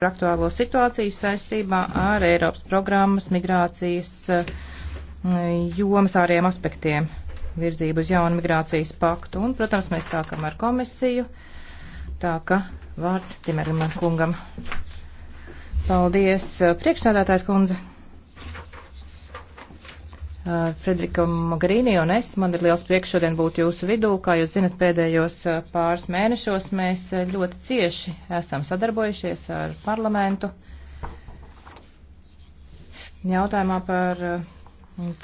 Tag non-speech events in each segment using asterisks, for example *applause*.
par aktuālo situāciju saistībā ar Eiropas programmas migrācijas eh, jomas āriem aspektiem virzību uz jaunu migrācijas paktu. Un, protams, mēs sākam ar komisiju. Tā ka vārds Timerman kungam. Paldies, eh, priekšsādātājs kundze. Frederika Mogarīni un es, man ir liels prieks šodien būt jūsu vidū. Kā jūs zinat, pēdējos pāris mēnešos mēs ļoti cieši esam sadarbojušies ar parlamentu jautājumā par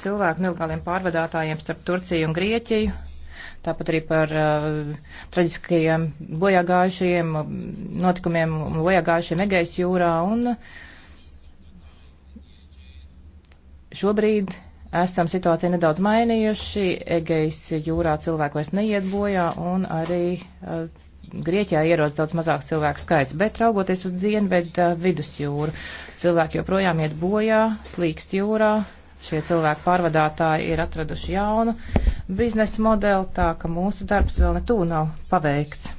cilvēku nelegāliem pārvadātājiem starp Turciju un Grieķiju. Tāpat arī par uh, traģiskajiem bojāgājušajiem notikumiem, bojāgājušajiem Egejas jūrā. Un šobrīd esam situāciju nedaudz mainījuši. Egejas jūrā cilvēku vairs neiet bojā un arī uh, Grieķijā ierodas daudz mazāks cilvēku skaits. Bet raugoties uz dienvedu uh, vidusjūru, cilvēki joprojām iet bojā, slīkst jūrā. Šie cilvēku pārvadātāji ir atraduši jaunu biznesa modeli, tā ka mūsu darbs vēl netū nav paveikts.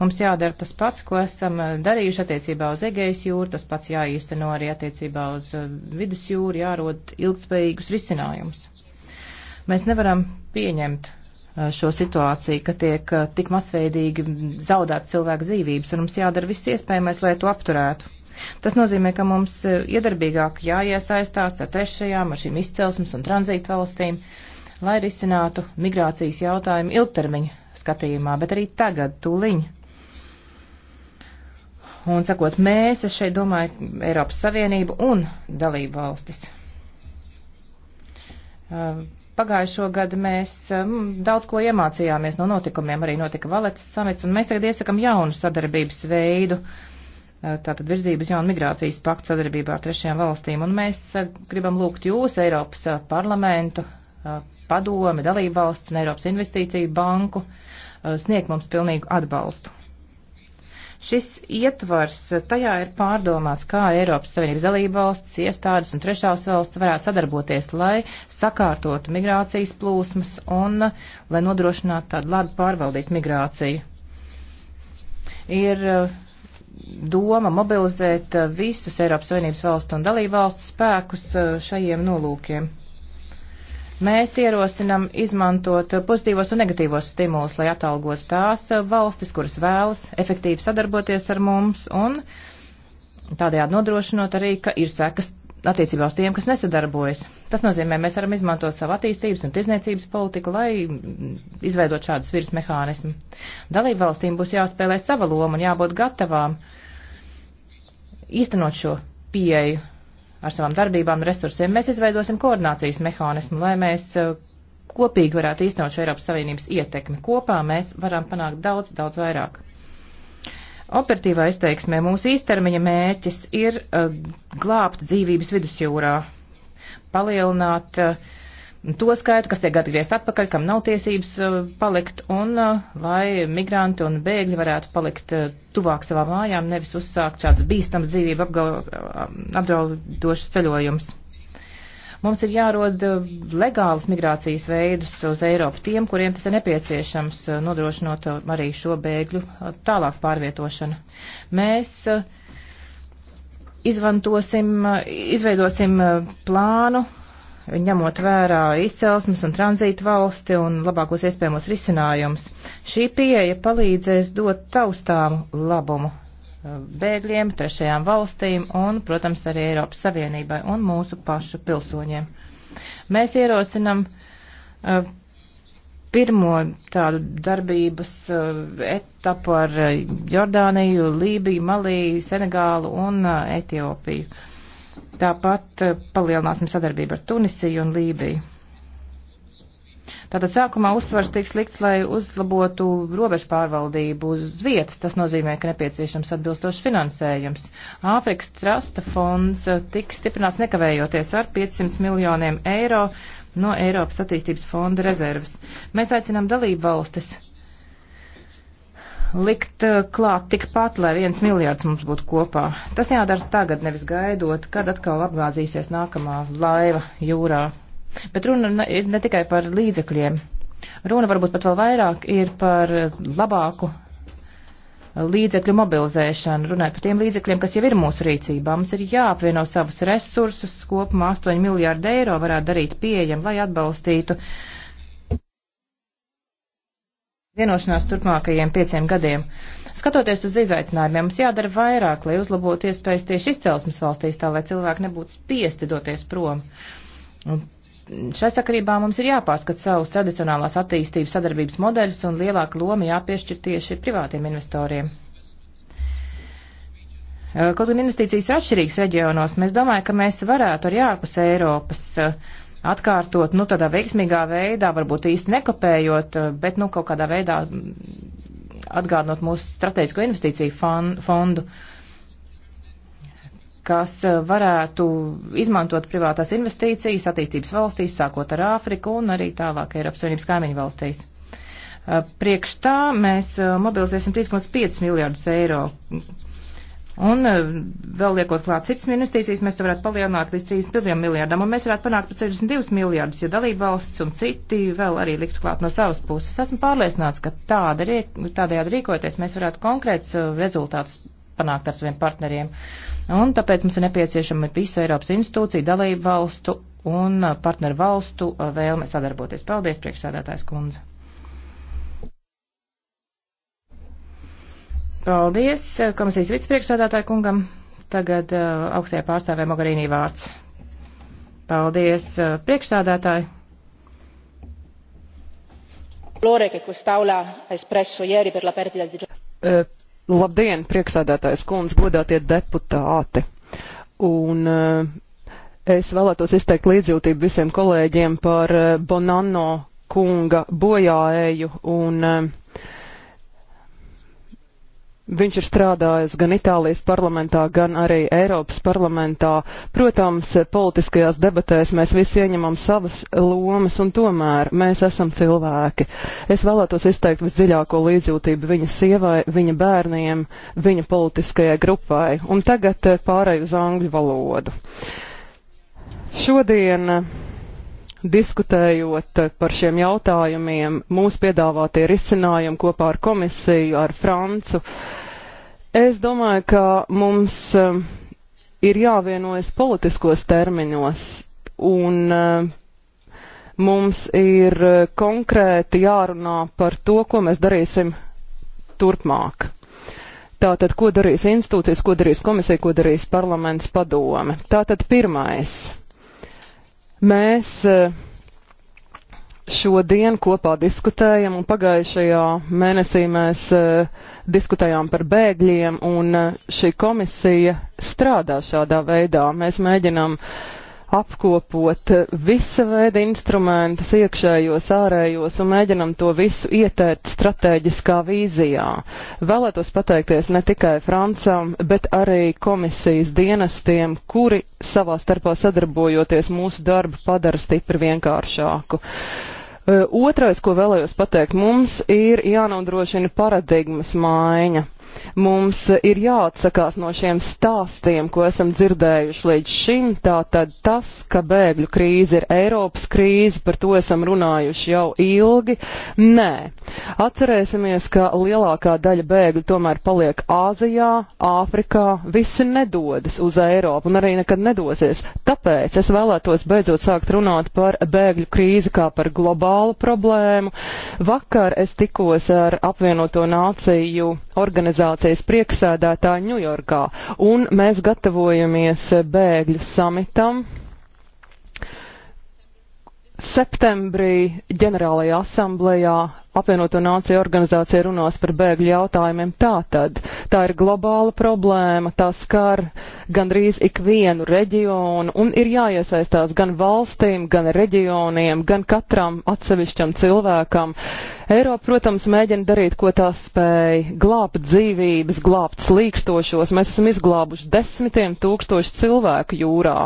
Mums jādara tas pats, ko esam eh, darījuši attiecībā uz Egejas jūru, tas pats jāīsteno arī attiecībā uz eh, vidus jūru, jārod ilgspējīgus risinājumus. Mēs nevaram pieņemt eh, šo situāciju, ka tiek tik masveidīgi zaudēts cilvēku dzīvības, un mums jādara viss iespējamais, lai to apturētu. Tas nozīmē, ka mums iedarbīgāk jāiesaistās ar trešajām, ar šīm izcelsmes un tranzītu valstīm, lai risinātu migrācijas jautājumu ilgtermiņa skatījumā, bet arī tagad, tūliņ, Un sakot mēs, es šeit domāju Eiropas Savienību un dalību valstis. Pagājušo gadu mēs daudz ko iemācījāmies no notikumiem, arī notika Valets samits, un mēs tagad iesakam jaunu sadarbības veidu, tātad virzības jaunu migrācijas paktu sadarbībā ar trešajām valstīm, un mēs gribam lūgt jūs, Eiropas parlamentu, padomi, dalību valsts un Eiropas investīciju banku, sniegt mums pilnīgu atbalstu. Šis ietvars tajā ir pārdomāts, kā Eiropas Savienības dalībvalsts, iestādes un trešās valsts varētu sadarboties, lai sakārtotu migrācijas plūsmas un lai nodrošinātu tādu labi pārvaldītu migrāciju. Ir uh, doma mobilizēt uh, visus Eiropas Savienības valstu un dalībvalstu spēkus uh, šajiem nolūkiem. Mēs ierosinam izmantot pozitīvos un negatīvos stimulus, lai atalgotu tās valstis, kuras vēlas efektīvi sadarboties ar mums un tādējādi nodrošinot arī, ka ir sekas attiecībā uz tiem, kas nesadarbojas. Tas nozīmē, mēs varam izmantot savu attīstības un tirzniecības politiku, lai izveidot šādus virs mehānismu. Dalību valstīm būs jāspēlē sava loma un jābūt gatavām īstenot šo pieeju ar savām darbībām, resursiem. Mēs izveidosim koordinācijas mehānismu, lai mēs uh, kopīgi varētu īstenot šo Eiropas Savienības ietekmi. Kopā mēs varam panākt daudz, daudz vairāk. Operatīvā izteiksmē mūsu īstermiņa mērķis ir uh, glābt dzīvības vidusjūrā, palielināt uh, to skaitu, kas tiek atgriezt atpakaļ, kam nav tiesības uh, palikt, un uh, lai migranti un bēgļi varētu palikt uh, tuvāk savām mājām, nevis uzsākt šāds bīstams dzīvību uh, apdraudošs ceļojums. Mums ir jārod uh, legālas migrācijas veidus uz Eiropu tiem, kuriem tas ir nepieciešams, uh, nodrošinot arī šo bēgļu tālāk pārvietošanu. Mēs izvantosim, izveidosim plānu ņemot vērā izcelsmes un tranzītu valsti un labākos iespējamos risinājumus. Šī pieeja palīdzēs dot taustāmu labumu eh, bēgļiem, trešajām valstīm un, protams, arī Eiropas Savienībai un mūsu pašu pilsoņiem. Mēs ierosinam uh, pirmo tādu darbības uh, etapu ar Jordāniju, Lībiju, Maliju, Senegālu un uh, Etiopiju Tāpat eh, palielināsim sadarbību ar Tunisiju un Lībiju. Tātad sākumā uzsvars tiks likts, lai uzlabotu robežu pārvaldību uz vietas. Tas nozīmē, ka nepieciešams atbilstošs finansējums. Āfrikas trasta fonds eh, tiks stiprināts nekavējoties ar 500 miljoniem eiro no Eiropas attīstības fonda rezervas. Mēs aicinām dalību valstis likt eh, klāt tikpat, lai viens miljards mums būtu kopā. Tas jādara tagad, nevis gaidot, kad atkal apgāzīsies nākamā laiva jūrā. Bet runa ir ne tikai par līdzekļiem. Runa varbūt pat vēl vairāk ir par labāku līdzekļu mobilizēšanu, runājot par tiem līdzekļiem, kas jau ir mūsu rīcībā. Mums ir jāapvieno savus resursus, kopumā 8 miljārdi eiro varētu darīt pieejam, lai atbalstītu uh, vienošanās turpmākajiem pieciem gadiem. Skatoties uz izaicinājumiem, mums jādara vairāk, lai uzlabotu iespējas tieši izcelsmes valstīs, tā lai cilvēki nebūtu spiesti doties prom. Un šai sakarībā mums ir jāpārskat savus tradicionālās attīstības sadarbības modeļus un lielāka loma jāpiešķir tieši privātiem investoriem. Kaut gan investīcijas ir atšķirīgas reģionos, mēs domājam, ka mēs varētu arī ārpus Eiropas uh, atkārtot, nu, tādā veiksmīgā veidā, varbūt īsti nekopējot, eh, bet, nu, kaut kādā veidā mm, atgādinot mūsu strateģisko investīciju fondu kas eh, varētu izmantot privātās investīcijas attīstības valstīs, sākot ar Āfriku un arī tālāk Eiropas Savienības kaimiņu valstīs. Eh, priekš tā mēs mobilizēsim 3,5 miljārdus eiro, Un eh, vēl liekot klāt citas investīcijas, mēs to varētu palielināt līdz 31 miljārdam, un mēs varētu panākt pat 62 miljārdus, ja dalībvalsts un citi vēl arī liktu klāt no savas puses. Esmu pārliecināts, ka tāda, tādējādi rīkoties mēs varētu konkrēts eh, rezultātus panākt ar saviem partneriem. Un tāpēc mums ir nepieciešama visu Eiropas institūciju, dalībvalstu un eh, partneru valstu vēlme sadarboties. Paldies, priekšsēdētājs kundze! Paldies eh, komisijas vicepriekšsādātāju kungam. Tagad uh, augstajā pārstāvē Mogarīnī vārds. Paldies uh, priekšsādātāju. Uh, labdien, priekšsādātājs kundz, godātie deputāti. Un uh, es vēlētos izteikt līdzjūtību visiem kolēģiem par uh, Bonanno kunga bojāēju un uh, Viņš ir strādājis gan Itālijas parlamentā, gan arī Eiropas parlamentā. Protams, politiskajās debatēs mēs visi ieņemam savas lomas, un tomēr mēs esam cilvēki. Es vēlētos izteikt visdziļāko līdzjūtību viņa sievai, viņa bērniem, viņa politiskajai grupai. Un tagad eh, pārēju uz angļu valodu. Šodien diskutējot par šiem jautājumiem, mūsu piedāvātie risinājumi kopā ar komisiju, ar Francu. Es domāju, ka mums um, ir jāvienojas politiskos terminos un um, mums ir uh, konkrēti jārunā par to, ko mēs darīsim turpmāk. Tātad, ko darīs institūcijas, ko darīs komisija, ko darīs parlaments padome. Tātad pirmais Mēs eh, šodien kopā diskutējam, un pagājušajā mēnesī mēs eh, diskutējām par bēgļiem, un eh, šī komisija strādā šādā veidā. Mēs mēģinām uh, apkopot visa veida instrumentus, iekšējos, ārējos, un mēģinam to visu ietērt strateģiskā vīzijā. Vēlētos pateikties ne tikai Francam, bet arī komisijas dienestiem, kuri savā starpā sadarbojoties mūsu darbu padara stipri vienkāršāku. Otrais, ko vēlējos pateikt, mums ir jānodrošina paradigmas maiņa. Mums ir jāatsakās no šiem stāstiem, ko esam dzirdējuši līdz šim. Tātad tas, ka bēgļu krīze ir Eiropas krīze, par to esam runājuši jau ilgi. Nē. Atcerēsimies, ka lielākā daļa bēgļu tomēr paliek Āzijā, Āfrikā. Visi nedodas uz Eiropu un arī nekad nedosies. Tāpēc es vēlētos beidzot sākt runāt par bēgļu krīzi kā par globālu problēmu. Vakar es tikos ar apvienoto nāciju organizācijas priekšsēdētāju Ņujorkā, un mēs gatavojamies bēgļu samitam Septembrī ģenerālajā asamblējā apvienoto nāciju organizācija runās par bēgļu jautājumiem. Tātad tā ir globāla problēma, tā skar gandrīz ikvienu reģionu un ir jāiesaistās gan valstīm, gan reģioniem, gan katram atsevišķam cilvēkam. Eiropa, protams, mēģina darīt, ko tā spēj - glābt dzīvības, glābt slīkstošos. Mēs esam izglābuši desmitiem tūkstoši cilvēku jūrā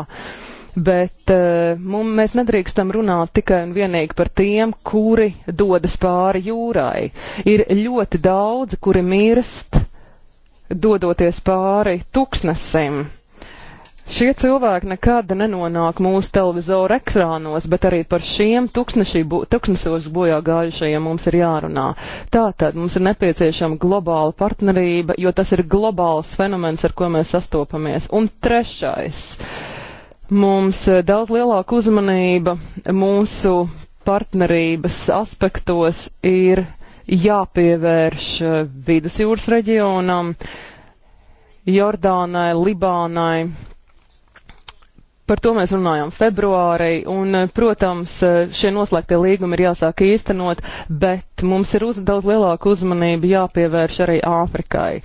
bet eh, mum, mēs nedrīkstam runāt tikai un vienīgi par tiem, kuri dodas pāri jūrai. Ir ļoti daudzi, kuri mirst, dodoties pāri tūkstnesim. Šie cilvēki nekad nenonāk mūsu televizoru ekrānos, bet arī par šiem tūkstnesos bojā gājušajiem mums ir jārunā. Tātad mums ir nepieciešama globāla partnerība, jo tas ir globāls fenomens, ar ko mēs sastopamies. Un trešais. Uh, mums eh, daudz lielāka uzmanība mūsu partnerības aspektos ir jāpievērš eh, vidusjūras reģionam, Jordānai, Libānai, Par to mēs runājām februārī, un, eh, protams, eh, šie noslēgtie līgumi ir jāsāk īstenot, bet mums ir uz, daudz lielāka uzmanība jāpievērš arī Āfrikai.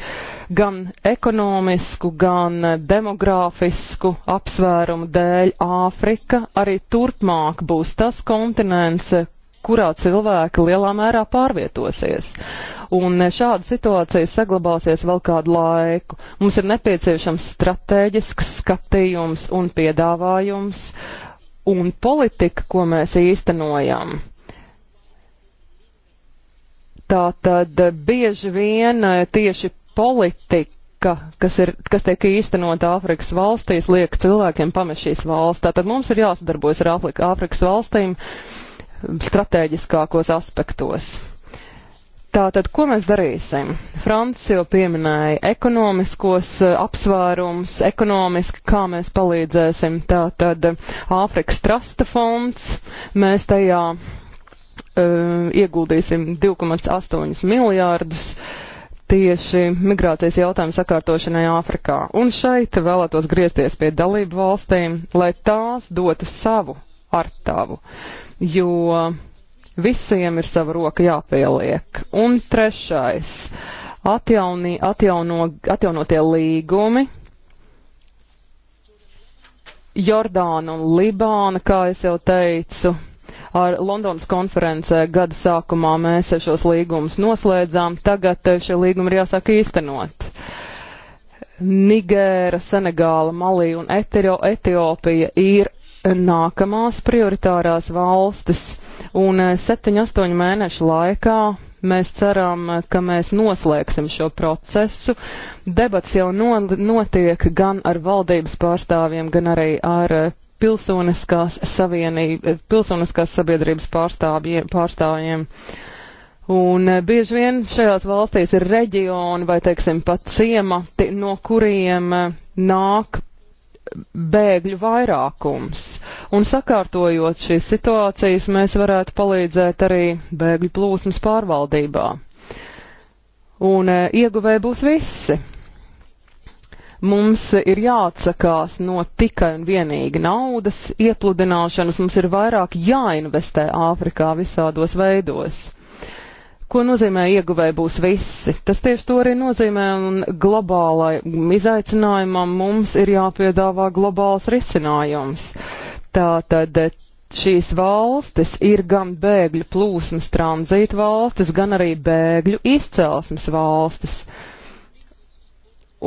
Gan ekonomisku, gan eh, demogrāfisku apsvērumu dēļ Āfrika arī turpmāk būs tas kontinents, kurā cilvēki lielā mērā pārvietosies. Un eh, šāda situācija saglabāsies vēl kādu laiku. Mums ir nepieciešams strateģisks skatījums un piedāvājums un politika, ko mēs īstenojam. Tā tad eh, bieži vien eh, tieši politika politika, kas, ir, kas tiek īstenota Āfrikas valstīs, liek cilvēkiem pamest šīs valsts. Tātad mums ir jāsadarbojas ar Āfrikas valstīm, stratēģiskākos aspektos. Tātad, ko mēs darīsim? Francis jau pieminēja ekonomiskos eh, apsvērums, ekonomiski, kā mēs palīdzēsim. Tātad, eh, Āfrikas trasta fonds, mēs tajā uh, ieguldīsim 2,8 miljārdus tieši migrācijas jautājumu sakārtošanai Āfrikā. Un šeit vēlētos griezties pie dalību valstīm, lai tās dotu savu ar tavu. Uh, jo visiem ir sava roka jāpieliek. Un trešais - atjauni, atjauno, atjaunotie līgumi. Jordāna un Libāna, kā es jau teicu, ar Londonas konferencē gada sākumā mēs šos līgumus noslēdzām, tagad šie līgumi ir jāsāk īstenot. Nigēra, Senegāla, Malī un Etiro, Etiopija ir nākamās prioritārās valstis, un 7-8 eh, mēnešu laikā mēs ceram, ka mēs noslēgsim šo procesu. Debats jau no, notiek gan ar valdības pārstāvjiem, gan arī ar eh, pilsoniskās, pilsoniskās sabiedrības pārstāvjiem. Un eh, bieži vien šajās valstīs ir reģioni vai, teiksim, pat ciemati, no kuriem nāk bēgļu vairākums. Un sakārtojot šīs situācijas, mēs varētu palīdzēt arī bēgļu plūsmas pārvaldībā. Un e, ieguvēji būs visi. Mums ir jāatsakās no tikai un vienīgi naudas iepludināšanas, mums ir vairāk jāinvestē Āfrikā visādos veidos. Ko nozīmē ieguvēji būs visi? Tas tieši to arī nozīmē, un globālajam izaicinājumam mums ir jāpiedāvā globāls risinājums. Tātad šīs valstis ir gan bēgļu plūsmas tranzīta valstis, gan arī bēgļu izcelsmes valstis.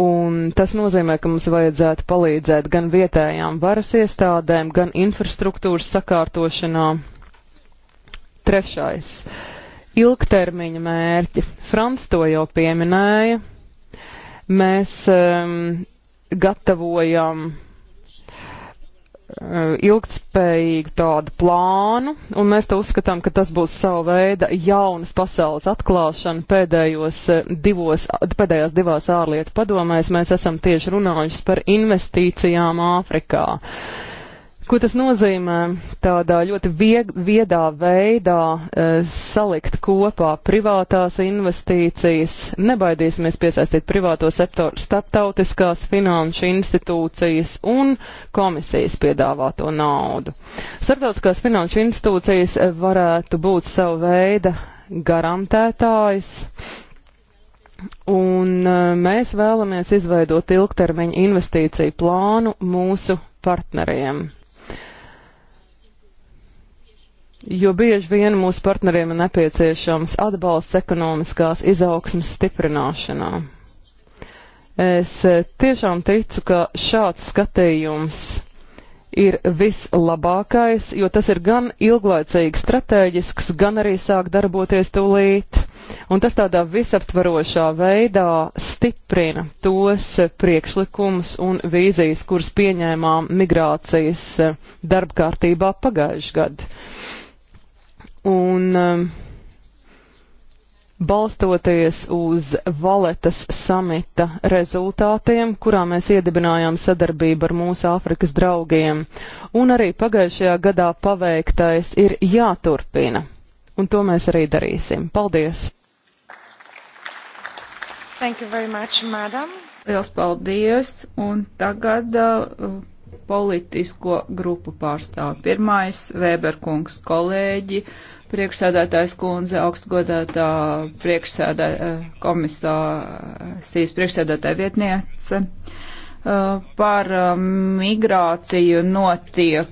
Un tas nozīmē, ka mums vajadzētu palīdzēt gan vietējām varas iestādēm, gan infrastruktūras sakārtošanā. Trešais. Uh, ilgtermiņa mērķi. Frans to jau pieminēja. Mēs um, gatavojam um, ilgtspējīgu tādu plānu, un mēs to uzskatām, ka tas būs sava veida jaunas pasaules atklāšana pēdējos uh, divos, pēdējās divās ārlietu padomēs. Mēs esam tieši runājuši par investīcijām Āfrikā. Uh, Ko tas nozīmē? Tādā ļoti vieg, viedā veidā e, salikt kopā privātās investīcijas, nebaidīsimies piesaistīt privāto sektoru, starptautiskās finanšu institūcijas un komisijas piedāvāto naudu. Starptautiskās finanšu institūcijas varētu būt savu veidu garantētājs. Un e, mēs vēlamies izveidot ilgtermiņa investīciju plānu mūsu partneriem. jo bieži vien mūsu partneriem ir nepieciešams atbalsts ekonomiskās izaugsmas stiprināšanā. Es e, tiešām ticu, ka šāds skatījums ir vislabākais, jo tas ir gan ilglaicīgi strateģisks, gan arī sāk darboties tūlīt. Un tas tādā visaptvarošā veidā stiprina tos priekšlikumus un vīzijas, kuras pieņēmām migrācijas e, darbkārtībā pagājušajā gadā. Un um, balstoties uz Valetas samita rezultātiem, kurā mēs iedibinājām sadarbību ar mūsu Āfrikas draugiem, un arī pagājušajā gadā paveiktais ir jāturpina. Un to mēs arī darīsim. Paldies! Thank you very much, madam. Liels paldies! Un tagad uh, politisko grupu pārstāv. Pirmais, Vēberkungs kolēģi. Uh, priekšsēdētājs kundze, augstgodētā priekšsēdē, komisāsijas priekšsēdētāja vietniece. Uh, par uh, migrāciju notiek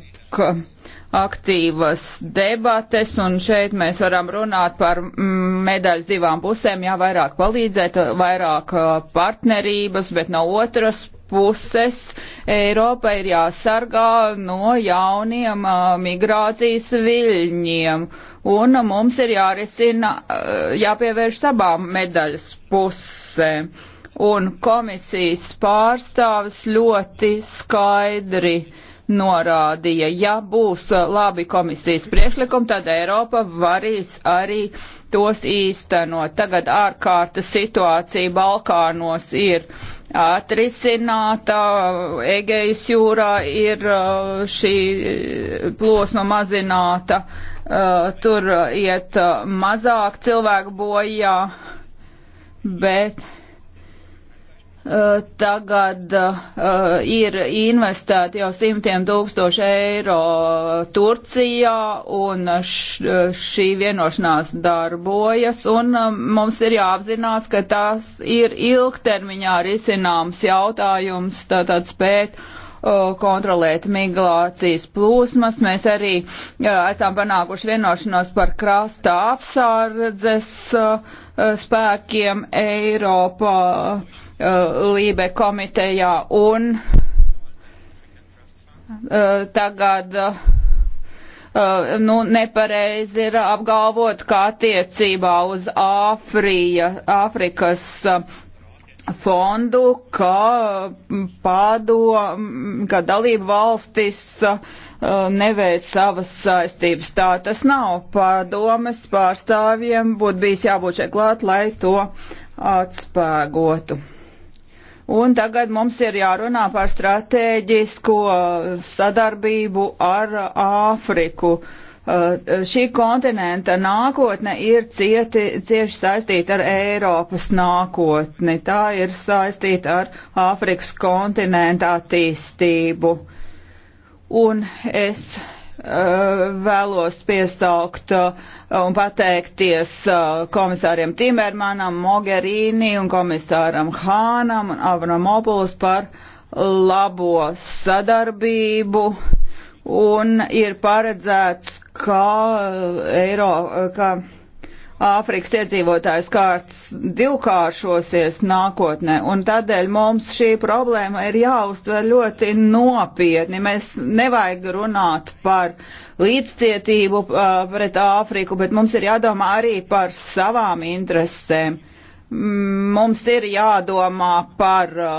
aktīvas debates, un šeit mēs varam runāt par mm, medaļas divām pusēm, jā, vairāk palīdzēt, vairāk uh, partnerības, bet no otras puses Eiropa ir jāsargā no jauniem uh, migrācijas viļņiem, un uh, mums ir jārisina, uh, jāpievērš abām medaļas pusēm. Un komisijas pārstāvis ļoti skaidri norādīja, ja būs labi komisijas priekšlikumi, tad Eiropa varīs arī tos īstenot. Tagad ārkārta situācija Balkānos ir atrisināta. Egejas jūrā ir uh, šī plosma mazināta, uh, tur uh, iet mazāk cilvēku bojā, bet Eh, tagad uh, ir investēti jau simtiem tūkstoši eiro Turcijā, un š, šī vienošanās darbojas, un uh, mums ir jāapzinās, ka tas ir ilgtermiņā risināms jautājums, tātad spēt uh, kontrolēt migrācijas plūsmas. Mēs arī esam panākuši vienošanos par krasta apsārdzes spēkiem Eiropā Uh, Lībe komitejā un uh, tagad uh, nu, nepareizi ir apgalvot, ka attiecībā uz Āfrija, Āfrikas fondu, ka mm, padom, ka dalību valstis neveic savas saistības. Tā tas nav. Pārdomas pārstāvjiem būtu bijis jābūt šeit klāt, lai to atspēgotu. Un tagad mums ir jārunā par stratēģisko uh, sadarbību ar uh, Āfriku. Uh, šī kontinenta nākotne ir cieti, cieši saistīta ar Eiropas nākotni. Tā ir saistīta ar Āfrikas kontinenta attīstību. Un es Eh, vēlos piesaukt eh, un pateikties eh, komisāriem Timermanam, Mogherīni un komisāram Hānam un Avramopuls par labo sadarbību. Un ir paredzēts, ka Eiro, ka Āfrikas iedzīvotājs kārts divkāršosies nākotnē, un tādēļ mums šī problēma ir jāuztver ļoti nopietni. Mēs nevajag runāt par līdzcietību uh, pret Āfriku, bet mums ir jādomā arī par savām interesēm. Mums ir jādomā par uh,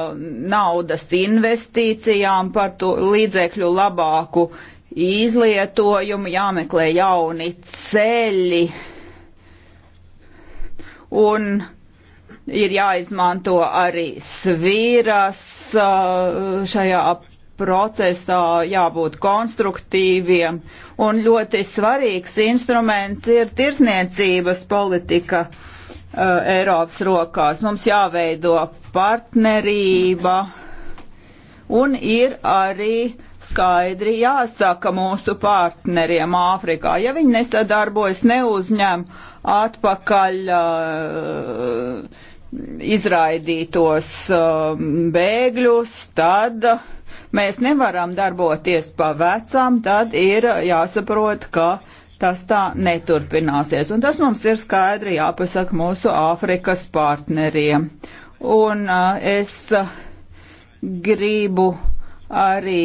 naudas investīcijām, par to līdzekļu labāku izlietojumu, jāmeklē jauni ceļi un ir jāizmanto arī svīras uh, šajā procesā, jābūt konstruktīviem. Un ļoti svarīgs instruments ir tirsniecības politika uh, Eiropas rokās. Mums jāveido partnerība un ir arī skaidri jāsaka mūsu partneriem Āfrikā. Ja viņi nesadarbojas, neuzņem atpakaļ uh, izraidītos uh, bēgļus, tad mēs nevaram darboties pa vecām, tad ir jāsaprot, ka tas tā neturpināsies. Un tas mums ir skaidri jāpasaka mūsu Āfrikas partneriem. Un uh, es uh, gribu arī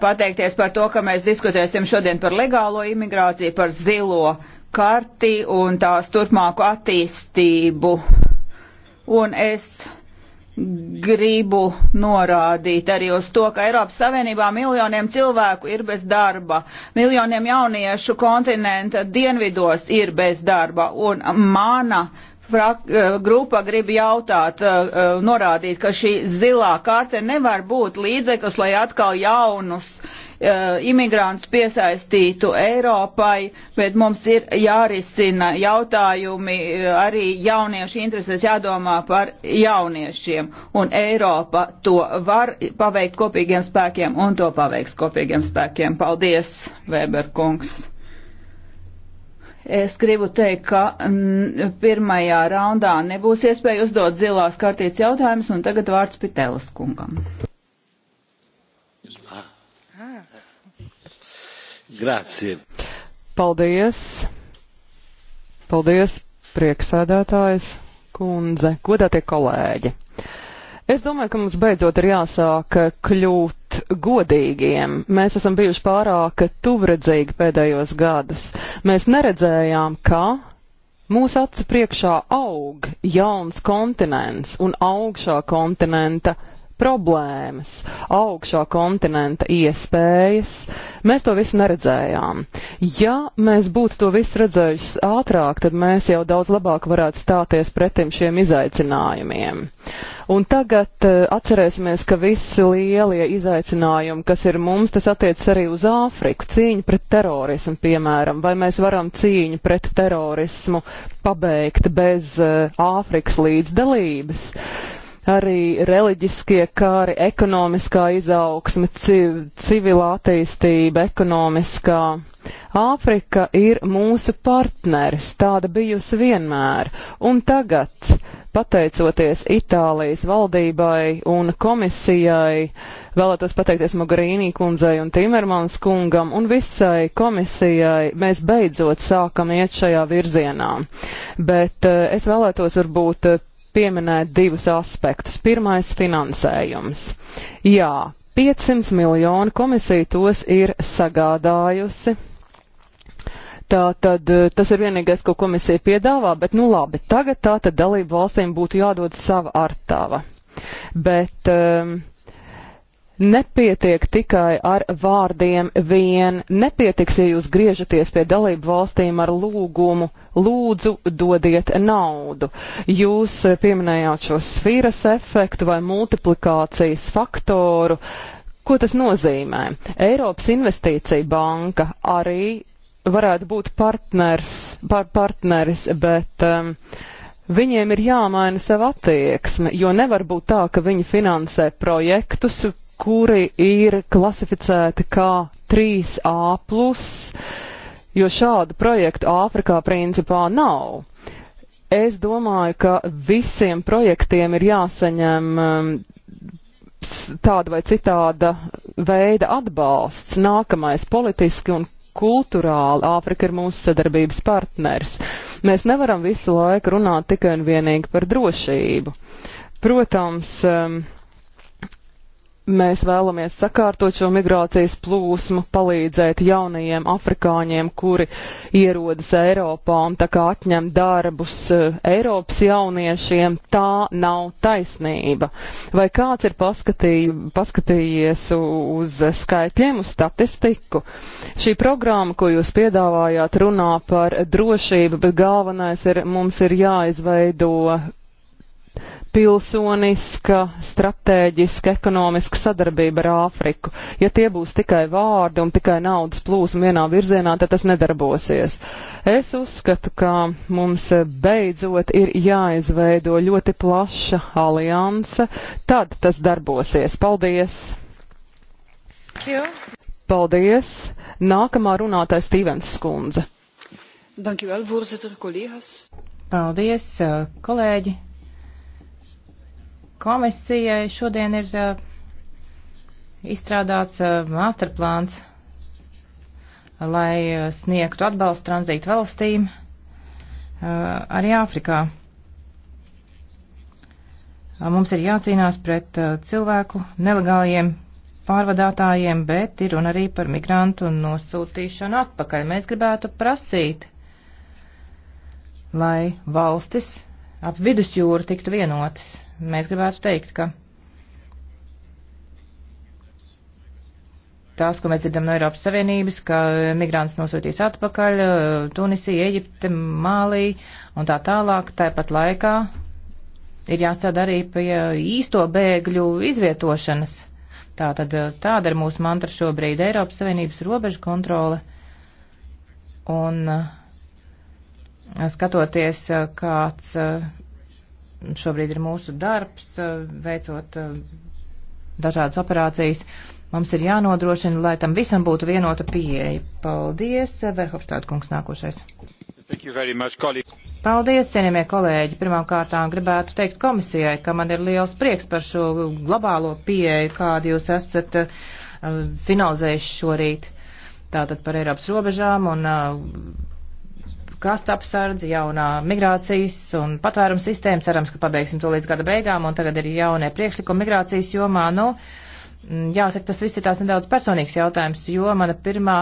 pateikties par to, ka mēs diskutēsim šodien par legālo imigrāciju, par zilo karti un tās turpmāku attīstību. Un es gribu norādīt arī uz to, ka Eiropas Savienībā miljoniem cilvēku ir bez darba, miljoniem jauniešu kontinenta dienvidos ir bez darba, un mana uh, Frak, eh, grupa grib jautāt, eh, eh, norādīt, ka šī zilā karte nevar būt līdzeklis, lai atkal jaunus imigrantus piesaistītu Eiropai, bet mums ir jārisina jautājumi arī jauniešu interesēs, jādomā par jauniešiem. Un Eiropa to var paveikt kopīgiem spēkiem un to paveiks kopīgiem spēkiem. Paldies, Weber kungs! Es gribu teikt, ka m, mm, pirmajā raundā nebūs iespēja uzdot zilās kartītes jautājumus, un tagad vārds Pitēlas kungam. Grācie. Paldies. Paldies, prieksēdētājs kundze, godātie kolēģi. Es domāju, ka mums beidzot ir jāsāk kļūt būt godīgiem. Mēs esam bijuši pārāk tuvredzīgi pēdējos gadus. Mēs neredzējām, ka mūsu acu priekšā aug jauns kontinents un augšā kontinenta problēmas, augšā kontinenta iespējas. Mēs to visu neredzējām. Ja mēs būtu to visu redzējuši ātrāk, tad mēs jau daudz labāk varētu stāties pretim šiem izaicinājumiem. Un tagad uh, atcerēsimies, ka visi lielie izaicinājumi, kas ir mums, tas attiecas arī uz Āfriku. Cīņa pret terorismu, piemēram, vai mēs varam cīņu pret terorismu pabeigt bez eh, Āfrikas uh, līdzdalības arī reliģiskie kāri, ekonomiskā izaugsme, civ, civilā attīstība, ekonomiskā. Āfrika ir mūsu partneris, tāda bijusi vienmēr, un tagad, pateicoties Itālijas valdībai un komisijai, vēlētos pateikties Mogarīnī kundzei un Timermans kungam un visai komisijai, mēs beidzot sākam iet šajā virzienā. Bet eh, es vēlētos varbūt eh, pieminēt divus aspektus. Pirmais - finansējums. Jā, 500 miljoni komisija tos ir sagādājusi. Tā tad eh, tas ir vienīgais, ko komisija piedāvā, bet nu labi, tagad tā tad dalību valstīm būtu jādod sava artava. Bet um, nepietiek tikai ar vārdiem vien. Nepietiks, ja jūs griežaties pie dalību valstīm ar lūgumu lūdzu dodiet naudu. Jūs pieminējāt šo sfīras efektu vai multiplikācijas faktoru. Ko tas nozīmē? Eiropas investīcija banka arī varētu būt partners, par partneris, bet um, viņiem ir jāmaina sava attieksme, jo nevar būt tā, ka viņi finansē projektus, kuri ir klasificēti kā 3A, jo šādu projektu Āfrikā principā nav. Es domāju, ka visiem projektiem ir jāsaņem um, tāda vai citāda veida atbalsts. Nākamais politiski un kultūrāli Āfrika ir mūsu sadarbības partners. Mēs nevaram visu laiku runāt tikai un vienīgi par drošību. Protams, um, Mēs vēlamies sakārtot šo migrācijas plūsmu, palīdzēt jaunajiem afrikāņiem, kuri ierodas Eiropā un tā kā atņem darbus eh, Eiropas jauniešiem. Tā nav taisnība. Vai kāds ir paskatīj, paskatījies uz skaitļiem, uz statistiku? Šī programma, ko jūs piedāvājāt, runā par drošību, bet galvenais ir, mums ir jāizveido pilsoniska, stratēģiska, ekonomiska sadarbība ar Āfriku. Ja tie būs tikai vārdi un tikai naudas plūsma vienā virzienā, tad tas nedarbosies. Es uzskatu, ka mums beidzot ir jāizveido ļoti plaša alianse, tad tas darbosies. Paldies! Kjū. Paldies! Nākamā runātāja Stīvens Skundze. Dankjewel, voorzitter, collega's. Paldies, eh, kolēģi, Komisijai šodien ir eh, izstrādāts eh, masterplāns, lai eh, sniegtu atbalstu tranzītu valstīm arī Āfrikā. Mums ir jācīnās pret cilvēku nelegāliem pārvadātājiem, bet ir un arī par migrantu nosūtīšanu atpakaļ. Mēs gribētu prasīt, lai valstis ap vidusjūru tiktu vienotas mēs gribētu teikt, ka tās, ko mēs dzirdam no Eiropas Savienības, ka migrants nosūtīs atpakaļ uh, Tunisija, Eģipte, Mālī un tā tālāk, tāpat laikā ir jāstrādā arī pie īsto bēgļu izvietošanas. Tātad uh, tāda ir mūsu mantra šobrīd - Eiropas Savienības robežu kontrole. Un uh, skatoties, kāds šobrīd ir mūsu darbs, veicot dažādas operācijas. Mums ir jānodrošina, lai tam visam būtu vienota pieeja. Paldies, Verhofstāda kungs nākošais. Much, Paldies, cienījamie kolēģi. Pirmkārt, gribētu teikt komisijai, ka man ir liels prieks par šo globālo pieeju, kādu jūs esat uh, finalizējuši šorīt. Tātad par Eiropas robežām un uh, kasta apsardz, jaunā migrācijas un patvērums sistēma. Cerams, ka pabeigsim to līdz gada beigām, un tagad ir jaunie priekšlikumi migrācijas jomā. Nu, jāsaka, tas viss ir tās nedaudz personīgs jautājums, jo mana pirmā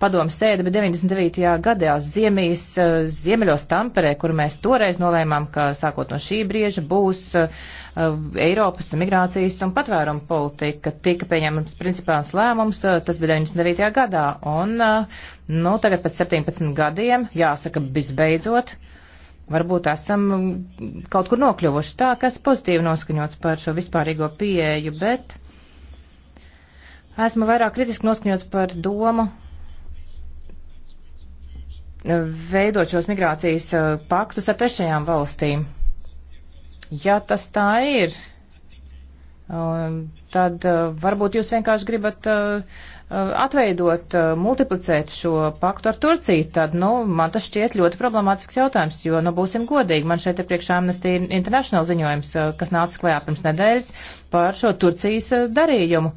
padomu sēde, bet 99. gadā Ziemijas, eh, Ziemeļos Tamperē, kur mēs toreiz nolēmām, ka sākot no šī brieža būs eh, Eiropas migrācijas un patvērumu politika, tika pieņemams principāls lēmums, eh, tas bija 99. gadā, un, nu, tagad pēc 17 gadiem, jāsaka, bezbeidzot, varbūt esam kaut kur nokļuvuši tā, kas pozitīvi noskaņots par šo vispārīgo pieeju, bet esmu vairāk kritiski noskaņots par domu, veidot šos migrācijas eh, paktus ar trešajām valstīm. Ja tas tā ir, um, tad eh, varbūt jūs vienkārši gribat eh, atveidot, multiplicēt šo paktu ar Turciju, tad, nu, man tas šķiet ļoti problemātisks jautājums, jo, nu, būsim godīgi, man šeit ir priekšā Amnesty International ziņojums, kas nāca klējā pirms nedēļas par šo Turcijas darījumu.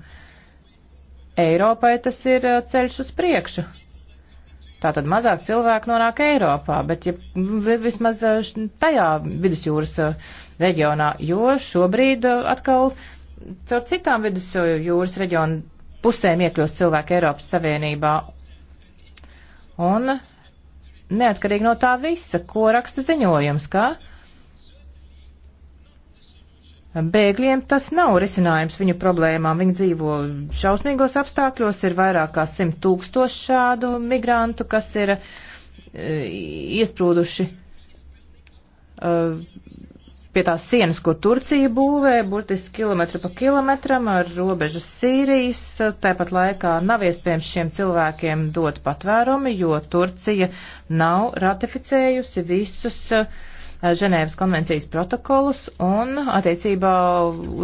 Eiropai tas ir ceļš uz priekšu. Tātad mazāk cilvēku nonāk Eiropā, bet ja, vismaz eh, tajā vidusjūras eh, reģionā, jo šobrīd eh, atkal caur citām vidusjūras reģionu pusēm iekļūst cilvēki Eiropas Savienībā. Un neatkarīgi no tā visa, ko raksta ziņojums, ka Bēgļiem tas nav risinājums viņu problēmām. Viņi dzīvo šausmīgos apstākļos, ir vairāk kā simt tūkstoši šādu migrantu, kas ir uh, iesprūduši uh, pie tās sienas, ko Turcija būvē, burtiski kilometru pa kilometram ar robežu Sīrijas. Tāpat laikā nav iespējams šiem cilvēkiem dot patvērumi, jo Turcija nav ratificējusi visus uh, Eh, Ženēvas konvencijas protokolus un attiecībā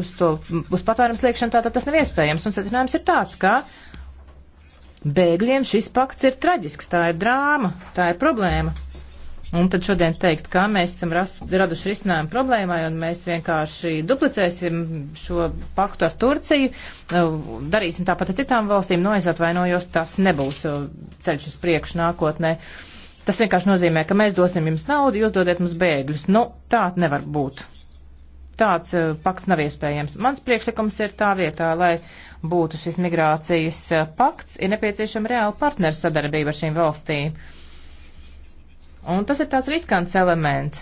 uz, to, uz patvērums liekšanu tātad tas nav iespējams. Un secinājums ir tāds, ka bēgļiem šis pakts ir traģisks, tā ir drāma, tā ir problēma. Un tad šodien teikt, kā mēs esam rasu, raduši risinājumu problēmai un mēs vienkārši duplicēsim šo paktu ar Turciju, eh, darīsim tāpat ar citām valstīm, no nu, es atvainojos, tas nebūs eh, ceļš uz priekšu nākotnē. Uh, Tas vienkārši nozīmē, ka mēs dosim jums naudu, jūs dodiet mums bēgļus. Nu, tā nevar būt. Tāds uh, pakts nav iespējams. Mans priekšlikums ir tā vietā, lai būtu šis migrācijas uh, pakts, ir nepieciešama reāla partneru sadarbība ar šīm valstīm. Un tas ir tāds riskants elements.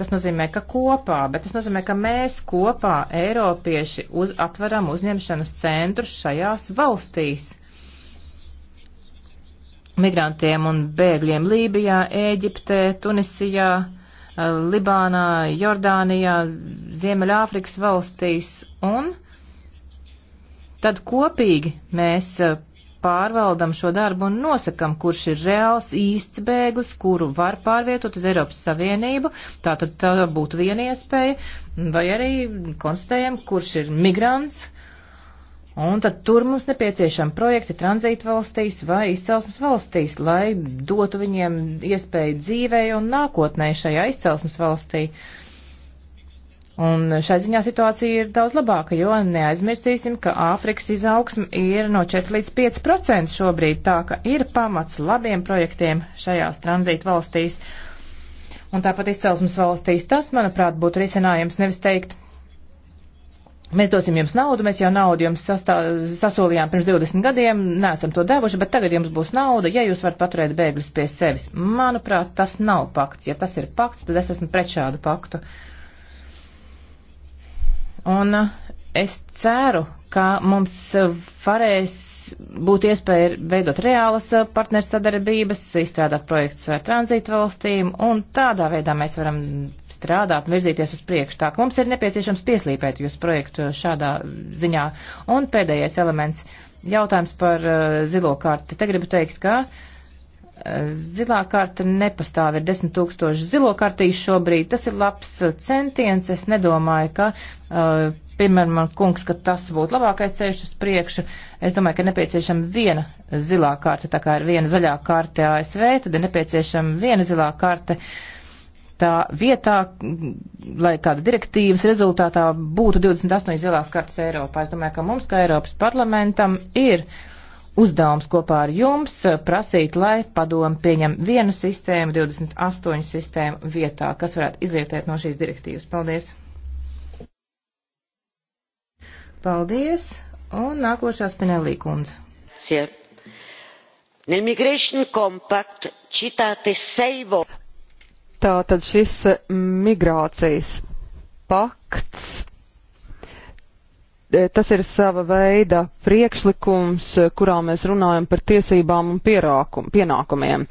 Tas nozīmē, ka kopā, bet tas nozīmē, ka mēs kopā, Eiropieši, uz atveram uzņemšanas centrus šajās valstīs migrantiem un bēgļiem Lībijā, Ēģiptē, Tunisijā, eh, Libānā, Jordānijā, Ziemeļāfrikas valstīs un tad kopīgi mēs eh, pārvaldam šo darbu un nosakam, kurš ir reāls īsts bēglis, kuru var pārvietot uz Eiropas Savienību, tā tad tā būtu viena iespēja, vai arī konstatējam, kurš ir migrants, Un tad tur mums nepieciešami projekti tranzīta valstīs vai izcelsmes valstīs, lai dotu viņiem iespēju dzīvē un nākotnē šajā izcelsmes valstī. Un šai ziņā situācija ir daudz labāka, jo neaizmirsīsim, ka Āfrikas izaugsme ir no 4 līdz 5 procenti šobrīd, tā ka ir pamats labiem projektiem šajās tranzīta valstīs. Un tāpat izcelsmes valstīs tas, manuprāt, būtu risinājums nevis teikt, Mēs dosim jums naudu, mēs jau naudu jums sastā, sasolījām pirms 20 gadiem, neesam to devuši, bet tagad jums būs nauda, ja jūs varat paturēt bēgļus pie sevis. Manuprāt, tas nav pakts. Ja tas ir pakts, tad es esmu pret šādu paktu. Un eh, es ceru, ka mums eh, varēs būt iespēja veidot reālas eh, partnersadarbības, izstrādāt projektus ar tranzītu valstīm, un tādā veidā mēs varam strādāt un virzīties uz priekšu. Tā ka mums ir nepieciešams pieslīpēt jūs projektu šādā ziņā. Un pēdējais elements - jautājums par uh, zilo karti. Te gribu teikt, ka uh, zilā karta nepastāv, ir desmit tūkstoši zilo kartīšu šobrīd. Tas ir labs uh, centiens. Es nedomāju, ka. Uh, Piemēram, kungs, ka tas būtu labākais ceļš uz priekšu. Es domāju, ka nepieciešama viena zilā karte, tā kā ir viena zaļā karte ASV, tad ir nepieciešama viena zilā karte uh, tā vietā, lai kāda direktīvas rezultātā būtu 28 zilās kartas Eiropā. Es domāju, ka mums, kā Eiropas parlamentam, ir uzdevums kopā ar jums prasīt, lai padomu pieņem vienu sistēmu, 28 sistēmu vietā, kas varētu izrietēt no šīs direktīvas. Paldies! Paldies! Un nākošā Spinelī kundze. Cie. Nel Migration Compact citate sei volte Tātad šis e, migrācijas pakts e, tas ir sava veida priekšlikums, e, kurā mēs runājam par tiesībām un pierākum, pienākumiem,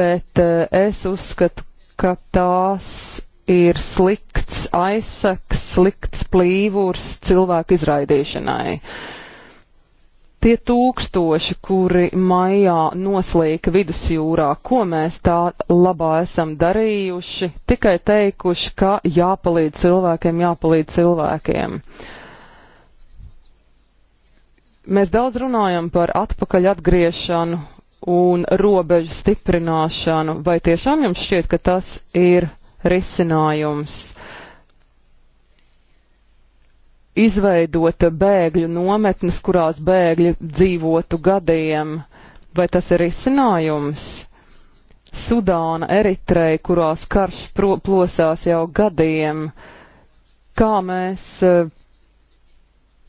bet es uzskatu, ka tās ir slikts aizsaks, slikts plīvurs cilvēku izraidīšanai. Uh, Tie tūkstoši, kuri maijā noslīka vidusjūrā, ko mēs tā labā esam darījuši, tikai teikuši, ka jāpalīdz cilvēkiem, jāpalīdz cilvēkiem. Mēs daudz runājam par atpakaļ atgriešanu un robežu stiprināšanu. Vai tiešām jums šķiet, ka tas ir risinājums? izveidot bēgļu nometnes, kurās bēgļi dzīvotu gadiem. Vai tas ir izcinājums? Sudāna, Eritreja, kurās karš plosās jau gadiem. Kā mēs eh,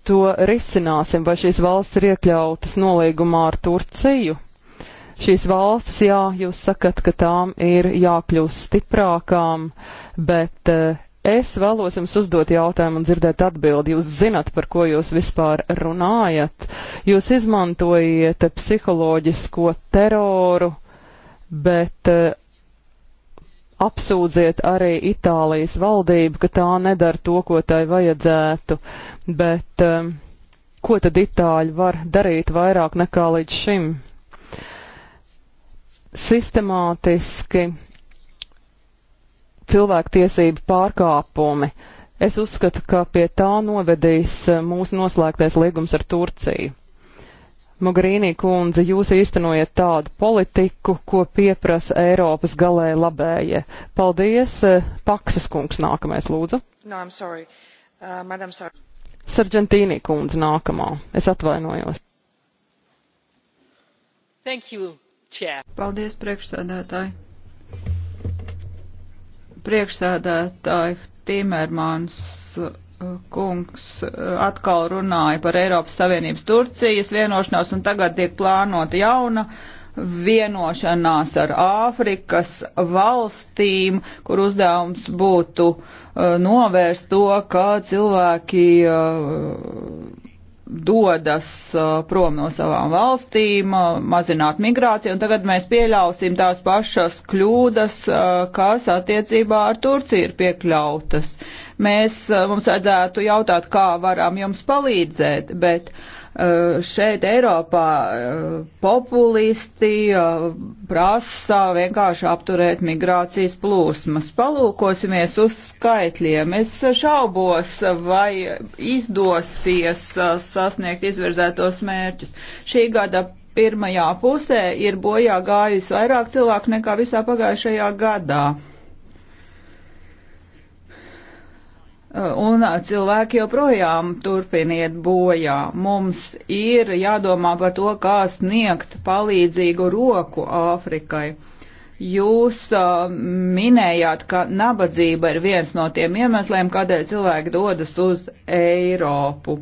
to risināsim? Vai šīs valsts ir iekļautas nolīgumā ar Turciju? Šīs valstis, jā, jūs sakat, ka tām ir jākļūst stiprākām, bet uh, Es vēlos jums uzdot jautājumu un dzirdēt atbildi. Jūs zinat, par ko jūs vispār runājat. Jūs izmantojiet psiholoģisko teroru, bet uh, apsūdziet arī Itālijas valdību, ka tā nedara to, ko tai vajadzētu. Bet uh, ko tad Itāļi var darīt vairāk nekā līdz šim? Sistemātiski cilvēktiesību pārkāpumi. Es uzskatu, ka pie tā novedīs eh, mūsu noslēgtais līgums ar Turciju. Mogarīnī kundze, jūs īstenojat tādu politiku, ko pieprasa Eiropas galē labējie. Paldies, eh, Paksas kungs nākamais lūdzu. No, I'm sorry. Uh, Madam, sorry. Sargentīnī kundze nākamā. Es atvainojos. Thank you, Chair. Paldies, priekšsēdētāji priekšsēdētāji Timermans uh, kungs uh, atkal runāja par Eiropas Savienības Turcijas vienošanos un tagad tiek plānota jauna vienošanās ar Āfrikas valstīm, kur uzdevums būtu uh, novērst to, kā cilvēki dodas prom no savām valstīm, mazināt migrāciju, un tagad mēs pieļausim tās pašas kļūdas, kas attiecībā ar Turciju ir piekļautas. Mēs, mums vajadzētu jautāt, kā varam jums palīdzēt, bet uh, Eh, šeit Eiropā eh, populisti eh, prasa vienkārši apturēt migrācijas plūsmas. Palūkosimies uz skaitļiem. Es šaubos, vai izdosies sasniegt izvirzētos mērķus. Šī gada pirmajā pusē ir bojā gājis vairāk cilvēku nekā visā pagājušajā gadā. un cilvēki joprojām turpiniet bojā. Mums ir jādomā par to, kā sniegt palīdzīgu roku Āfrikai. Jūs uh, minējāt, ka nabadzība ir viens no tiem iemesliem, kādēļ cilvēki dodas uz Eiropu.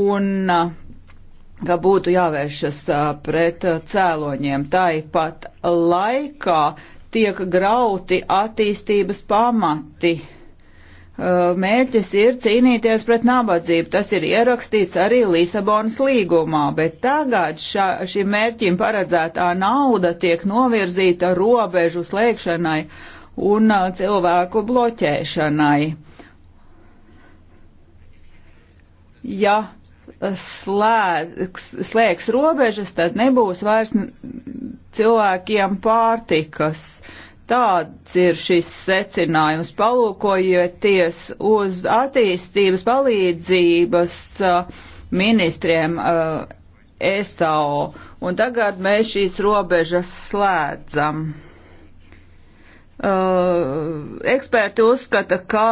Un uh, ka būtu jāvēršas pret cēloņiem. Tāpat laikā tiek grauti attīstības pamati. Uh, Uh, mērķis ir cīnīties pret nabadzību. Tas ir ierakstīts arī Lisabonas līgumā, bet tagad šā, šim mērķim paredzētā nauda tiek novirzīta robežu slēgšanai un uh, cilvēku bloķēšanai. Ja slēgs, slēgs robežas, tad nebūs vairs cilvēkiem pārtikas. Uh, Tāds ir šis secinājums. Palūkojieties uz attīstības palīdzības uh, ministriem ESAO, uh, un tagad mēs šīs robežas slēdzam. Uh, eksperti uzskata, ka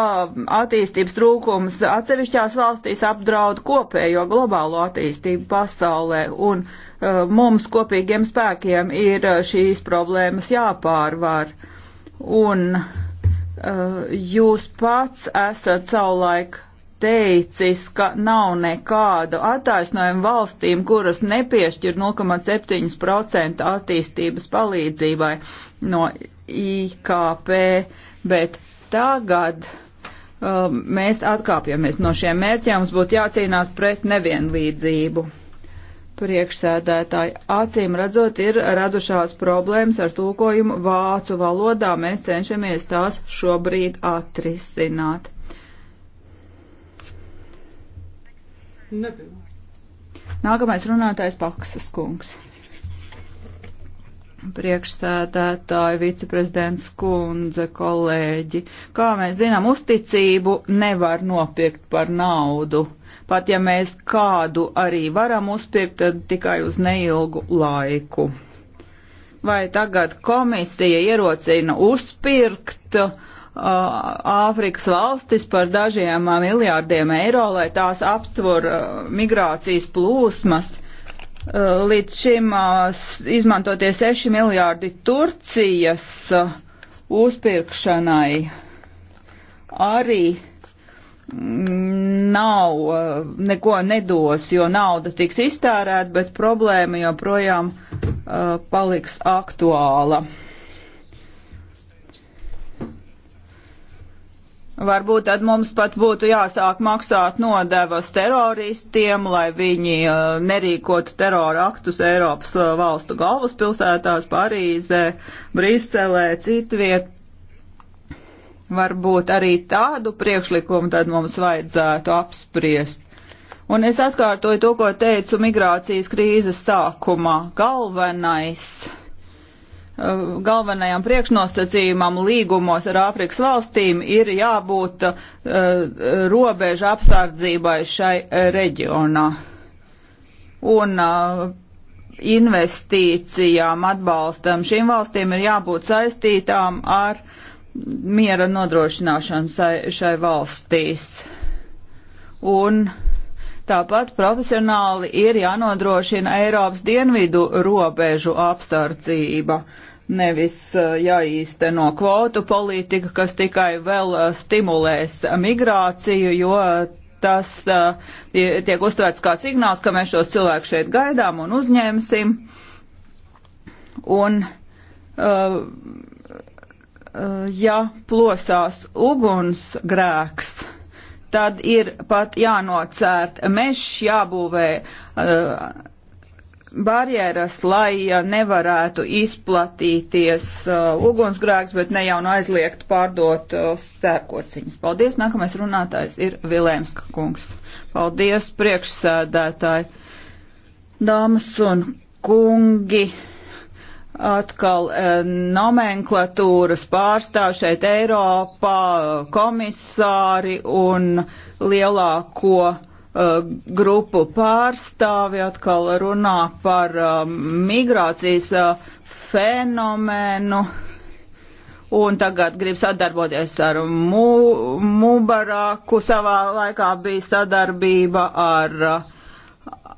attīstības trūkums atsevišķās valstīs apdraud kopējo globālo attīstību pasaulē, un Eh, mums kopīgiem spēkiem ir eh, šīs problēmas jāpārvar. Un eh, jūs pats esat savulaik teicis, ka nav nekādu attaisnojumu valstīm, kuras nepiešķir 0,7% attīstības palīdzībai no IKP, bet tagad um, mēs atkāpjamies no šiem mērķiem, mums būtu jācīnās pret nevienlīdzību priekšsēdētāji. Acīm redzot, ir radušās problēmas ar tulkojumu vācu valodā. Mēs cenšamies tās šobrīd atrisināt. Nebija. Nākamais runātājs Paksas kungs. Priekšsēdētāji, viceprezidents kundze, kolēģi. Kā mēs zinām, uzticību nevar nopirkt par naudu. Uh, Pat ja mēs kādu arī varam uzpirkt, tad tikai uz neilgu laiku. Vai tagad komisija ierocina uzpirkt uh, Āfrikas valstis par dažiem uh, miljārdiem eiro, lai tās aptver uh, migrācijas plūsmas? Uh, līdz šim uh, izmantotie 6 miljārdi Turcijas uh, uzpirkšanai arī mm, nav, eh, neko nedos, jo nauda tiks iztērēta, bet problēma joprojām uh, paliks aktuāla. Varbūt tad mums pat būtu jāsāk maksāt nodevas teroristiem, lai viņi uh, nerīkotu terora aktus Eiropas uh, valstu galvaspilsētās, Parīzē, Briselē, citviet, Varbūt arī tādu priekšlikumu tad mums vajadzētu apspriest. Un es atkārtoju to, ko teicu migrācijas krīzes sākumā. Galvenais, uh, galvenajam priekšnosacījumam līgumos ar Āfrikas valstīm ir jābūt uh, robeža apsardzībai šai uh, reģionā. Un uh, investīcijām atbalstam šīm valstīm ir jābūt saistītām ar uh, miera nodrošināšanu šai, šai valstīs. Un tāpat profesionāli ir jānodrošina Eiropas dienvidu robežu apsardzība nevis eh, jāīsteno kvotu politika, kas tikai vēl eh, stimulēs migrāciju, jo tas eh, tiek uztvērts kā signāls, ka mēs šos cilvēkus šeit gaidām un uzņemsim. Un uh, Eh, ja plosās ugunsgrēks, tad ir pat jānocērt mežs, jābūvē eh, barjeras, lai eh, nevarētu izplatīties ugunsgrēks, bet ne jau aizliegt pārdot sērkociņus. Paldies, nākamais runātājs ir Vilēmska kungs. Paldies, priekšsēdētāji, dāmas un kungi atkal eh, nomenklatūras pārstāv šeit Eiropā, eh, komisāri un lielāko eh, grupu pārstāvi atkal runā par migrācijas fenomenu un tagad grib sadarboties ar Mu Mubaraku. Savā laikā bija sadarbība ar uh,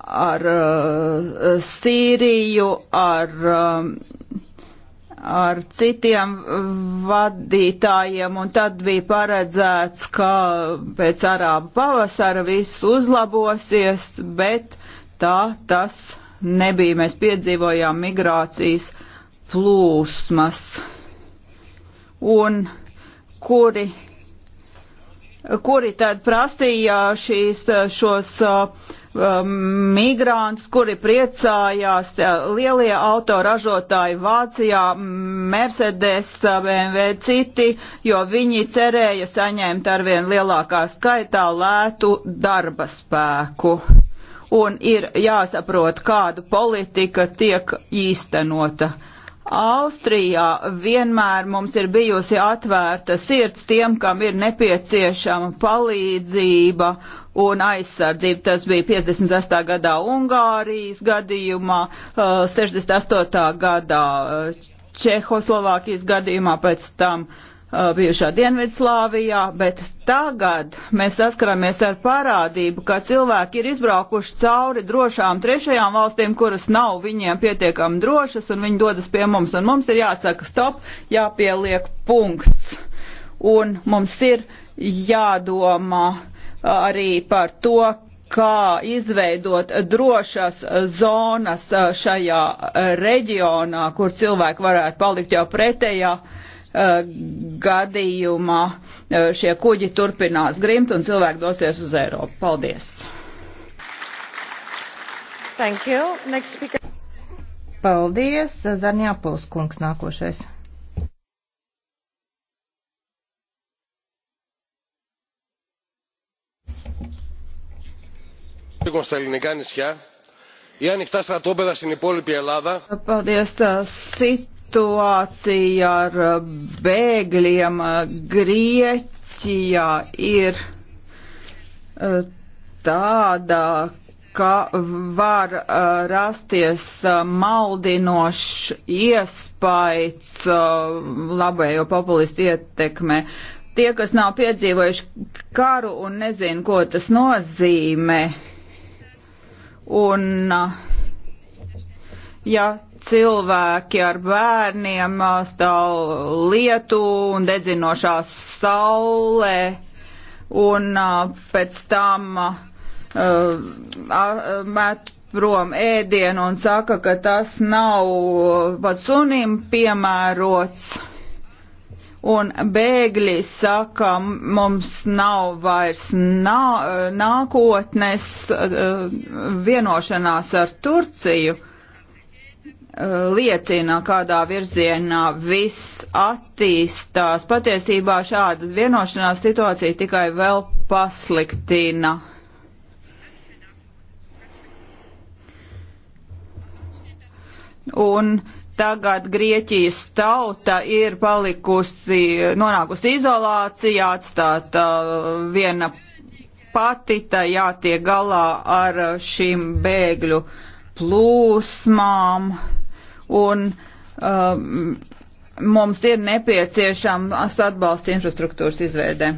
ar uh, Sīriju, ar, um, ar citiem vadītājiem, un tad bija paredzēts, ka pēc arābu pavasara viss uzlabosies, bet tā tas nebija. Mēs piedzīvojām migrācijas plūsmas, un kuri, kuri tad prasīja šīs, eh, šos uh, Um, migrantus, kuri priecājās uh, lielie autoražotāji Vācijā, Mercedes, uh, BMW, citi, jo viņi cerēja saņemt arvien lielākā skaitā lētu darba spēku. Un ir jāsaprot, kādu politika tiek īstenota. Austrijā vienmēr mums ir bijusi atvērta sirds tiem, kam ir nepieciešama palīdzība un aizsardzība. Tas bija 58. gadā Ungārijas gadījumā, 68. Uh, gadā uh, Čehoslovākijas gadījumā, pēc tam uh, Uh, bijušā Dienvidslāvijā, bet tagad mēs saskaramies ar parādību, ka cilvēki ir izbraukuši cauri drošām trešajām valstīm, kuras nav viņiem pietiekami drošas, un viņi dodas pie mums, un mums ir jāsaka stop, jāpieliek punkts. Un mums ir jādomā uh, arī par to, kā izveidot drošas zonas uh, šajā reģionā, kur cilvēki varētu palikt jau pretējā. Ja Uh, gadījumā uh, šie kuģi turpinās grimt un cilvēki dosies uz Eiropu. Paldies! Thank you. Next speaker. Paldies, Zarņāpuls kungs nākošais. στα ελληνικά νησιά ή ανοιχτά στρατόπεδα στην υπόλοιπη Ελλάδα. Paldies, uh, sit situācija ar eh, bēgļiem eh, Grieķijā ir eh, tāda, ka var rasties maldinošs iespējas labējo populistu ietekme. Tie, kas nav piedzīvojuši karu un nezin, ko tas nozīmē, un uh, ja cilvēki ar bērniem stāv lietu un dedzinošā saulē un pēc tam uh, met prom ēdienu un saka, ka tas nav pat sunim piemērots. Un bēgļi saka, mums nav vairs nā, nākotnes uh, vienošanās ar Turciju Eh, liecina, kādā virzienā viss attīstās. Patiesībā šāda vienošanās situācija tikai vēl pasliktina. Un tagad Grieķijas tauta ir palikusi, nonākusi izolācijā, atstāta eh, viena pati, tā jātiek galā ar šīm bēgļu plūsmām un um, mums ir nepieciešams atbalsts infrastruktūras izveidē.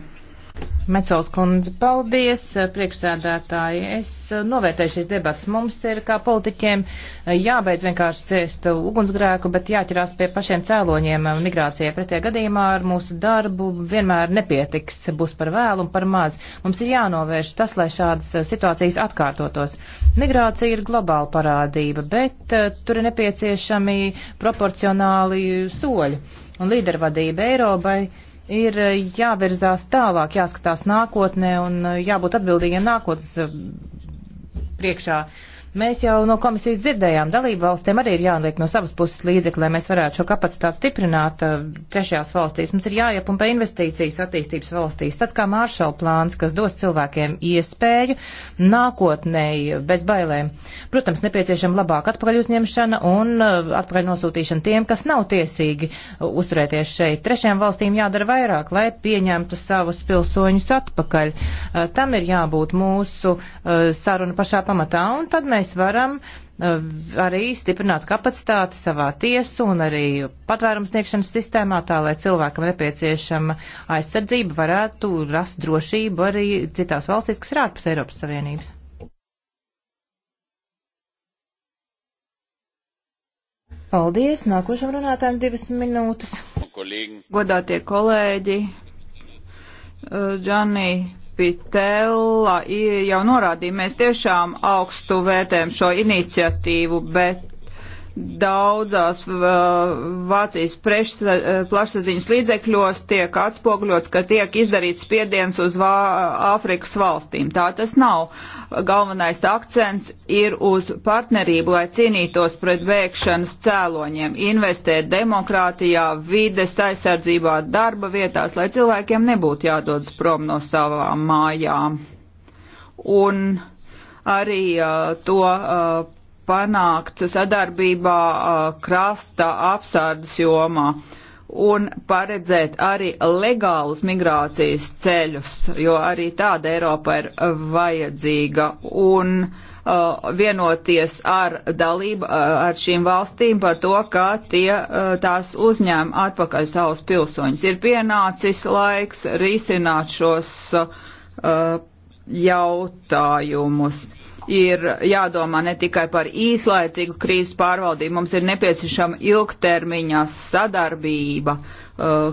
Mecels kundze, paldies, eh, priekšsēdētāji. Es eh, novērtēju šīs debatas. Mums ir kā politiķiem eh, jābeidz vienkārši cēst ugunsgrēku, bet jāķerās pie pašiem cēloņiem migrācijai. Pretējā gadījumā ar mūsu darbu vienmēr nepietiks, būs par vēlu un par maz. Mums ir jānovērš tas, lai šādas situācijas atkārtotos. Migrācija ir globāla parādība, bet tur ir nepieciešami proporcionāli soļi un līdervadība Eiropai ir eh, jāvirzās tālāk, jāskatās nākotnē un eh, jābūt atbildīgiem nākotnes eh, priekšā. Uh, Mēs jau no komisijas dzirdējām, dalību valstiem arī ir jāliek no savas puses līdzekļi, lai mēs varētu šo kapacitāti stiprināt uh, trešajās valstīs. Mums ir jāiepumpē investīcijas attīstības valstīs. Tāds kā Māršala plāns, kas dos cilvēkiem iespēju nākotnēji bez bailēm. Protams, nepieciešama labāka atpakaļ uzņemšana un uh, atpakaļ nosūtīšana tiem, kas nav tiesīgi uzturēties šeit. Trešajām valstīm jādara vairāk, lai pieņemtu savus pilsoņus atpakaļ. Uh, tam ir jābūt mūsu saruna pašā pamatā. Un tad mēs mēs varam eh, arī stiprināt kapacitāti savā tiesu un arī patvērums sniegšanas sistēmā, tā lai cilvēkam nepieciešama aizsardzība varētu rast drošību arī citās valstīs, kas ir ārpus Eiropas Savienības. Paldies! Nākošam runātājam divas minūtes. Godātie kolēģi, eh, Džanī Pitella jau norādīja, mēs tiešām augstu vērtējam šo iniciatīvu, bet daudzās Vācijas prešsa, plašsaziņas līdzekļos tiek atspogļots, ka tiek izdarīts spiediens uz Vā, Āfrikas valstīm. Tā tas nav. Galvenais akcents ir uz partnerību, lai cīnītos pret bēgšanas cēloņiem, investēt demokrātijā, vides aizsardzībā, darba vietās, lai cilvēkiem nebūtu jādodas prom no savām mājām. Un arī uh, to uh, panākt sadarbībā uh, krasta apsardzes jomā un paredzēt arī legālus migrācijas ceļus, jo arī tāda Eiropa ir vajadzīga. Un uh, vienoties ar dalību, uh, ar šīm valstīm par to, ka tie uh, tās uzņēma atpakaļ savus pilsoņus. Ir pienācis laiks risināt šos uh, jautājumus ir jādomā ne tikai par īslaicīgu krīzes pārvaldību, mums ir nepieciešama ilgtermiņa sadarbība, uh,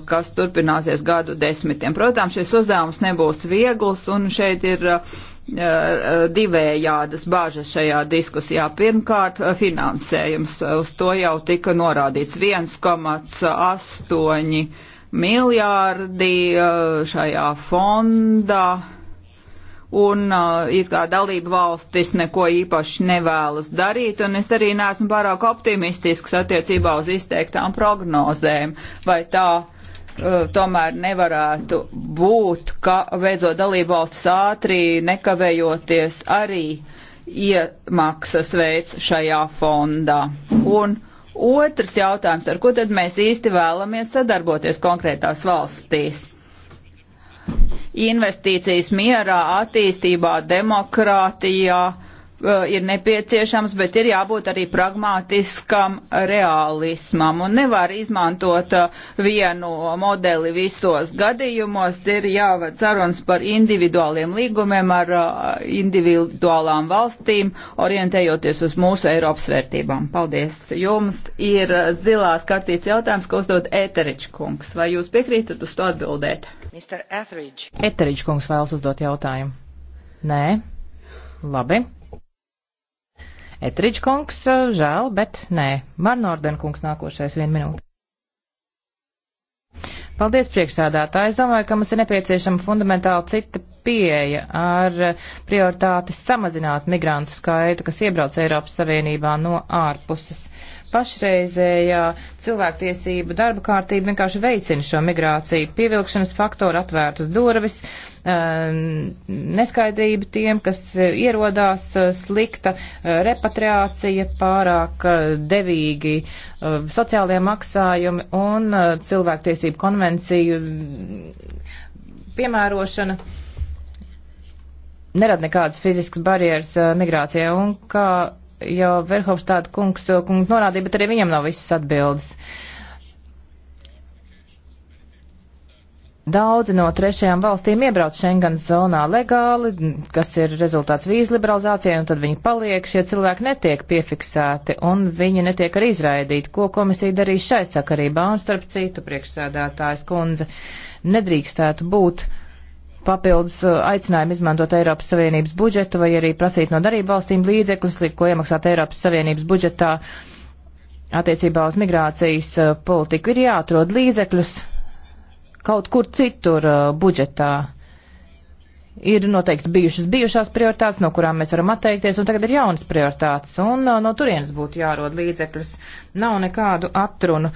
kas turpināsies gadu desmitiem. Protams, šis uzdevums nebūs viegls, un šeit ir uh, uh, divējādas bāžas šajā diskusijā. Pirmkārt, finansējums. Uz to jau tika norādīts 1,8 miljārdi šajā fondā un uh, it kā dalība valstis neko īpaši nevēlas darīt, un es arī neesmu pārāk optimistisks attiecībā uz izteiktām prognozēm, vai tā uh, tomēr nevarētu būt, ka veidzot dalību valstis ātri, nekavējoties arī iemaksas veids šajā fondā. Un otrs jautājums, ar ko tad mēs īsti vēlamies sadarboties konkrētās valstīs? investīcijas mierā, attīstībā, demokrātijā eh, ir nepieciešams, bet ir jābūt arī pragmātiskam realismam. Un nevar izmantot eh, vienu modeli visos gadījumos, ir jāved sarunas par individuāliem līgumiem ar eh, individuālām valstīm, orientējoties uz mūsu Eiropas vērtībām. Paldies! Jums ir zilās kartītes jautājums, ko uzdod Eteričkungs. Vai jūs piekrītat uz to atbildēt? Eteriģis kungs vēlas uzdot jautājumu. Nē, labi. Eteriģis kungs, eh, žēl, bet nē. Marnorden kungs nākošais vienu minūti. Paldies, priekšsēdētāji. Es domāju, ka mums ir nepieciešama fundamentāli cita pieeja ar eh, prioritāti samazināt migrantu skaitu, kas iebrauc Eiropas Savienībā no ārpuses pašreizējā cilvēktiesību darba kārtība vienkārši veicina šo migrāciju. Pievilkšanas faktori atvērtas durvis, eh, neskaidrība tiem, kas eh, ierodās, eh, slikta repatriācija, pārāk devīgi sociālajie maksājumi un cilvēktiesību konvenciju mm, piemērošana nerada nekādas fiziskas barjeras migrācijai un kā jau Verhofstāda kungs, kungs norādīja, bet arī viņam nav visas atbildes. Daudzi no trešajām valstīm iebrauc Schengen zonā legāli, kas ir rezultāts vīzu liberalizācijai, un tad viņi paliek, šie cilvēki netiek piefiksēti, un viņi netiek arī izraidīti. Ko komisija darīs šai sakarībā, un starp citu priekšsēdētājs kundze nedrīkstētu būt uh, papildus uh, aicinājumu izmantot Eiropas Savienības budžetu vai arī prasīt no darību valstīm līdzekļus, ko iemaksāt Eiropas Savienības budžetā attiecībā uz migrācijas uh, politiku. Ir jāatrod līdzekļus kaut kur citur uh, budžetā. Ir noteikti bijušas bijušās prioritātes, no kurām mēs varam atteikties, un tagad ir jaunas prioritātes, un no turienes būtu jārod līdzekļus. Nav nekādu aptrunu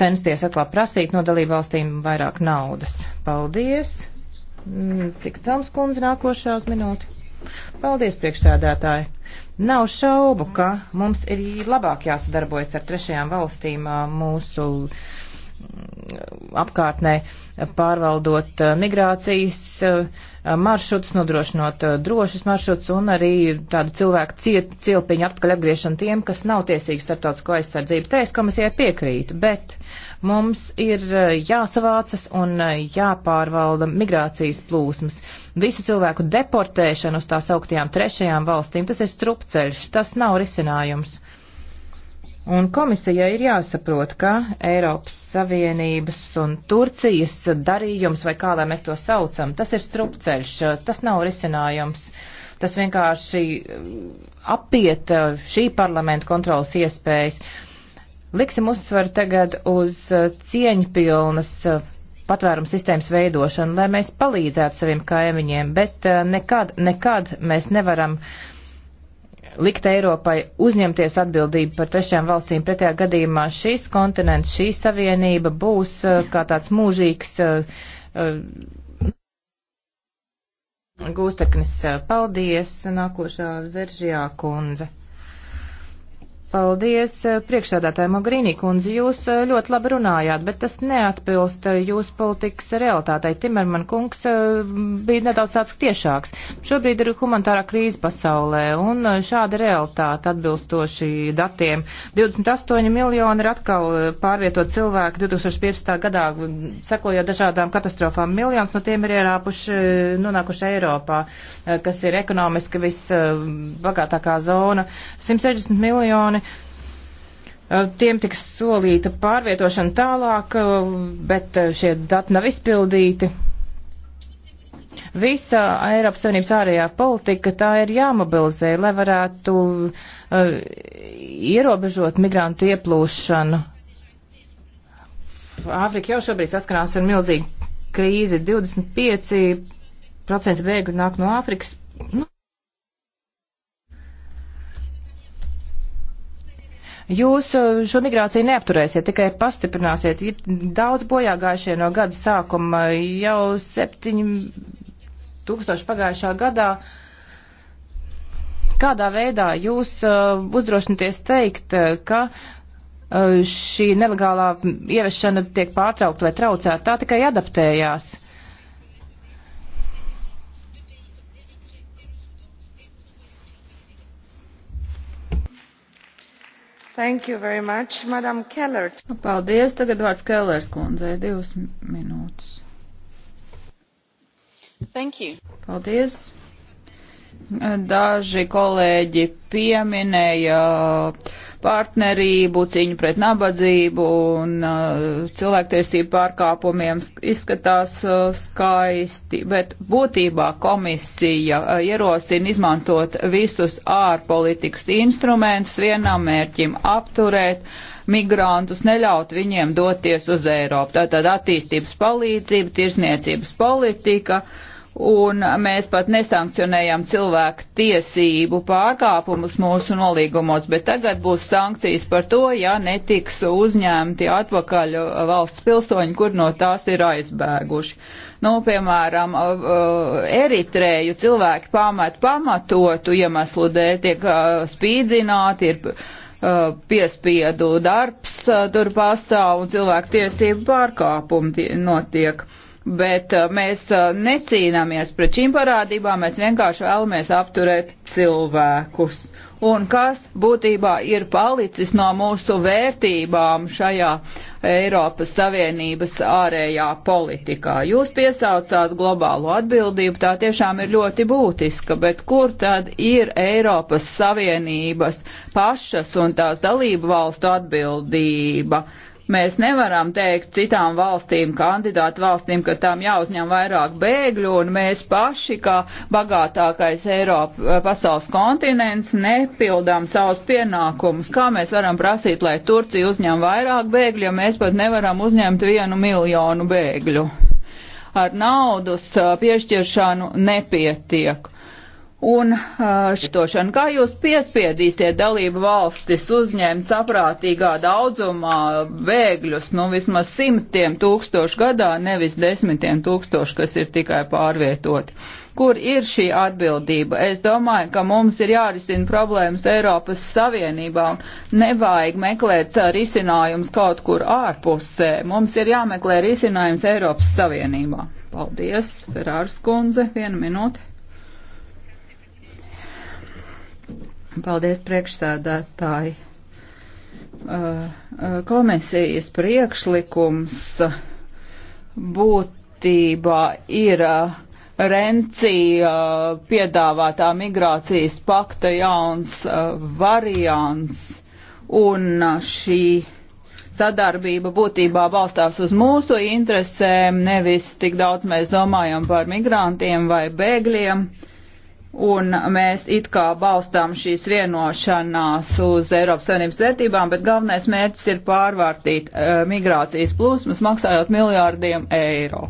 censties atkal prasīt no dalībvalstīm vairāk naudas. Paldies! Mm, Tikstams kundze nākošā uz minūti. Paldies, priekšsēdētāji. Nav šaubu, ka mums ir labāk jāsadarbojas ar trešajām valstīm mūsu mm, apkārtnē, pārvaldot migrācijas maršrutus, nodrošinot drošus maršrutus un arī tādu cilvēku cilpiņu atpakaļ atgriešanu tiem, kas nav tiesīgi starptautisko aizsardzību. Teiks komisijai piekrītu, bet uh, Mums ir e, jāsavācas un e, jāpārvalda migrācijas plūsmas. Visu cilvēku deportēšanu uz tās augtajām trešajām valstīm, tas ir strupceļš, tas nav risinājums. Un komisijai ir jāsaprot, ka Eiropas Savienības un Turcijas darījums, vai kā lai mēs to saucam, tas ir strupceļš, e, tas nav risinājums. Tas vienkārši apiet šī parlamenta kontrolas iespējas. Uh, Liksim uzsvaru tagad uz uh, cieņpilnas uh, patvērums sistēmas veidošanu, lai mēs palīdzētu saviem kaimiņiem, bet uh, nekad, nekad mēs nevaram likt Eiropai uzņemties atbildību par trešajām valstīm. Pretējā gadījumā šīs kontinents, šī savienība būs kā tāds mūžīgs gūsteknis. Paldies, nākošā veržjā kundze. Paldies, eh, priekšsēdētāji Mogrīnī kundze, jūs eh, ļoti labi runājāt, bet tas neatbilst eh, jūsu politikas realitātei. Timerman kungs bija nedaudz tāds tiešāks. Šobrīd ir humanitārā krīze pasaulē, un šāda realitāte atbilstoši datiem. 28 miljoni ir atkal pārvietot cilvēku 2015. gadā, sekojot dažādām katastrofām. Miljons no tiem ir ierāpuši, nonākuši Eiropā, kas ir ekonomiski visbagātākā zona. 160 miljoni Eh, tiem tiks solīta pārvietošana tālāk, eh, bet eh, šie dati nav izpildīti. Visa Eiropas Savienības ārējā politika tā ir jāmobilizē, lai varētu uh, ierobežot migrantu ieplūšanu. Āfrika jau šobrīd saskanās ar milzīgu krīzi. 25% bēgļu nāk no Āfrikas. Nu, Jūs uh, šo migrāciju neapturēsiet, tikai pastiprināsiet. Ir daudz bojā gājušie no gada sākuma, jau septiņi tūkstoši pagājušā gadā. Kādā veidā jūs uh, uzdrošināties teikt, uh, ka uh, šī nelegālā ievešana tiek pārtraukta vai traucēta? Tā tikai adaptējās. Uh, Thank you very much, Madam Keller. Paldies, tagad vārds Kellers kundzei, divas minūtes. Thank you. Paldies. Daži kolēģi pieminēja uh, partnerību, cīņu pret nabadzību un uh, cilvēktiesību pārkāpumiem izskatās uh, skaisti, bet būtībā komisija uh, ierosina izmantot visus ārpolitikas instrumentus vienam mērķim apturēt migrantus, neļaut viņiem doties uz Eiropu. Tātad attīstības palīdzība, tirsniecības politika. Uh, un mēs pat nesankcionējam cilvēku tiesību pārkāpumus mūsu nolīgumos, bet tagad būs sankcijas par to, ja netiks uzņemti atpakaļ valsts pilsoņi, kur no tās ir aizbēguši. Nu, piemēram, uh, uh, Eritrēju cilvēki pamat pamatotu iemeslu dēļ tiek uh, spīdzināti, ir piespiedu darbs tur pastāv un cilvēku tiesību pārkāpumi notiek bet uh, mēs uh, necīnāmies pret šīm parādībām, mēs vienkārši vēlamies apturēt cilvēkus. Un kas būtībā ir palicis no mūsu vērtībām šajā Eiropas Savienības ārējā politikā? Jūs piesaucāt globālo atbildību, tā tiešām ir ļoti būtiska, bet kur tad ir Eiropas Savienības pašas un tās dalību valstu atbildība? Uh, Mēs nevaram teikt citām valstīm, kandidātu valstīm, ka tām jāuzņem vairāk bēgļu, un mēs paši, kā bagātākais Eiropa eh, pasaules kontinents, nepildām savus pienākumus. Kā mēs varam prasīt, lai Turcija uzņem vairāk bēgļu, ja mēs pat nevaram uzņemt vienu miljonu bēgļu? Ar naudas eh, piešķiršanu nepietiek un uh, šitošanu. Kā jūs piespiedīsiet dalību valstis uzņemt saprātīgā daudzumā bēgļus, nu vismaz simtiem tūkstošu gadā, nevis desmitiem tūkstošu, kas ir tikai pārvietoti? Kur ir šī atbildība? Es domāju, ka mums ir jārisina problēmas Eiropas Savienībā un nevajag meklēt uh, risinājums kaut kur ārpusē. Mums ir jāmeklē risinājums Eiropas Savienībā. Paldies, Ferārs kundze, vienu minūti. Paldies, priekšsēdētāji. Uh, uh, komisijas priekšlikums būtībā ir uh, Rencija piedāvātā migrācijas pakta jauns variants, un šī sadarbība būtībā balstās uz mūsu interesēm, nevis tik daudz mēs domājam par migrantiem vai bēgļiem. Uh, un mēs it kā balstām šīs vienošanās uz Eiropas Savienības vērtībām, bet galvenais mērķis ir pārvārtīt uh, migrācijas plūsmas, maksājot miljārdiem eiro.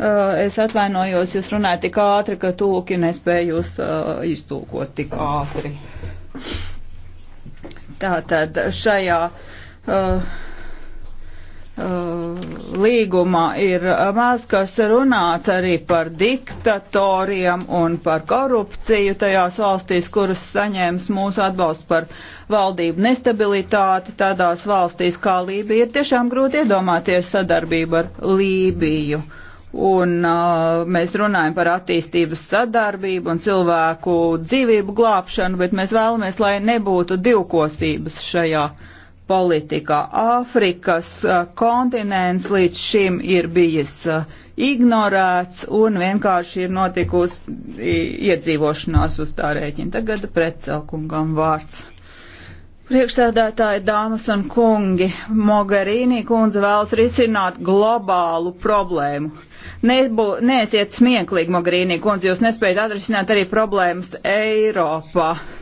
Uh, es atvainojos, jūs runājat tik ātri, ka tūki nespēja jūs uh, iztūkot tik ātri. Tātad šajā uh, Uh, līgumā ir uh, maz, kas runāts arī par diktatoriem un par korupciju tajās valstīs, kuras saņēmis mūsu atbalstu par valdību nestabilitāti. Tādās valstīs kā Lībija ir tiešām grūti iedomāties sadarbību ar Lībiju. Un uh, mēs runājam par attīstības sadarbību un cilvēku dzīvību glābšanu, bet mēs vēlamies, lai nebūtu divkosības šajā uh, politikā. Āfrikas uh, kontinents līdz šim ir bijis uh, ignorēts un vienkārši ir notikusi iedzīvošanās uz tā rēķina. Tagad pretcelkungam vārds. Priekšsēdētāji, dāmas un kungi, Mogarīnī kundze vēlas risināt globālu problēmu. Nebū, neesiet smieklīgi, Mogarīnī kundze, jūs nespējat atrisināt arī problēmas Eiropā. Uh,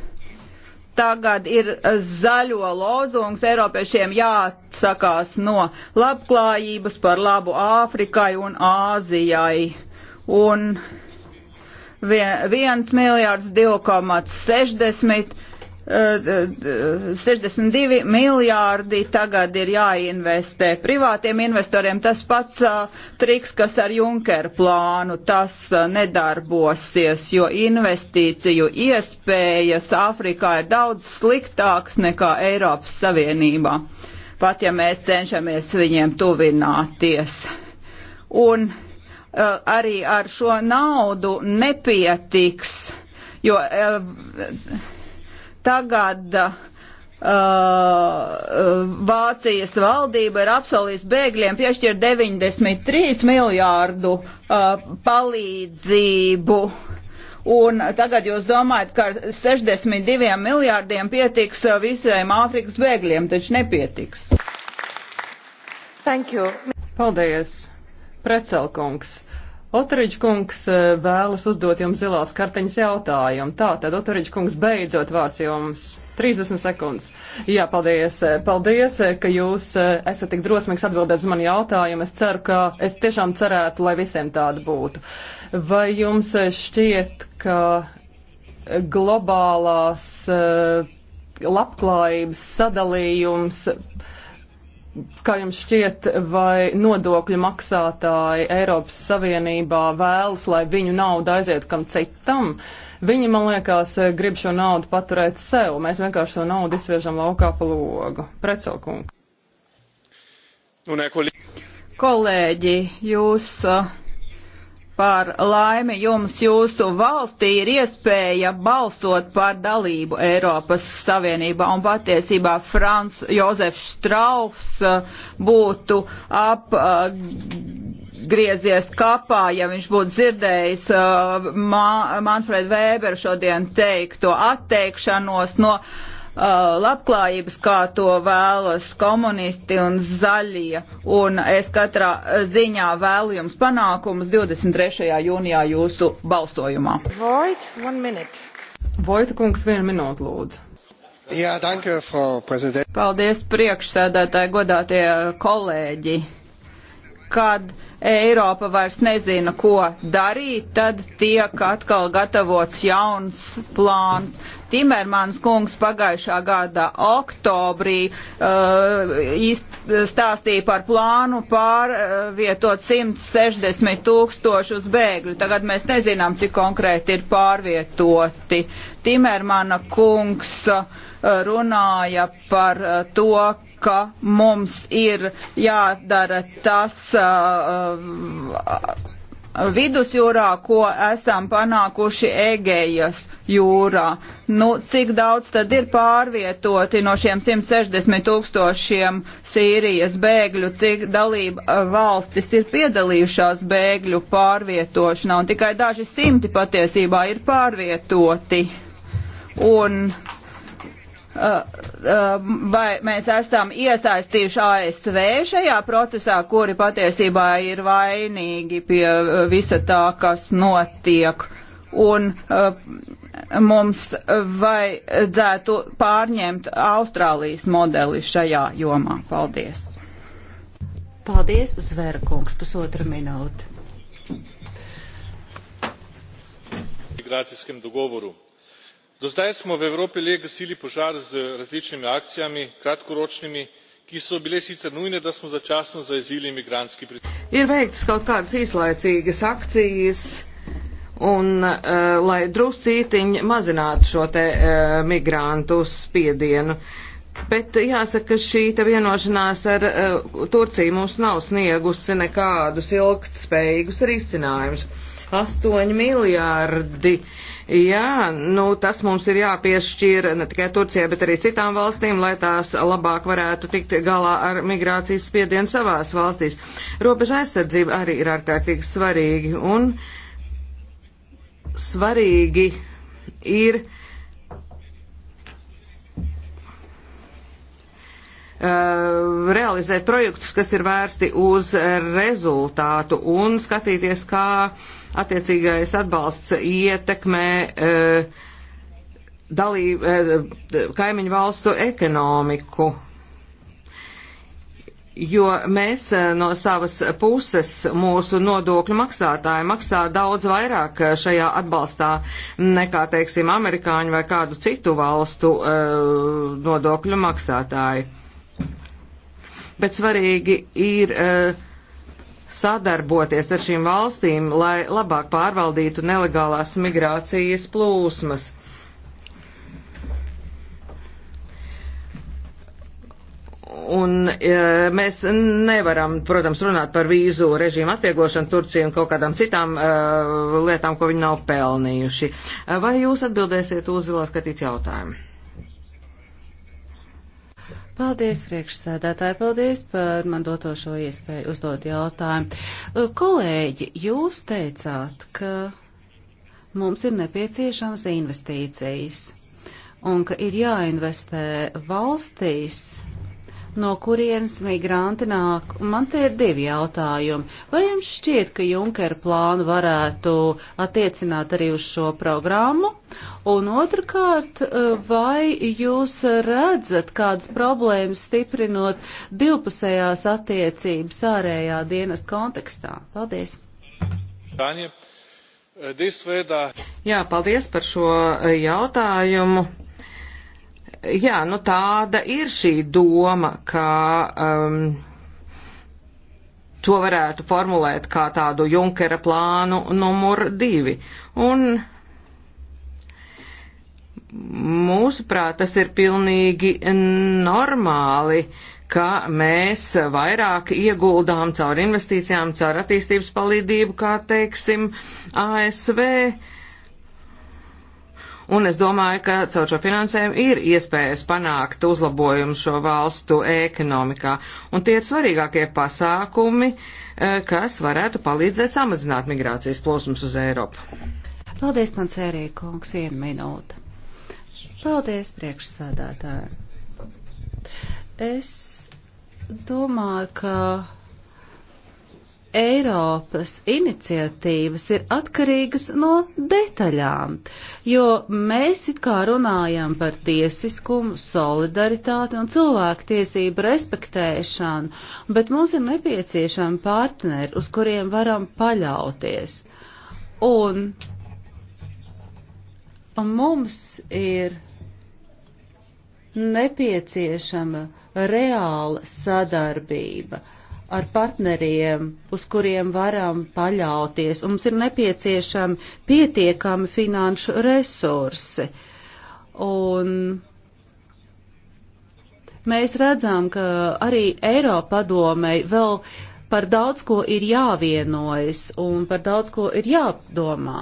tagad ir eh, zaļo lozungs Eiropiešiem jāatsakās no labklājības par labu Āfrikai un Āzijai. Un viens miljārds 2,60 62 miljārdi tagad ir jāinvestē privātiem investoriem. Tas pats uh, triks, kas ar Junkeru plānu, tas uh, nedarbosies, jo investīciju iespējas Āfrikā ir daudz sliktāks nekā Eiropas Savienībā, pat ja mēs cenšamies viņiem tuvināties. Un uh, arī ar šo naudu nepietiks, jo. Uh, Tagad uh, uh, Vācijas valdība ir apsolījusi bēgļiem piešķirt 93 miljārdu uh, palīdzību. Un tagad jūs domājat, ka 62 miljārdiem pietiks uh, visiem Āfrikas bēgļiem, taču nepietiks. Thank you. Paldies, Precelkungs. Otoriģkungs eh, vēlas uzdot jums zilās karteņas jautājumu. Tātad, Otoriģkungs, beidzot vārds jums. 30 sekundes. Jā, paldies. Paldies, eh, ka jūs eh, esat tik drosmīgs atbildēt uz manu jautājumu. Es ceru, ka es tiešām cerētu, lai visiem tāda būtu. Vai jums šķiet, ka globālās labklājības sadalījums Kā jums šķiet, vai nodokļu maksātāji Eiropas Savienībā vēlas, lai viņu nauda aiziet kam citam? Viņi, man liekas, grib šo naudu paturēt sev. Mēs vienkārši šo naudu izsviežam laukā pa logu. Precelkungu. Nu, Kolēģi, jūs. Uh par laimi jums jūsu valstī ir iespēja balsot par dalību Eiropas Savienībā, un patiesībā Frans Jozefs Straufs uh, būtu apgriezies uh, kapā, ja viņš būtu dzirdējis uh, Manfred Weber šodien teikto atteikšanos no. Uh, Uh, labklājības, kā to vēlas komunisti un zaļie. Un es katrā ziņā vēlu jums panākumus 23. jūnijā jūsu balsojumā. Voit, Vojta kungs, vienu minūtu lūdzu. Jā, danke, Frau Prezident. Paldies priekšsēdētāji, godātie kolēģi. Kad Eiropa vairs nezina, ko darīt, tad tiek atkal gatavots jauns plāns. Timermans kungs pagājušā gada oktobrī uh, stāstīja par plānu pārvietot 160 tūkstošus bēgļu. Tagad mēs nezinām, cik konkrēti ir pārvietoti. Timermana kungs uh, runāja par uh, to, ka mums ir jādara tas. Uh, uh vidusjūrā, ko esam panākuši Egejas jūrā. Nu, cik daudz tad ir pārvietoti no šiem 160 tūkstošiem Sīrijas bēgļu, cik dalība eh, valstis ir piedalījušās bēgļu pārvietošanā, un tikai daži simti patiesībā ir pārvietoti. Un Uh, uh, vai mēs esam iesaistījuši ASV šajā procesā, kuri patiesībā ir vainīgi pie uh, visa tā, kas notiek. Un mums vajadzētu pārņemt Austrālijas modeli šajā jomā. Paldies! Paldies, Zvērkungs, pusotru minūti. Migrācijskim dogovoru do zdaj smo v evropi le gasili požar z različnimi akcijami kratkoročnimi ki so bile sicer nujne da smo začasno zajezili migrantski pritisk un uh, lai druscītiņ mazinātu šo te uh, migrantu spiedienu. Bet jāsaka, šī te vienošanās ar uh, Turciju mums nav sniegusi nekādus ilgtspējīgus risinājumus. 8 miljārdi uh, Jā, nu, tas mums ir jāpiešķir ne tikai Turcijai, bet arī citām valstīm, lai tās labāk varētu tikt galā ar migrācijas spiedienu savās valstīs. Robeža aizsardzība arī ir ārkārtīgi svarīgi un svarīgi ir Uh, realizēt projektus, kas ir vērsti uz rezultātu un skatīties, kā attiecīgais atbalsts ietekmē uh, dalību, uh, kaimiņu valstu ekonomiku. Jo mēs no savas puses mūsu nodokļu maksātāji maksā daudz vairāk šajā atbalstā nekā, teiksim, amerikāņu vai kādu citu valstu nodokļu maksātāji bet svarīgi ir uh, sadarboties ar šīm valstīm, lai labāk pārvaldītu nelegālās migrācijas plūsmas. Un e, mēs nevaram, protams, runāt par vīzu režīmu atvieglošanu Turciju un kaut kādām citām e, lietām, ko viņi nav pelnījuši. Vai jūs atbildēsiet uz zilās skatīts jautājumu? Paldies, priekšsēdētāji, paldies par man doto šo iespēju uzdot jautājumu. Uh, kolēģi, jūs teicāt, ka mums ir nepieciešamas investīcijas un ka ir jāinvestē valstīs, no kurienes migranti nāk. Man te ir divi jautājumi. Vai jums šķiet, ka Junkera plānu varētu attiecināt arī uz šo programmu? Un otrkārt, vai jūs redzat kādas problēmas stiprinot divpusējās attiecības ārējā dienas kontekstā? Paldies! Eh, Dejstvo je, da. Jā, paldies par šo eh, jautājumu. Jā, nu tāda ir šī doma, ka um, to varētu formulēt kā tādu Junkera plānu numur divi. Un mūsuprāt, tas ir pilnīgi normāli, ka mēs vairāk ieguldām caur investīcijām, caur attīstības palīdzību, kā teiksim, ASV. Uh, Un es domāju, ka caur šo finansējumu ir iespējas panākt uzlabojumu šo valstu ekonomikā. Un tie ir svarīgākie pasākumi, eh, kas varētu palīdzēt samazināt migrācijas plosums uz Eiropu. Paldies, man sērija kungs, viena minūte. Paldies, priekšsādātāji. Es domāju, ka Eiropas iniciatīvas ir atkarīgas no detaļām, jo mēs it kā runājam par tiesiskumu, solidaritāti un cilvēktiesību respektēšanu, bet mums ir nepieciešami partneri, uz kuriem varam paļauties. Un, un mums ir nepieciešama reāla sadarbība ar partneriem, uz kuriem varam paļauties. Mums ir nepieciešami pietiekami finanšu resursi. Un mēs redzam, ka arī Eiropa padomei vēl par daudz ko ir jāvienojas un par daudz ko ir jādomā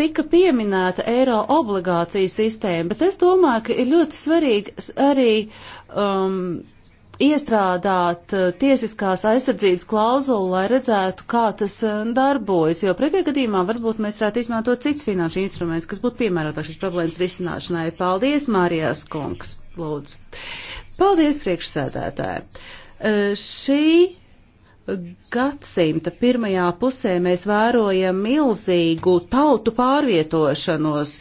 tika pieminēta eiro obligācija sistēma, bet es domāju, ka ir ļoti svarīgi arī um, iestrādāt eh, tiesiskās aizsardzības klauzulu, lai redzētu, kā tas eh, darbojas, jo pretie gadījumā varbūt mēs varētu izmantot cits finanšu instruments, kas būtu piemērotāks šīs problēmas risināšanai. Paldies, Mārijas kungs, lūdzu. Paldies, priekšsēdētāji. Eh, šī gadsimta pirmajā pusē mēs vērojam milzīgu tautu pārvietošanos,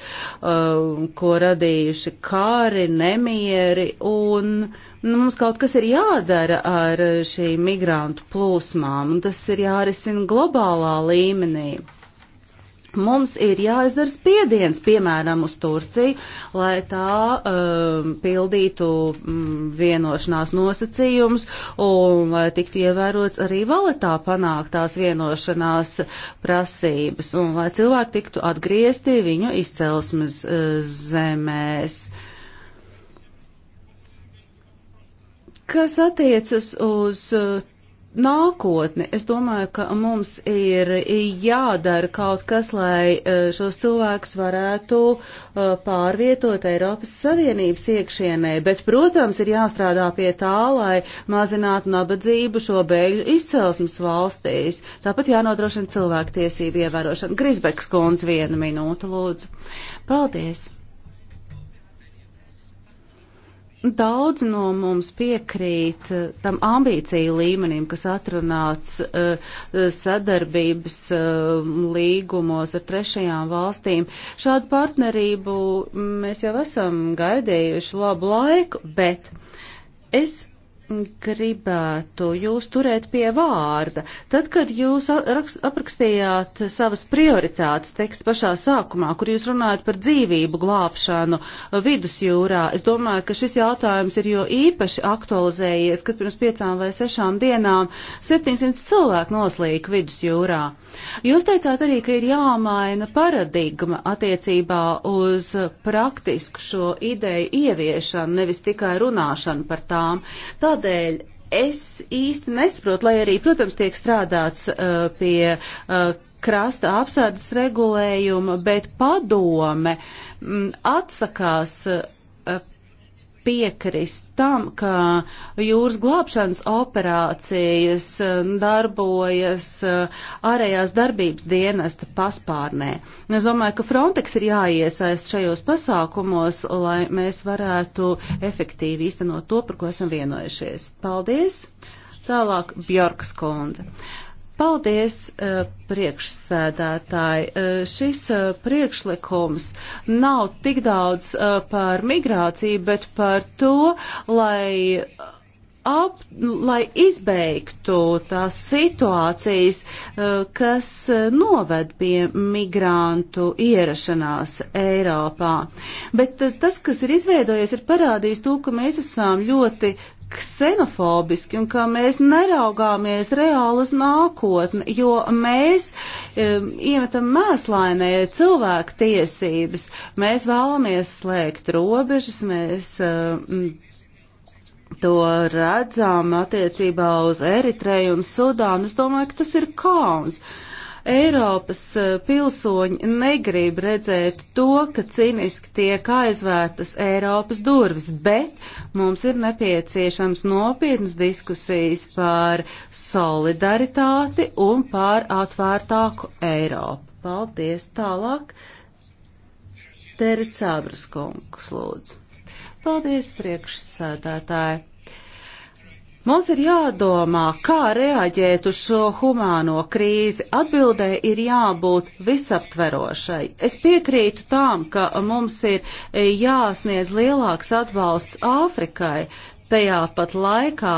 ko radījuši kāri, nemieri un Nu, mums kaut kas ir jādara ar šīm migrantu plūsmām, un tas ir jārisina globālā līmenī. Mums ir jāizdara spiediens, piemēram, uz Turciju, lai tā um, pildītu um, vienošanās nosacījumus un lai tiktu ievērots arī valetā panāktās vienošanās prasības un lai cilvēki tiktu atgriezti viņu izcelsmes uh, zemēs. Uh, Kas attiecas uz uh, nākotni, es domāju, ka mums ir jādara kaut kas, lai uh, šos cilvēkus varētu uh, pārvietot Eiropas Savienības iekšienē, bet, protams, ir jāstrādā pie tā, lai mazinātu nabadzību šo bēļu izcelsmes valstīs. Tāpat jānodrošina cilvēktiesību ievērošana. Grisbeks kundze, viena minūte, lūdzu. Paldies! Daudz no mums piekrīt eh, tam ambīciju līmenim, kas atrunāts uh, sadarbības uh, līgumos ar trešajām valstīm. Šādu partnerību mēs jau esam gaidījuši labu laiku, bet es gribētu jūs turēt pie vārda. Tad, kad jūs aprakstījāt savas prioritātes tekstu pašā sākumā, kur jūs runājat par dzīvību glābšanu vidusjūrā, es domāju, ka šis jautājums ir jo īpaši aktualizējies, kad pirms piecām vai sešām dienām 700 cilvēku noslīk vidusjūrā. Jūs teicāt arī, ka ir jāmaina paradigma attiecībā uz praktisku šo ideju ieviešanu, nevis tikai runāšanu par tām. Tad Tādēļ es īsti nesaprotu, lai arī, protams, tiek strādāts uh, pie uh, krasta apsardzes regulējuma, bet padome m, mm, atsakās uh, piekrist tam, ka jūras glābšanas operācijas um, darbojas uh, ārējās darbības dienesta paspārnē. Un es domāju, ka Frontex ir jāiesaist šajos pasākumos, lai mēs varētu efektīvi īstenot to, par ko esam vienojušies. Paldies! Tālāk Bjorkas kundze. Uh, Paldies, eh, priekšsēdētāji. Eh, šis eh, priekšlikums nav tik daudz par migrāciju, bet par to, lai ap, lai izbeigtu tās situācijas, kas noved pie migrantu ierašanās Eiropā. Bet tas, kas ir izveidojies, ir parādījis to, ka mēs esam ļoti ksenofobiski un ka mēs neraugāmies reāli uz nākotni, jo mēs um, iemetam mēslainē cilvēku tiesības, mēs vēlamies slēgt robežas, mēs um, to redzam attiecībā uz Eritreju un Sudānu. Es domāju, ka tas ir kauns. Uh, Eiropas e, pilsoņi negrib redzēt to, ka ciniski tiek aizvērtas Eiropas durvis, bet mums ir nepieciešams nopietnas diskusijas par solidaritāti un par atvērtāku Eiropu. Paldies tālāk. Tericābras kungs lūdzu. Paldies priekšsēdētāji. Mums ir jādomā, kā reaģēt uz šo humāno krīzi. Atbildē ir jābūt visaptverošai. Es piekrītu tām, ka mums ir jāsniedz lielāks atbalsts Āfrikai. Tajā pat laikā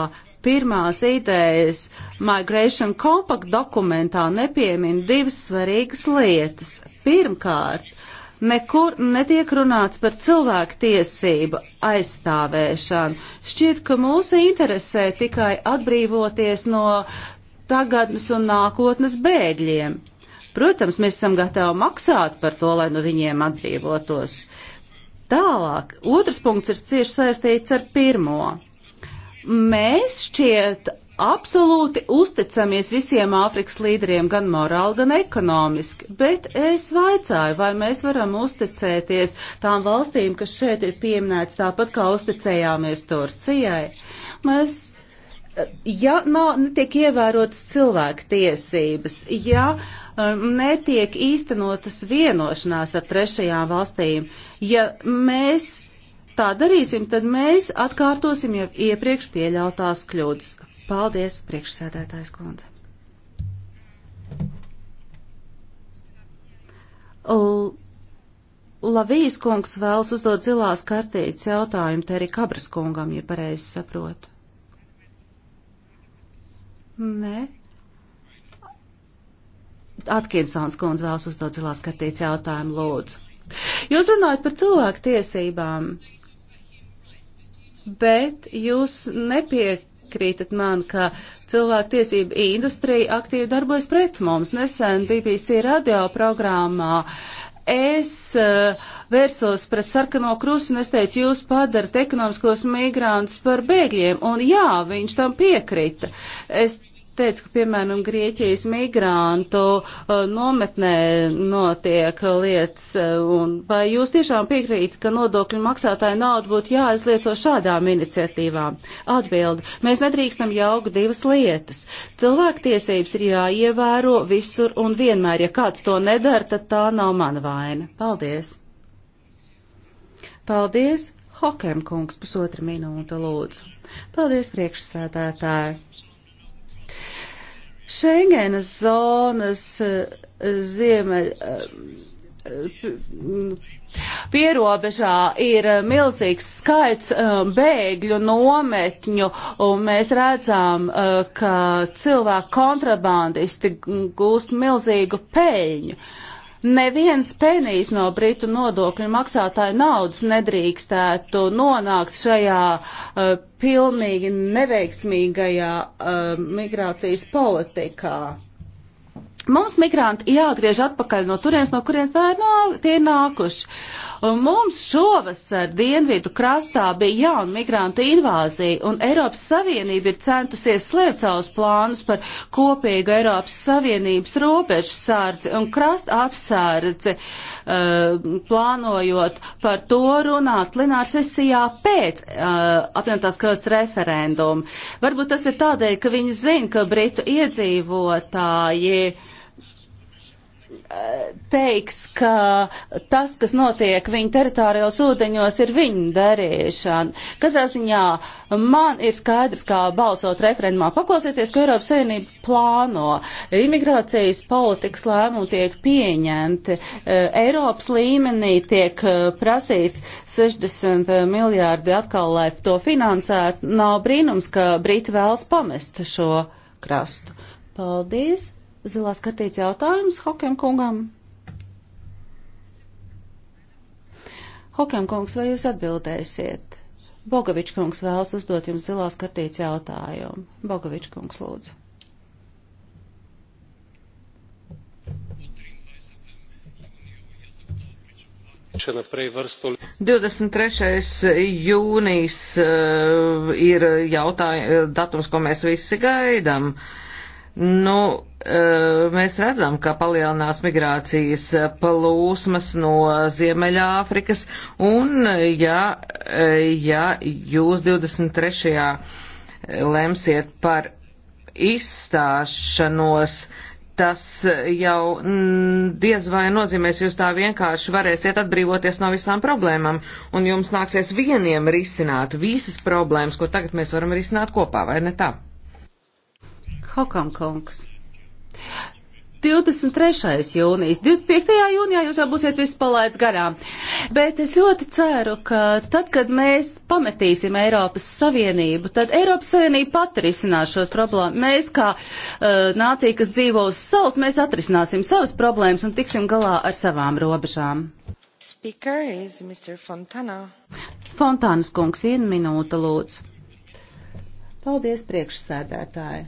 pirmās idejas Migration Compact dokumentā nepiemin divas svarīgas lietas. Pirmkārt, Nekur netiek runāts par cilvēku tiesību aizstāvēšanu. Šķiet, ka mūsu interesē tikai atbrīvoties no tagadnes un nākotnes bēgļiem. Protams, mēs esam gatavi maksāt par to, lai no viņiem atbrīvotos. Tālāk, otrs punkts ir cieši saistīts ar pirmo. Mēs šķiet absolūti uzticamies visiem Āfrikas līderiem gan morāli, gan ekonomiski, bet es vaicāju, vai mēs varam uzticēties tām valstīm, kas šeit ir pieminēts tāpat kā uzticējāmies Turcijai. Mēs ja nav, netiek ievērotas cilvēku tiesības, ja um, netiek īstenotas vienošanās ar trešajām valstīm, ja mēs tā darīsim, tad mēs atkārtosim jau iepriekš pieļautās kļūdas. Paldies, priekšsēdētājs kundze. L Lavijas kungs vēlas uzdot zilās kartītes jautājumu Teri Kabras kungam, ja pareizi saprotu. Nē. Atkinsons kundze vēlas uzdot zilās kartītes jautājumu, lūdzu. Jūs runājat par cilvēku tiesībām, bet jūs nepiek piekrītat man, ka cilvēktiesība industrija aktīvi darbojas pret mums. Nesen BBC radio programmā es uh, vērsos pret sarkano krusu un es teicu, jūs padarat ekonomiskos migrantus par bēgļiem. Un jā, viņš tam piekrita. Es teica, ka, piemēram, Grieķijas migrantu uh, nometnē notiek lietas, uh, un vai jūs tiešām piekrīt, ka nodokļu maksātāju naudu būtu jāizlieto šādām iniciatīvām? Atbildi. Mēs nedrīkstam jaukt divas lietas. Cilvēktiesības ir jāievēro visur un vienmēr. Ja kāds to nedara, tad tā nav mana vaina. Paldies! Paldies! Hokem kungs, pusotra minūte, lūdzu. Paldies, priekšsēdētāji! Šengenas zonas eh, ziemeļ eh, pierobežā ir eh, milzīgs skaits bēgļu nometņu, un mēs redzam, ka cilvēku kontrabandisti gūst milzīgu peļņu. Uh, Neviens penijs no Britu nodokļu maksātāju naudas nedrīkstētu nonākt šajā uh, pilnīgi neveiksmīgajā uh, migrācijas politikā. Mums migranti jāatgriež atpakaļ no turienes, no kurienes tā ir nā, tie ir nākuši. Un mums šovasar dienvidu krastā bija jauna migrantu invāzija, un Eiropas Savienība ir centusies slēpt savus plānus par kopīgu Eiropas Savienības robežu sārdzi un krasta apsārdzi, uh, plānojot par to runāt plenārsesijā pēc uh, apvienotās krasta referendumu. Varbūt tas ir tādēļ, ka viņi zina, ka britu iedzīvotāji teiks, ka tas, kas notiek viņu teritorijos ūdeņos, ir viņu darīšana. Katrā ziņā man ir skaidrs, kā balsot referendumā. Paklausieties, ka Eiropas Savienība plāno. Imigrācijas politikas lēmumi tiek pieņemti. E, Eiropas līmenī tiek e, prasīts 60 miljārdi atkal, lai to finansētu. Nav brīnums, ka Briti vēlas pamest šo krastu. Paldies! zilās kartītes jautājums Hokiem kungam. Hokiem kungs, vai jūs atbildēsiet? Bogavičs kungs vēlas uzdot jums zilās kartītes jautājumu. Bogavičs kungs, lūdzu. še naprej vrsto. 23. jūnijas uh, ir jautājums, datums, ko mēs visi gaidām. Nu, mēs redzam, ka palielinās migrācijas plūsmas no Ziemeļāfrikas, un ja, ja jūs 23. lemsiet par izstāšanos, tas jau diez vai nozīmēs, jūs tā vienkārši varēsiet atbrīvoties no visām problēmām, un jums nāksies vieniem risināt visas problēmas, ko tagad mēs varam risināt kopā, vai ne tā? Hokam kungs. 23. jūnijas, 25. jūnijā jūs jau būsiet viss palaids garām. Bet es ļoti ceru, ka tad, kad mēs pametīsim Eiropas Savienību, tad Eiropas Savienība pat risinās šos problēmas. Mēs, kā uh, nācija, kas dzīvo uz salas, mēs atrisināsim savas problēmas un tiksim galā ar savām robežām. Fontānas kungs, viena minūte lūdzu. Paldies, priekšsēdētāji.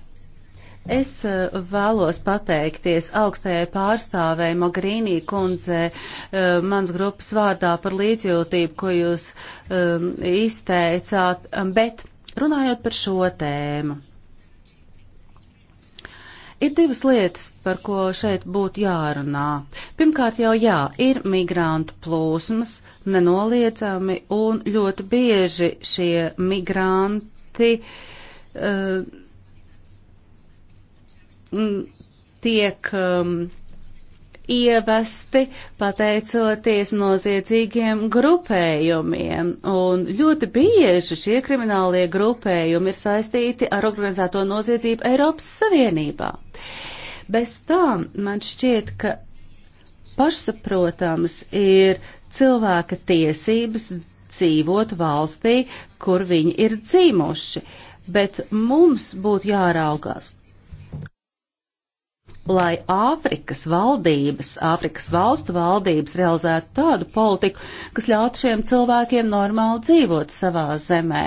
Es eh, vēlos pateikties augstajai pārstāvēji Mogrīnī kundze eh, mans grupas vārdā par līdzjūtību, ko jūs um, izteicāt, bet runājot par šo tēmu. Ir divas lietas, par ko šeit būtu jārunā. Pirmkārt jau jā, ir migrantu plūsmas, nenoliedzami, un ļoti bieži šie migranti uh, tiek um, ievesti pateicoties noziedzīgiem grupējumiem. Un ļoti bieži šie kriminālie grupējumi ir saistīti ar organizēto noziedzību Eiropas Savienībā. Bez tam man šķiet, ka pašsaprotams ir cilvēka tiesības dzīvot valstī, kur viņi ir dzīvoši, bet mums būtu jāraugās, lai Āfrikas valdības, Āfrikas valstu valdības realizētu tādu politiku, kas ļautu šiem cilvēkiem normāli dzīvot savā zemē.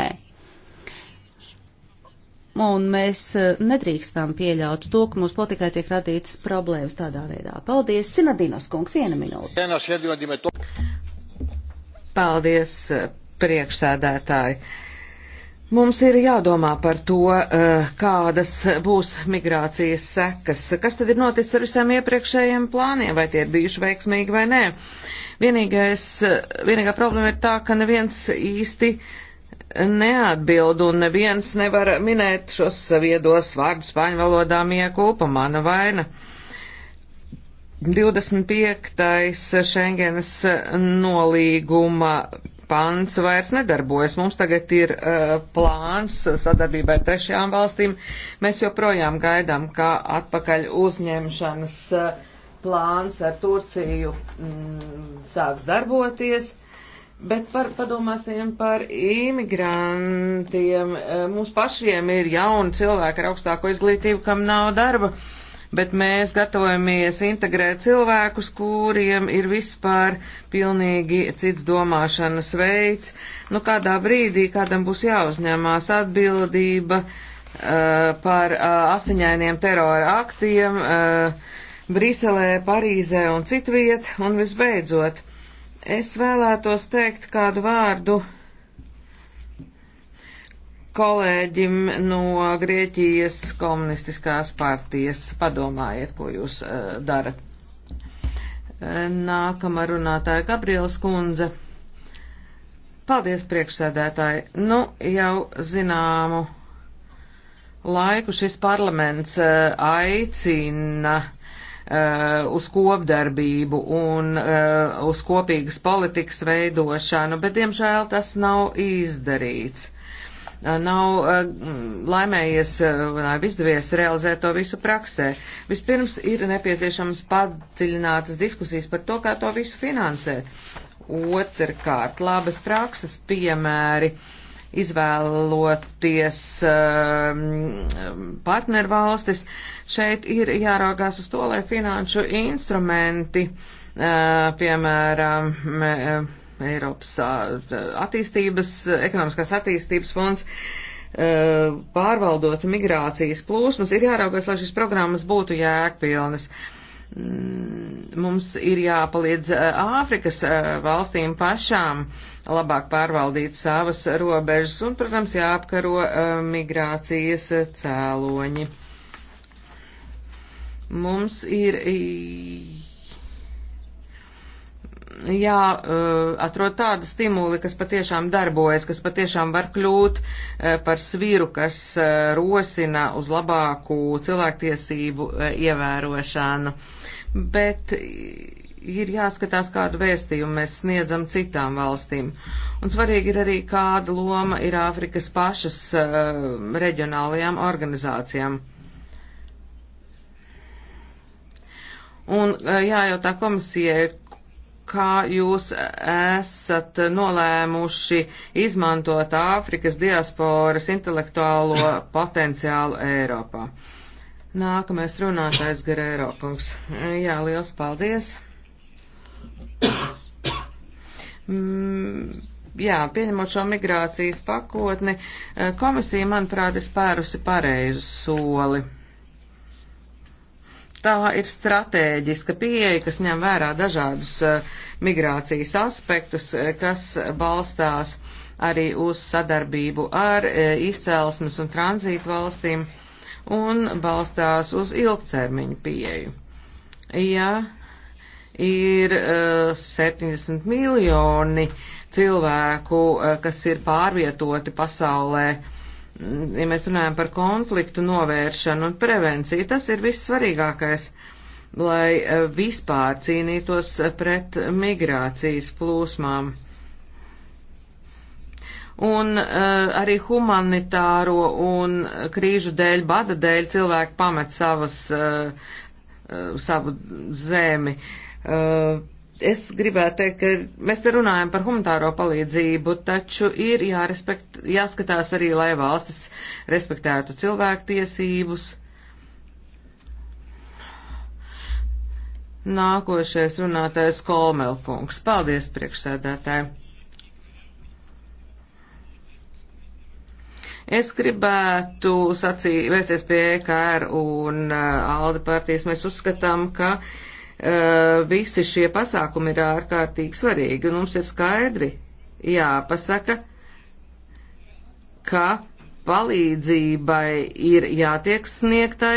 Un mēs e, nedrīkstam pieļaut to, ka mūsu politikai tiek radītas problēmas tādā veidā. Paldies, Sinadinos kungs, viena minūte. Paldies, e, priekšsēdētāji. Mums ir jādomā par to, eh, kādas būs migrācijas sekas, kas tad ir noticis ar visiem iepriekšējiem plāniem, vai tie ir bijuši veiksmīgi vai nē. Vienīgais, vienīgā problēma ir tā, ka neviens īsti neatbild un neviens nevar minēt šos viedos vārdus spāņu valodā miekulpa mana vaina. 25. Šengenas nolīguma pants vairs nedarbojas. Mums tagad ir uh, plāns sadarbībai ar trešajām valstīm. Mēs joprojām gaidām, kā atpakaļ uzņemšanas uh, plāns ar Turciju mm, sāks darboties. Bet par, padomāsim par imigrantiem. Eh, mums pašiem ir jauni cilvēki ar augstāko izglītību, kam nav darba. Uh, bet mēs gatavojamies integrēt cilvēkus, kuriem ir vispār pilnīgi cits domāšanas veids. Nu, kādā brīdī kādam būs jāuzņemās atbildība uh, par uh, asiņainiem terora aktiem uh, Briselē, Parīzē un citviet, un visbeidzot. Es vēlētos teikt kādu vārdu kolēģim no Grieķijas komunistiskās partijas. Padomājiet, ko jūs uh, darat. Eh, nākamā runātāja Gabriels Kundze. Paldies, priekšsēdētāji. Nu, jau zināmu laiku šis parlaments uh, aicina uh, uz kopdarbību un uh, uz kopīgas politikas veidošanu, bet, diemžēl, tas nav izdarīts nav eh, mm, laimējies, nav eh, izdevies realizēt to visu praksē. Vispirms ir nepieciešams padziļinātas diskusijas par to, kā to visu finansēt. Otrkārt, labas prakses piemēri izvēloties ehm, partnervalstis, šeit ir jāraugās uz to, lai finanšu instrumenti, eh, piemēram, Eiropas attīstības, ekonomiskās attīstības fonds pārvaldot migrācijas plūsmas, ir jāraugās, lai šīs programmas būtu jēgpilnas. Mm, mums ir jāpalīdz Āfrikas valstīm pašām labāk pārvaldīt savas robežas un, protams, jāapkaro migrācijas cēloņi. Mums ir jā, eh, atrod tādu stimuli, kas patiešām darbojas, kas patiešām var kļūt eh, par svīru, kas eh, rosina uz labāku cilvēktiesību ievērošanu. Bet ir jāskatās, kādu vēstījumu mēs sniedzam citām valstīm. Un svarīgi ir arī, kāda loma ir Āfrikas pašas reģionālajām organizācijām. Un jājautā komisijai, kā jūs esat nolēmuši izmantot Āfrikas diasporas intelektuālo potenciālu Eiropā. Nākamais runātājs Gerēro kungs. Jā, liels paldies. mm jā, pieņemot šo migrācijas pakotni, eh, komisija, manuprāt, ir spērusi pareizu soli. Tā ir stratēģiska pieeja, kas ņem vērā dažādus eh, migrācijas aspektus, eh, kas balstās arī uz sadarbību ar eh, izcēlesmes un tranzītu valstīm un balstās uz ilgtermiņu pieeju. Ja ir 70 miljoni cilvēku, kas ir pārvietoti pasaulē, ja mēs runājam par konfliktu novēršanu un prevenciju, tas ir viss svarīgākais, lai eh, vispār cīnītos eh, pret migrācijas plūsmām un uh, arī humanitāro un krīžu dēļ, bada dēļ cilvēki pamet savas, uh, uh, savu zemi. Uh, Es gribētu teikt, ka mēs te runājam par humanitāro palīdzību, taču ir jārespekt, jāskatās arī, lai valstis respektētu cilvēktiesības. Nākošais runātais Kolmelkungs. Paldies, priekšsēdētāji! Es gribētu sacīt, vērsties pie EKR un uh, Alda partijas. Mēs uzskatām, ka uh, Eh, visi šie pasākumi ir ārkārtīgi svarīgi, un mums ir skaidri jāpasaka, ka palīdzībai ir jātiek sniegtai,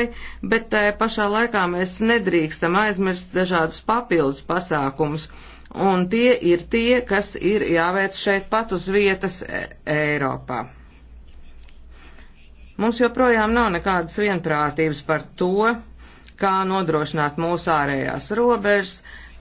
bet tajā pašā laikā mēs nedrīkstam aizmirst dažādus papildus pasākumus, un tie ir tie, kas ir jāveic šeit pat uz vietas e, Eiropā. Mums joprojām nav nekādas vienprātības par to, kā nodrošināt mūsu ārējās robežas.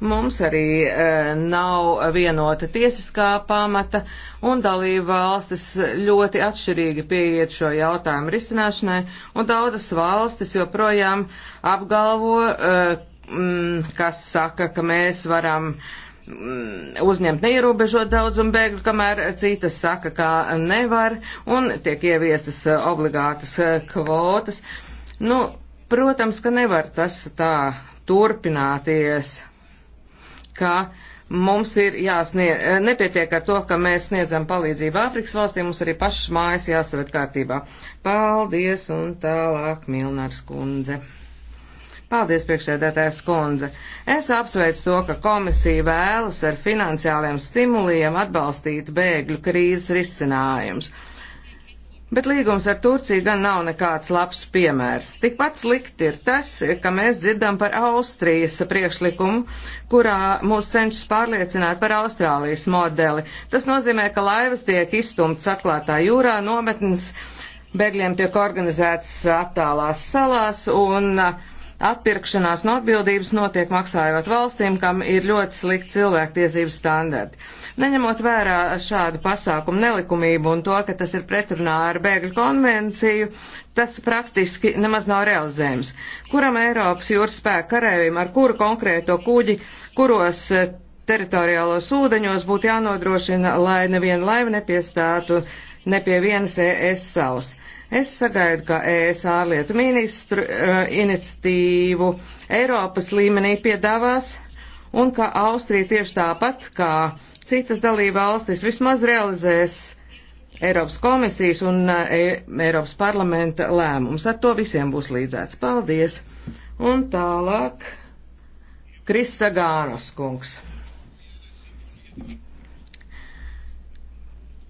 Mums arī e, nav vienota tiesiskā pamata, un dalība valstis ļoti atšķirīgi pieiet šo jautājumu risināšanai, un daudzas valstis joprojām apgalvo, e, m, mm, kas saka, ka mēs varam mm, uzņemt neierobežot daudzumu bēgļu, kamēr citas saka, ka nevar, un tiek ieviestas obligātas e, kvotas. Nu, Protams, ka nevar tas tā turpināties, ka mums ir jāsniedz, nepietiek ar to, ka mēs sniedzam palīdzību Āfrikas valstīm, mums arī pašas mājas jāsavet kārtībā. Paldies un tālāk Milnars kundze. Paldies, priekšsēdētājs kundze. Es apsveicu to, ka komisija vēlas ar finansiāliem stimuliem atbalstīt bēgļu krīzes risinājumus. Bet līgums ar Turciju gan nav nekāds labs piemērs. Tikpat slikti ir tas, ka mēs dzirdam par Austrijas priekšlikumu, kurā mūs cenšas pārliecināt par Austrālijas modeli. Tas nozīmē, ka laivas tiek izstumtas atklātā jūrā, nometnes bēgļiem tiek organizētas attālās salās un atpirkšanās no atbildības notiek maksājot valstīm, kam ir ļoti slikti cilvēktiesību standarti. Neņemot vērā šādu pasākumu nelikumību un to, ka tas ir pretrunā ar bēgļu konvenciju, tas praktiski nemaz nav realizējams. Kuram Eiropas jūras spēku karēvim ar kuru konkrēto kuģi, kuros eh, teritoriālos ūdeņos būtu jānodrošina, lai neviena laiva nepiestātu ne pie vienas ES salas. Es sagaidu, ka ES ārlietu ministru uh, iniciatīvu Eiropas līmenī piedāvās un ka Austrija tieši tāpat kā citas dalībvalstis vismaz realizēs Eiropas komisijas un uh, e, Eiropas parlamenta lēmums. Ar to visiem būs līdzēts. Paldies! Un tālāk Krista Gānos kungs.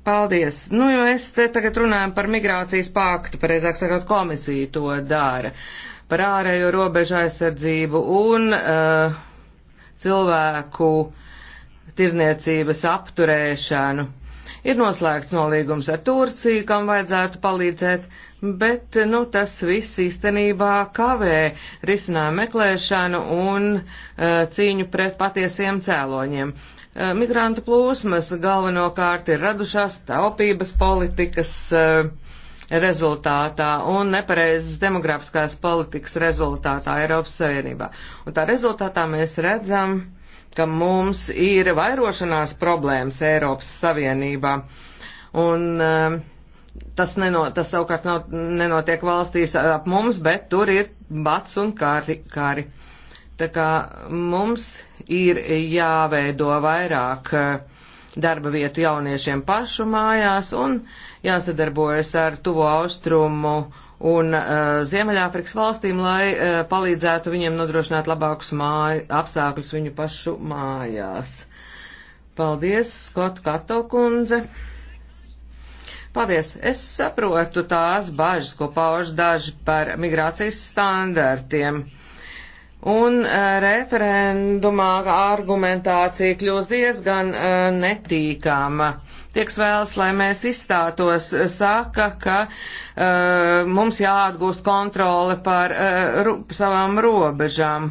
Paldies. Nu, jo es te tagad runāju par migrācijas paktu, pareizāk sakot, komisija to dara, par ārējo robežu aizsardzību un uh, cilvēku tirzniecības apturēšanu. Ir noslēgts nolīgums ar Turciju, kam vajadzētu palīdzēt, bet nu, tas viss īstenībā kavē risinājumu meklēšanu un uh, cīņu pret patiesiem cēloņiem. Uh, migrantu plūsmas galvenokārt ir radušās taupības politikas uh, rezultātā un nepareizas demografiskās politikas rezultātā Eiropas Savienībā. Un tā rezultātā mēs redzam, ka mums ir vairošanās problēmas Eiropas Savienībā. Un uh, tas, neno, tas savukārt nav, nenotiek valstīs ap mums, bet tur ir bats un kāri. kāri. Tā kā mums ir jāveido vairāk uh, darba vietu jauniešiem pašu mājās un jāsadarbojas ar tuvo austrumu un uh, Ziemeļāfrikas valstīm, lai uh, palīdzētu viņiem nodrošināt labākus māju, apstākļus viņu pašu mājās. Paldies, Skot Kato kundze. Paldies. Es saprotu tās bažas, ko pauž daži par migrācijas standartiem. Un uh, referendumā argumentācija kļūst diezgan uh, netīkama tieks vēlas, lai mēs izstātos, saka, ka uh, mums jāatgūst kontrole par uh, ru, savām robežām.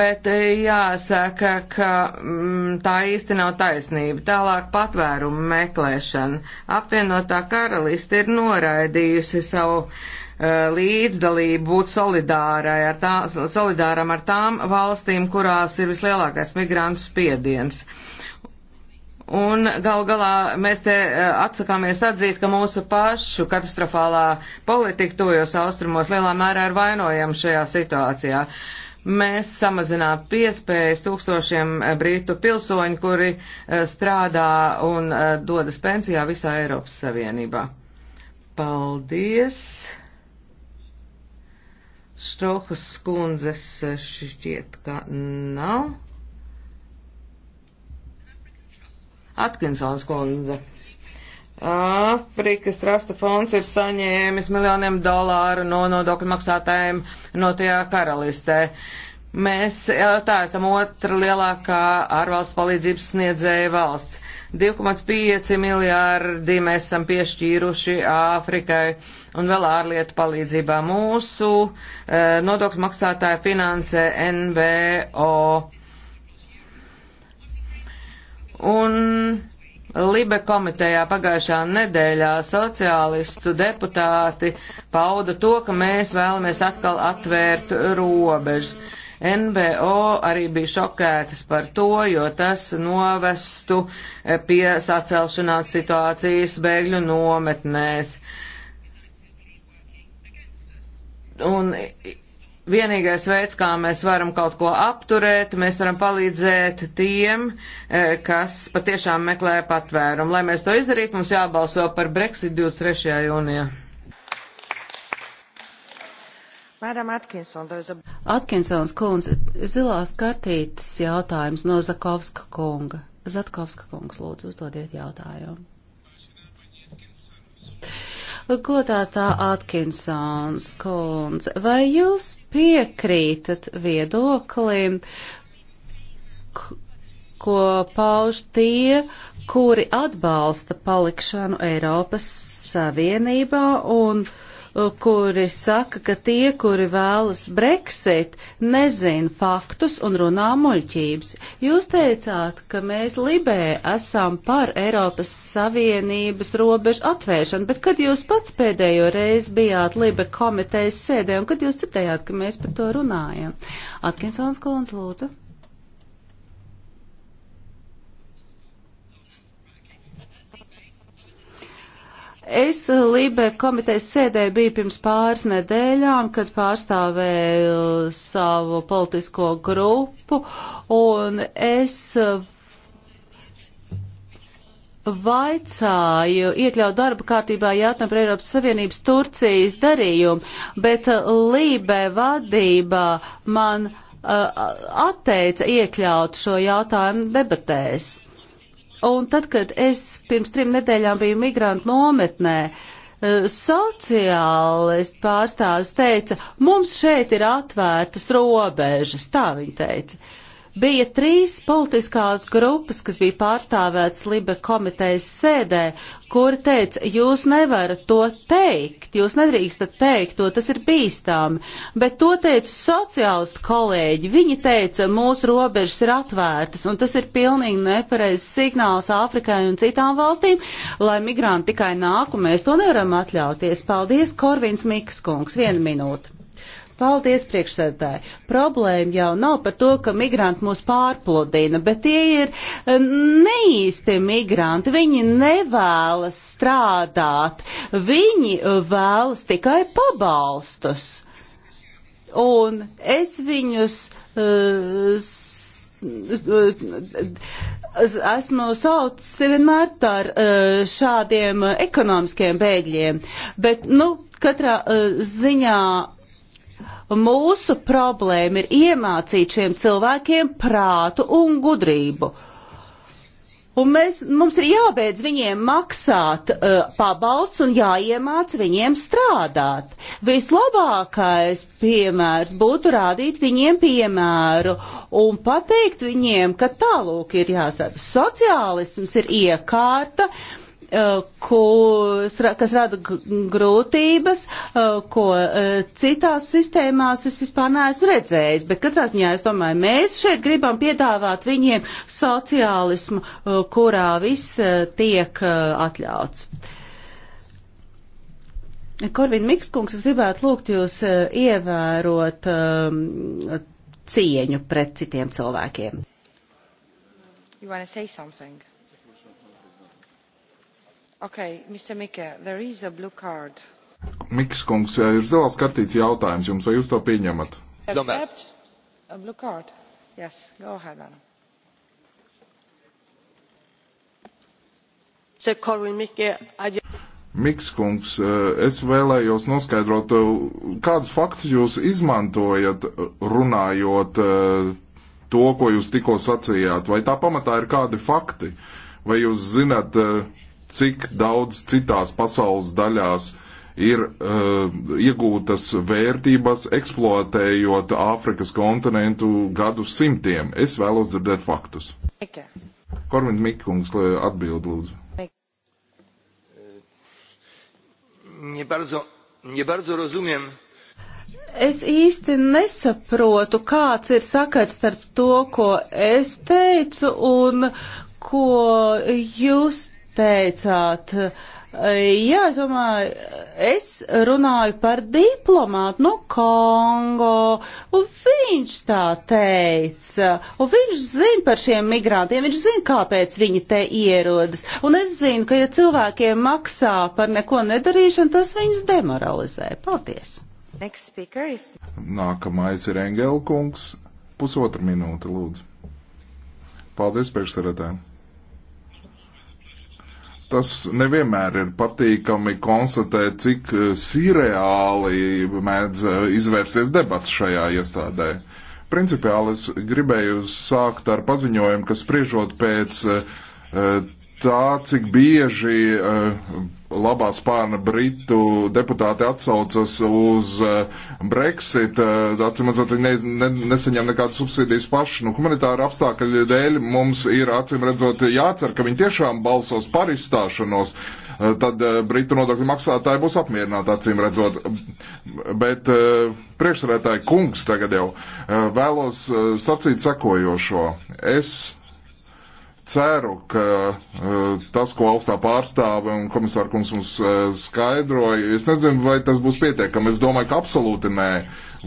Bet eh, jāsaka, ka mm, tā īsti nav taisnība. Tālāk patvērumu meklēšana. Apvienotā karaliste ir noraidījusi savu uh, līdzdalību būt solidārai ar tā, solidāram ar tām valstīm, kurās ir vislielākais migrantu spiediens. Uh, Un gal galā mēs te e, atsakāmies atzīt, ka mūsu pašu katastrofālā politika tojos austrumos lielā mērā ir vainojama šajā situācijā. Mēs samazinām piespējas tūkstošiem e, brītu pilsoņu, kuri e, strādā un dodas pensijā visā Eiropas Savienībā. Paldies! Štrohas kundzes šķiet, ka nav. Atkinsons kundze. Āfrikas trasta fonds ir saņēmis miljoniem dolāru no nodokļu maksātājiem no tajā karalistē. Mēs tā esam otra lielākā ārvalsts palīdzības sniedzēja valsts. 2,5 miljārdi mēs esam piešķīruši Āfrikai un vēl ārlietu palīdzībā. Mūsu eh, nodokļu maksātāja finansē NVO Un Libe komitejā pagājušā nedēļā sociālistu deputāti pauda to, ka mēs vēlamies atkal atvērt robežas. NBO arī bija šokētas par to, jo tas novestu pie sacelšanās situācijas bēgļu nometnēs. Un vienīgais veids, kā mēs varam kaut ko apturēt, mēs varam palīdzēt tiem, e, kas patiešām meklē patvērumu. Lai mēs to izdarītu, mums jābalso par Brexit 23. jūnijā. Atkinsons kundze, zilās kartītes jautājums no Zakovska kunga. Zatkovska kungs, lūdzu, uzdodiet jautājumu. Godātā Atkinsons kundze, vai jūs piekrītat viedoklim, ko pauž tie, kuri atbalsta palikšanu Eiropas Savienībā un uh, kuri saka, ka tie, kuri vēlas Brexit, nezina faktus un runā muļķības. Jūs teicāt, ka mēs Libē esam par Eiropas Savienības robežu atvēršanu, bet kad jūs pats pēdējo reizi bijāt Libe komitejas sēdē un kad jūs citējāt, ka mēs par to runājam? Atkinsons Kolons, lūdzu. Es eh, Libe komitejas sēdē biju pirms pāris nedēļām, kad pārstāvēju eh, savu politisko grupu, un es eh, vaicāju iekļaut darba kārtībā jautājumu par Eiropas Savienības Turcijas darījumu, bet Lībe vadībā man uh, atteica iekļaut šo jautājumu debatēs. Un tad, kad es pirms trim nedēļām biju migrantu nometnē, eh, sociālisti pārstāvis teica, mums šeit ir atvērtas robežas, tā viņi teica. Bija trīs politiskās grupas, kas bija pārstāvētas Libe komitejas sēdē, kur teica, jūs nevarat to teikt, jūs nedrīkstat teikt to, tas ir bīstami. Bet to teica sociālistu kolēģi, viņi teica, mūsu robežas ir atvērtas, un tas ir pilnīgi nepareizs signāls Āfrikai un citām valstīm, lai migranti tikai nāk, un mēs to nevaram atļauties. Paldies, Korvins Mikas kungs, viena minūte. Paldies, priekšsēdētāji. Problēma jau nav par to, ka migranti mūs pārpludina, bet tie ir eh, neīsti migranti. Viņi nevēlas strādāt. Viņi vēlas tikai pabalstus. Un es viņus. Uh, esmu saucis vienmēr par šādiem ekonomiskiem bēgļiem, bet, nu, katrā ziņā Mūsu problēma ir iemācīt šiem cilvēkiem prātu un gudrību. Un mēs, mums ir jābeidz viņiem maksāt uh, pabalsts un jāiemāc viņiem strādāt. Vislabākais piemērs būtu rādīt viņiem piemēru un pateikt viņiem, ka tālūk ir jāsaka. Sociālisms ir iekārta, uh, Eh, kurs, kas rada grūtības, eh, ko eh, citās sistēmās es vispār neesmu redzējis. Bet katrā ziņā es domāju, mēs šeit gribam piedāvāt viņiem sociālismu, kurā viss tiek atļauts. Korvin Mikskungs, es gribētu lūgt jūs ievērot cieņu pret citiem cilvēkiem. You want to say something? Okay, Mika, Mikas kungs, eh, ir zilās kartītes jautājums jums, vai jūs to pieņemat? Yes, ahead, Miks kungs, eh, es vēlējos noskaidrot, eh, kādus faktus jūs izmantojat runājot to, ko jūs tikko sacījāt, vai tā pamatā ir kādi fakti, vai jūs zinat, uh, cik daudz citās pasaules daļās ir uh, iegūtas vērtības, eksploatējot Āfrikas kontinentu gadu simtiem. Es vēlos dzirdēt faktus. Korvin Mikungs, lai atbild lūdzu. Nie bardzo, nie bardzo rozumiem. Es īsti nesaprotu, kāds ir sakats starp to, ko es teicu un ko jūs teicāt. Jā, es domāju, es runāju par diplomātu no nu, Kongo, un viņš tā teica, un viņš zina par šiem migrantiem, viņš zina, kāpēc viņi te ierodas, un es zinu, ka ja cilvēkiem maksā par neko nedarīšanu, tas viņus demoralizē. Paldies! Is... Nākamais ir Engelkungs, pusotra minūte, lūdzu. Paldies, priekšsarētāji! tas nevienmēr ir patīkami konstatēt, cik eh, sīreāli mēdz eh, izvērsties debats šajā iestādē. Principiāli es gribēju sākt ar paziņojumu, ka spriežot pēc uh, tā, cik bieži eh, labā spārna britu deputāti atsaucas uz eh, Brexit, eh, atcīm redzot, viņi ne, ne, nesaņem nekādas subsīdijas paši. Nu, humanitāra apstākļu dēļ mums ir acīm redzot jācer, ka viņi tiešām balsos par izstāšanos. Tad britu nodokļu maksātāji būs apmierināti, acīm redzot. Bet priekšsarētāji kungs tagad jau vēlos sacīt sekojošo. Es ceru, ka uh, tas, ko augstā pārstāve un komisāra kungs mums uh, skaidroja, es nezinu, vai tas būs pietiekami. Es domāju, ka absolūti nē.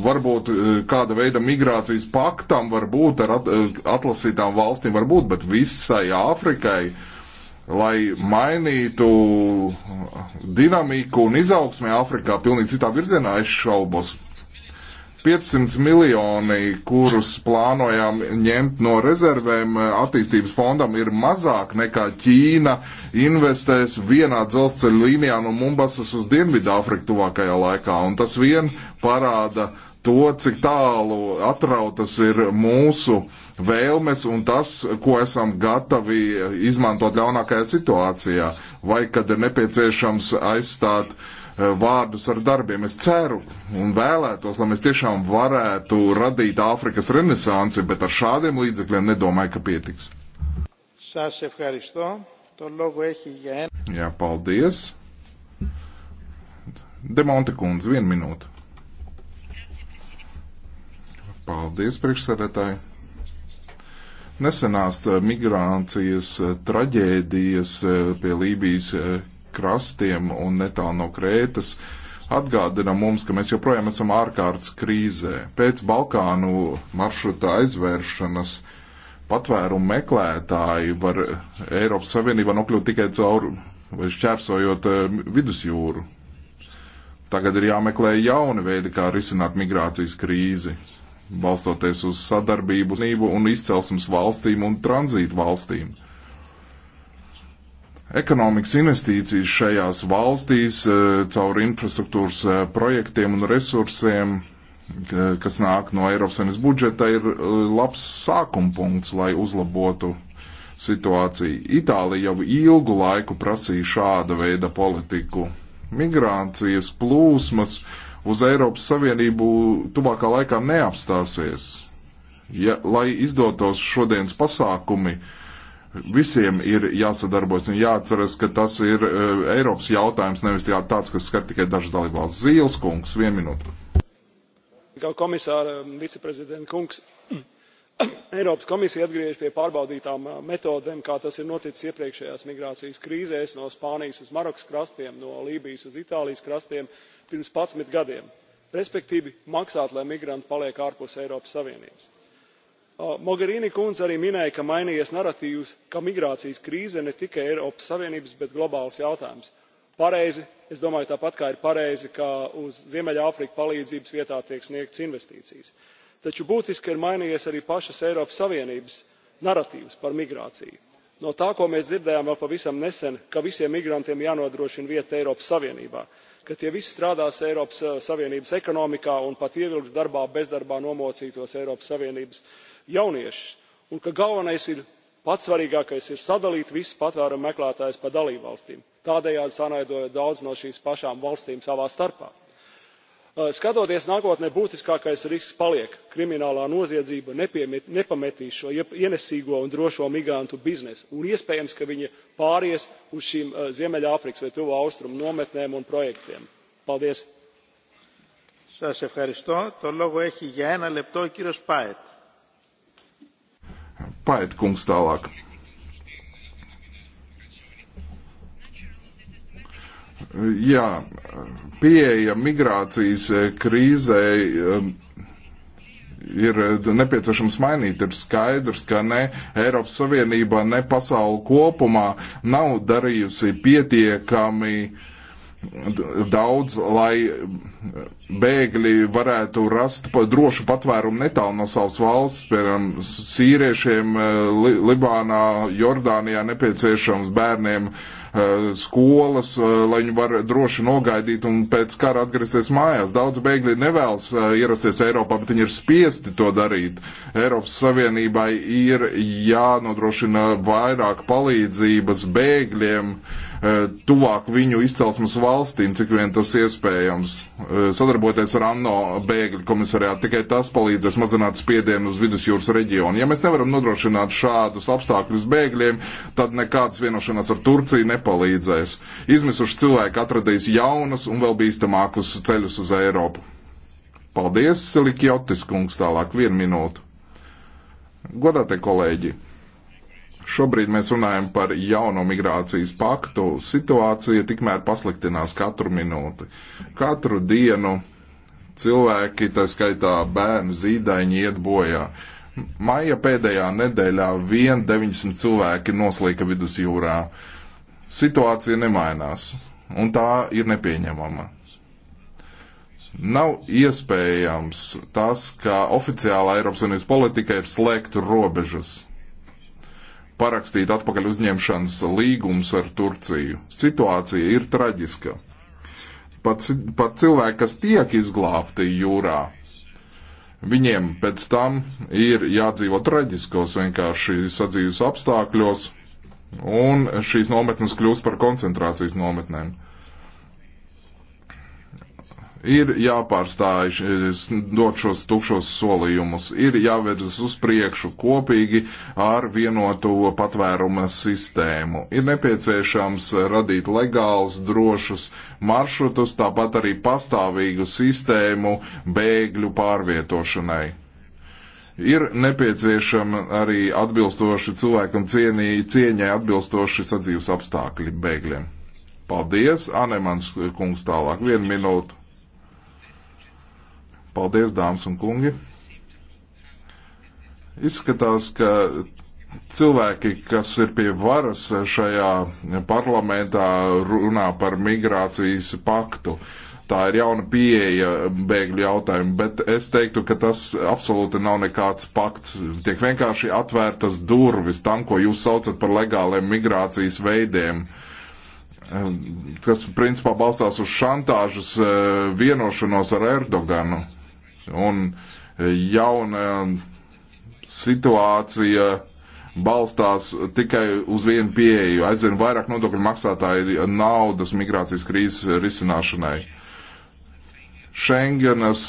Varbūt uh, kāda veida migrācijas paktam var būt ar at, uh, atlasītām valstīm, varbūt, bet visai Āfrikai, lai mainītu dinamiku un izaugsmē Āfrikā pilnīgi citā virzienā, es šaubos. 500 miljoni, kurus plānojam ņemt no rezervēm eh, attīstības fondam, ir mazāk nekā Ķīna investēs vienā dzelzceļa līnijā no Mumbasas uz Dienvidāfriku tuvākajā laikā. Un tas vien parāda to, cik tālu atrautas ir mūsu vēlmes un tas, ko esam gatavi izmantot ļaunākajā situācijā, vai kad ir nepieciešams aizstāt uh, Eh, vārdus ar darbiem. Es ceru un vēlētos, lai mēs tiešām varētu radīt Āfrikas renesansi, bet ar šādiem līdzekļiem nedomāju, ka pietiks. Jā, paldies. Demonte kundze, vienu minūtu. Paldies, priekšsēdētāji. Nesenās eh, migrācijas eh, traģēdijas pie Lībijas krastiem un netālu no Krētas atgādina mums, ka mēs joprojām esam ārkārtas krīzē. Pēc Balkānu maršruta aizvēršanas patvērumu meklētāji var Eiropas Savienībā nokļūt tikai caur vai šķērsojot eh, vidusjūru. Tagad ir jāmeklē jauni veidi, kā risināt migrācijas krīzi, balstoties uz sadarbību un izcelsmes valstīm un tranzītu valstīm ekonomikas investīcijas šajās valstīs eh, caur infrastruktūras eh, projektiem un resursiem, kas nāk no Eiropas Savienības budžeta, ir eh, labs sākuma punkts, lai uzlabotu situāciju. Itālija jau ilgu laiku prasīja šāda veida politiku. Migrācijas plūsmas uz Eiropas Savienību tuvākā laikā neapstāsies. Ja, lai izdotos šodienas pasākumi, uh, visiem ir jāsadarbojas un jāatceras, ka tas ir eh, Eiropas jautājums, nevis jā, tāds, kas skat tikai dažas dalībvalsts. Zīles kungs, vienu minūtu. Kā komisāra um, viceprezidenta kungs, *clears throat* Eiropas komisija atgriež pie pārbaudītām uh, metodēm, kā tas ir noticis iepriekšējās migrācijas krīzēs no Spānijas uz Marokas krastiem, no Lībijas uz Itālijas krastiem pirms 11 gadiem, respektīvi maksāt, lai migranti paliek ārpus Eiropas Savienības mogherini kundze arī minēja ka mainījies naratīvs ka migrācijas krīze ir ne tikai eiropas savienības bet globāls jautājums. pareizi es domāju tāpat kā ir pareizi ka uz ziemeļāfriku palīdzības vietā tiek sniegtas investīcijas taču būtiski ir mainījies arī pašas eiropas savienības naratīvs par migrāciju no tā ko mēs dzirdējām vēl pavisam nesen ka visiem migrantiem jānodrošina vieta eiropas savienībā ka tie visi strādās eiropas eh, savienības ekonomikā un pat ievilks darbā bezdarbā nomocītos eiropas savienības jauniešus un ka galvenais ir pats svarīgākais ir sadalīt visus patvērumu meklētājus pa dalībvalstīm tādējādi sanaidojot daudzus no šīm pašām valstīm savā starpā. Eh, skatoties nākotnē būtiskākais risks paliek kriminālā noziedzība nepametīs šo ienesīgo un drošo migrantu biznesu un iespējams ka viņi pāries uz šīm eh, ziemeļāfrikas vai tuvo austrumu nometnēm un projektiem. paldies! Paiet kungs tālāk. Jā, pieeja migrācijas krīzē um, ir nepieciešams mainīt. Ir skaidrs, ka ne Eiropas Savienība, ne pasauli kopumā nav darījusi pietiekami uh, daudz, lai bēgļi varētu rast drošu patvērumu netālu no savas valsts, piemēram, sīriešiem eh, li Libānā, Jordānijā nepieciešams bērniem eh, skolas, eh, lai viņi var droši nogaidīt un pēc kara atgriezties mājās. Daudz bēgļi nevēlas ierasties Eiropā, bet viņi ir spiesti to darīt. Eiropas Savienībai ir jānodrošina vairāk palīdzības bēgļiem. Uh, E, tuvāk viņu izcelsmes valstīm, cik vien tas iespējams, e, sadarboties ar ANO bēgļu komisariātu. Tikai tas palīdzēs mazināt spiedienu uz vidusjūras reģionu. Ja mēs nevaram nodrošināt šādus apstākļus bēgļiem, tad nekādas vienošanās ar Turciju nepalīdzēs. Izmisuši cilvēki atradīs jaunas un vēl bīstamākus ceļus uz Eiropu. Paldies, Likjotis kungs, tālāk vienu minūtu. Godātie kolēģi! Šobrīd mēs runājam par jauno migrācijas paktu. Situācija tikmēr pasliktinās katru minūti. Katru dienu cilvēki, tā skaitā bērnu zīdaiņi, iet bojā. Maija pēdējā nedēļā vien 900 cilvēki noslīka vidusjūrā. Situācija nemainās, un tā ir nepieņemama. Nav iespējams tas, ka oficiālā Eiropas Savienības politika ir slēgt robežas parakstīt atpakaļ uzņemšanas līgums ar Turciju. Situācija ir traģiska. Pat, pat cilvēki, kas tiek izglābti jūrā, viņiem pēc tam ir jādzīvo traģiskos vienkārši sadzīves apstākļos, un šīs nometnes kļūst par koncentrācijas nometnēm. Uh, Ir jāpārstāj dot šos tukšos solījumus, ir jāvedas uz priekšu kopīgi ar vienoto patvēruma sistēmu. Ir nepieciešams radīt legāls, drošus maršrutus, tāpat arī pastāvīgu sistēmu bēgļu pārvietošanai ir nepieciešama arī atbilstoši cilvēkam cienī, cieņai atbilstoši sadzīves apstākļi bēgļiem. Paldies, Anemans kungs tālāk, vienu minūtu. Paldies, dāmas un kungi! Izskatās, ka cilvēki, kas ir pie varas šajā parlamentā, runā par migrācijas paktu. Tā ir jauna pieeja bēgļu jautājumu, bet es teiktu, ka tas absolūti nav nekāds pakts. Tiek vienkārši atvērtas durvis tam, ko jūs saucat par legāliem migrācijas veidiem kas principā balstās uz šantāžas eh, vienošanos ar Erdoganu. Un e, jauna situācija balstās tikai uz vienu pieeju. Aizvien vairāk nodokļu maksātāji naudas migrācijas krīzes risināšanai. Schengenas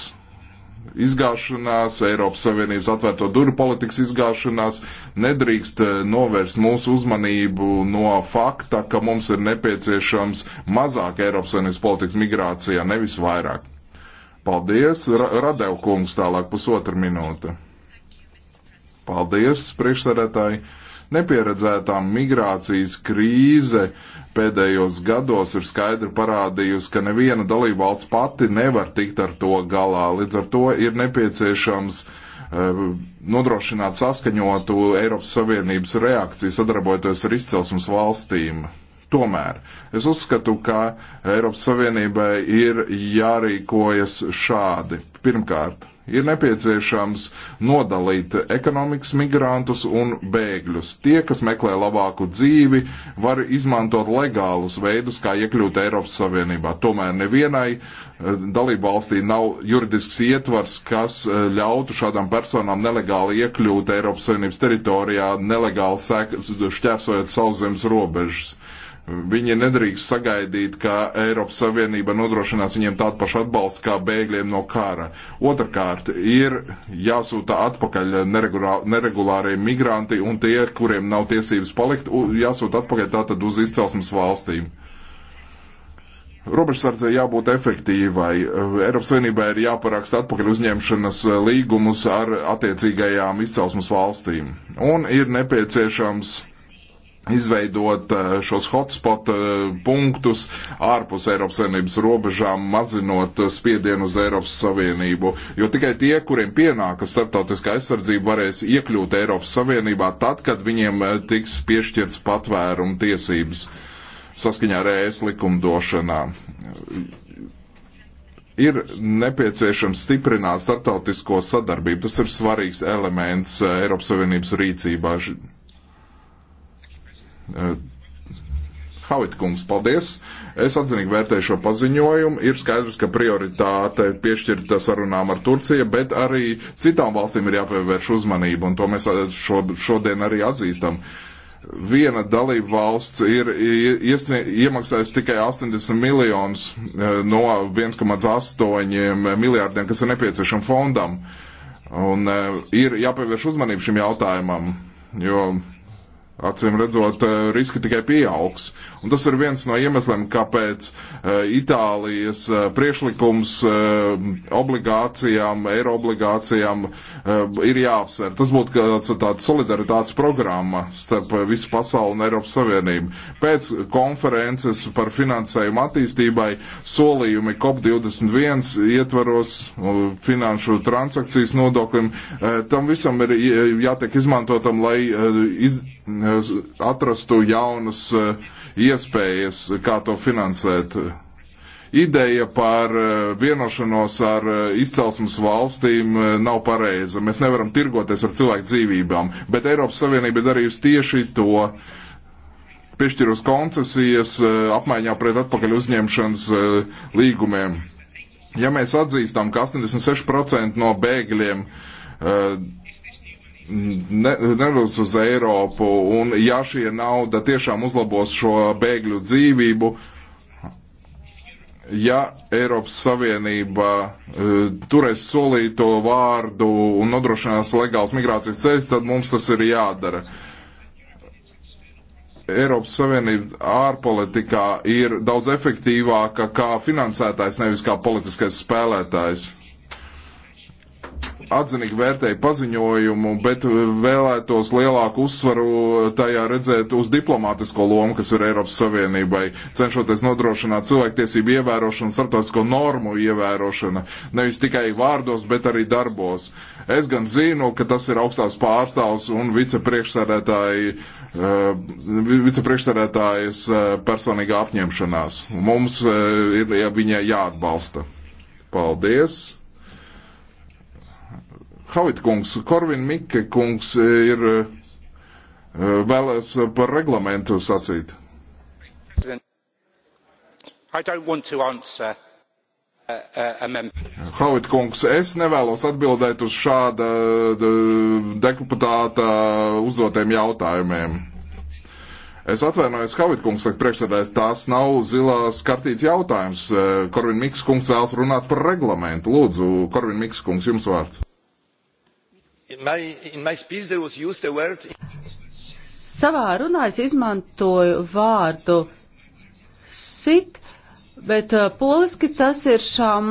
izgāšanās, Eiropas Savienības atvērto durvju politikas izgāšanās nedrīkst e, novērst mūsu uzmanību no fakta, ka mums ir nepieciešams mazāk Eiropas Savienības politikas migrācijā, nevis vairāk. Paldies, Ra Radev kungs, tālāk pusotra minūte. Paldies, priekšsēdētāji. Nepieredzētā migrācijas krīze pēdējos gados ir skaidri parādījusi, ka neviena dalībvalsts pati nevar tikt ar to galā. Līdz ar to ir nepieciešams uh, nodrošināt saskaņotu Eiropas Savienības reakciju, sadarbojoties ar izcelsmes valstīm. Tomēr es uzskatu, ka Eiropas Savienībai ir jārīkojas šādi. Pirmkārt, ir nepieciešams nodalīt ekonomikas migrantus un bēgļus. Tie, kas meklē labāku dzīvi, var izmantot legālus veidus, kā iekļūt Eiropas Savienībā. Tomēr nevienai eh, dalību valstī nav juridisks ietvars, kas eh, ļautu šādām personām nelegāli iekļūt Eiropas Savienības teritorijā, nelegāli šķērsojot sauszemes robežas. Viņi nedrīkst sagaidīt, ka Eiropas Savienība nodrošinās viņiem tādu pašu atbalstu kā bēgļiem no kara. Otrakārt, ir jāsūta atpakaļ neregulārie migranti un tie, kuriem nav tiesības palikt, jāsūta atpakaļ tātad uz izcelsmes valstīm. Robežsardze jābūt efektīvai. Eiropas Savienībai ir jāparaksta atpakaļ uzņemšanas līgumus ar attiecīgajām izcelsmes valstīm. Un ir nepieciešams izveidot eh, šos hotspot eh, punktus ārpus Eiropas Savienības robežām, mazinot eh, spiedienu uz Eiropas Savienību. Jo tikai tie, kuriem pienākas starptautiskā aizsardzība, varēs iekļūt Eiropas Savienībā tad, kad viņiem tiks piešķirts patvērumu tiesības saskaņā ar ES likumdošanā ir nepieciešams stiprināt starptautisko sadarbību. Tas ir svarīgs elements Eiropas Savienības rīcībā Eh, Havitkungs, paldies! Es atzinīgi vērtēju šo paziņojumu. Ir skaidrs, ka prioritāte piešķirta sarunām ar Turciju, bet arī citām valstīm ir jāpievērš uzmanība, un to mēs eh, šo, šodien arī atzīstam. Viena dalība valsts ir iemaksājusi tikai 80 miljonus eh, no 1,8 miljārdiem, kas ir nepieciešami fondam. Un ir jāpievērš uzmanība šim jautājumam, jo Acīm redzot, eh, riski tikai pieaugs. Un tas ir viens no iemesliem, kāpēc eh, Itālijas eh, priešlikums obligācijām, eiro obligācijām ir jāapsver. Tas būtu tāds, tāds solidaritātes programma starp visu pasauli un Eiropas Savienību. Pēc konferences par finansējumu attīstībai solījumi COP21 ietvaros finanšu transakcijas nodoklim, tam visam ir jātiek izmantotam, lai iz, atrastu jaunas eh, iespējas, kā to finansēt. Ideja par eh, vienošanos ar eh, izcelsmes valstīm nav pareiza. Mēs nevaram tirgoties ar cilvēku dzīvībām, bet Eiropas Savienība ir darījusi tieši to piešķiros koncesijas apmaiņā pret atpakaļ uzņemšanas līgumiem. Ja mēs atzīstam, ka 86% no bēgļiem ne, nervus uz Eiropu, un ja šie nauda tiešām uzlabos šo bēgļu dzīvību, ja Eiropas Savienība uh, turēs solīto vārdu un nodrošinās legāls migrācijas ceļus, tad mums tas ir jādara. Eiropas Savienība ārpolitikā ir daudz efektīvāka kā finansētājs, nevis kā politiskais spēlētājs atzinīgi vērtēju paziņojumu, bet vēlētos lielāku uzsvaru tajā redzēt uz diplomātisko lomu, kas ir Eiropas Savienībai, cenšoties nodrošināt cilvēktiesību ievērošanu, starptautisko normu ievērošanu, nevis tikai vārdos, bet arī darbos. Es gan zinu, ka tas ir augstās pārstāvs un vicepriekšsēdētāji, eh, vicepriekšsēdētājas eh, personīgā apņemšanās. Mums eh, ir viņai jāatbalsta. Paldies! Havit kungs, Korvin Mikke kungs ir eh, vēlēs par reglamentu sacīt. Havit kungs, es nevēlos atbildēt uz šāda deputāta uzdotiem jautājumiem. Es atvainojos, Havit kungs, saka priekšsēdājs, tās nav zilās kartīts jautājums. Eh, Korvin Miks kungs vēlas runāt par reglamentu. Lūdzu, Korvin Miks kungs, jums vārds in my, in my speech, word... Savā runā es izmantoju vārdu sit, bet uh, poliski tas ir šam,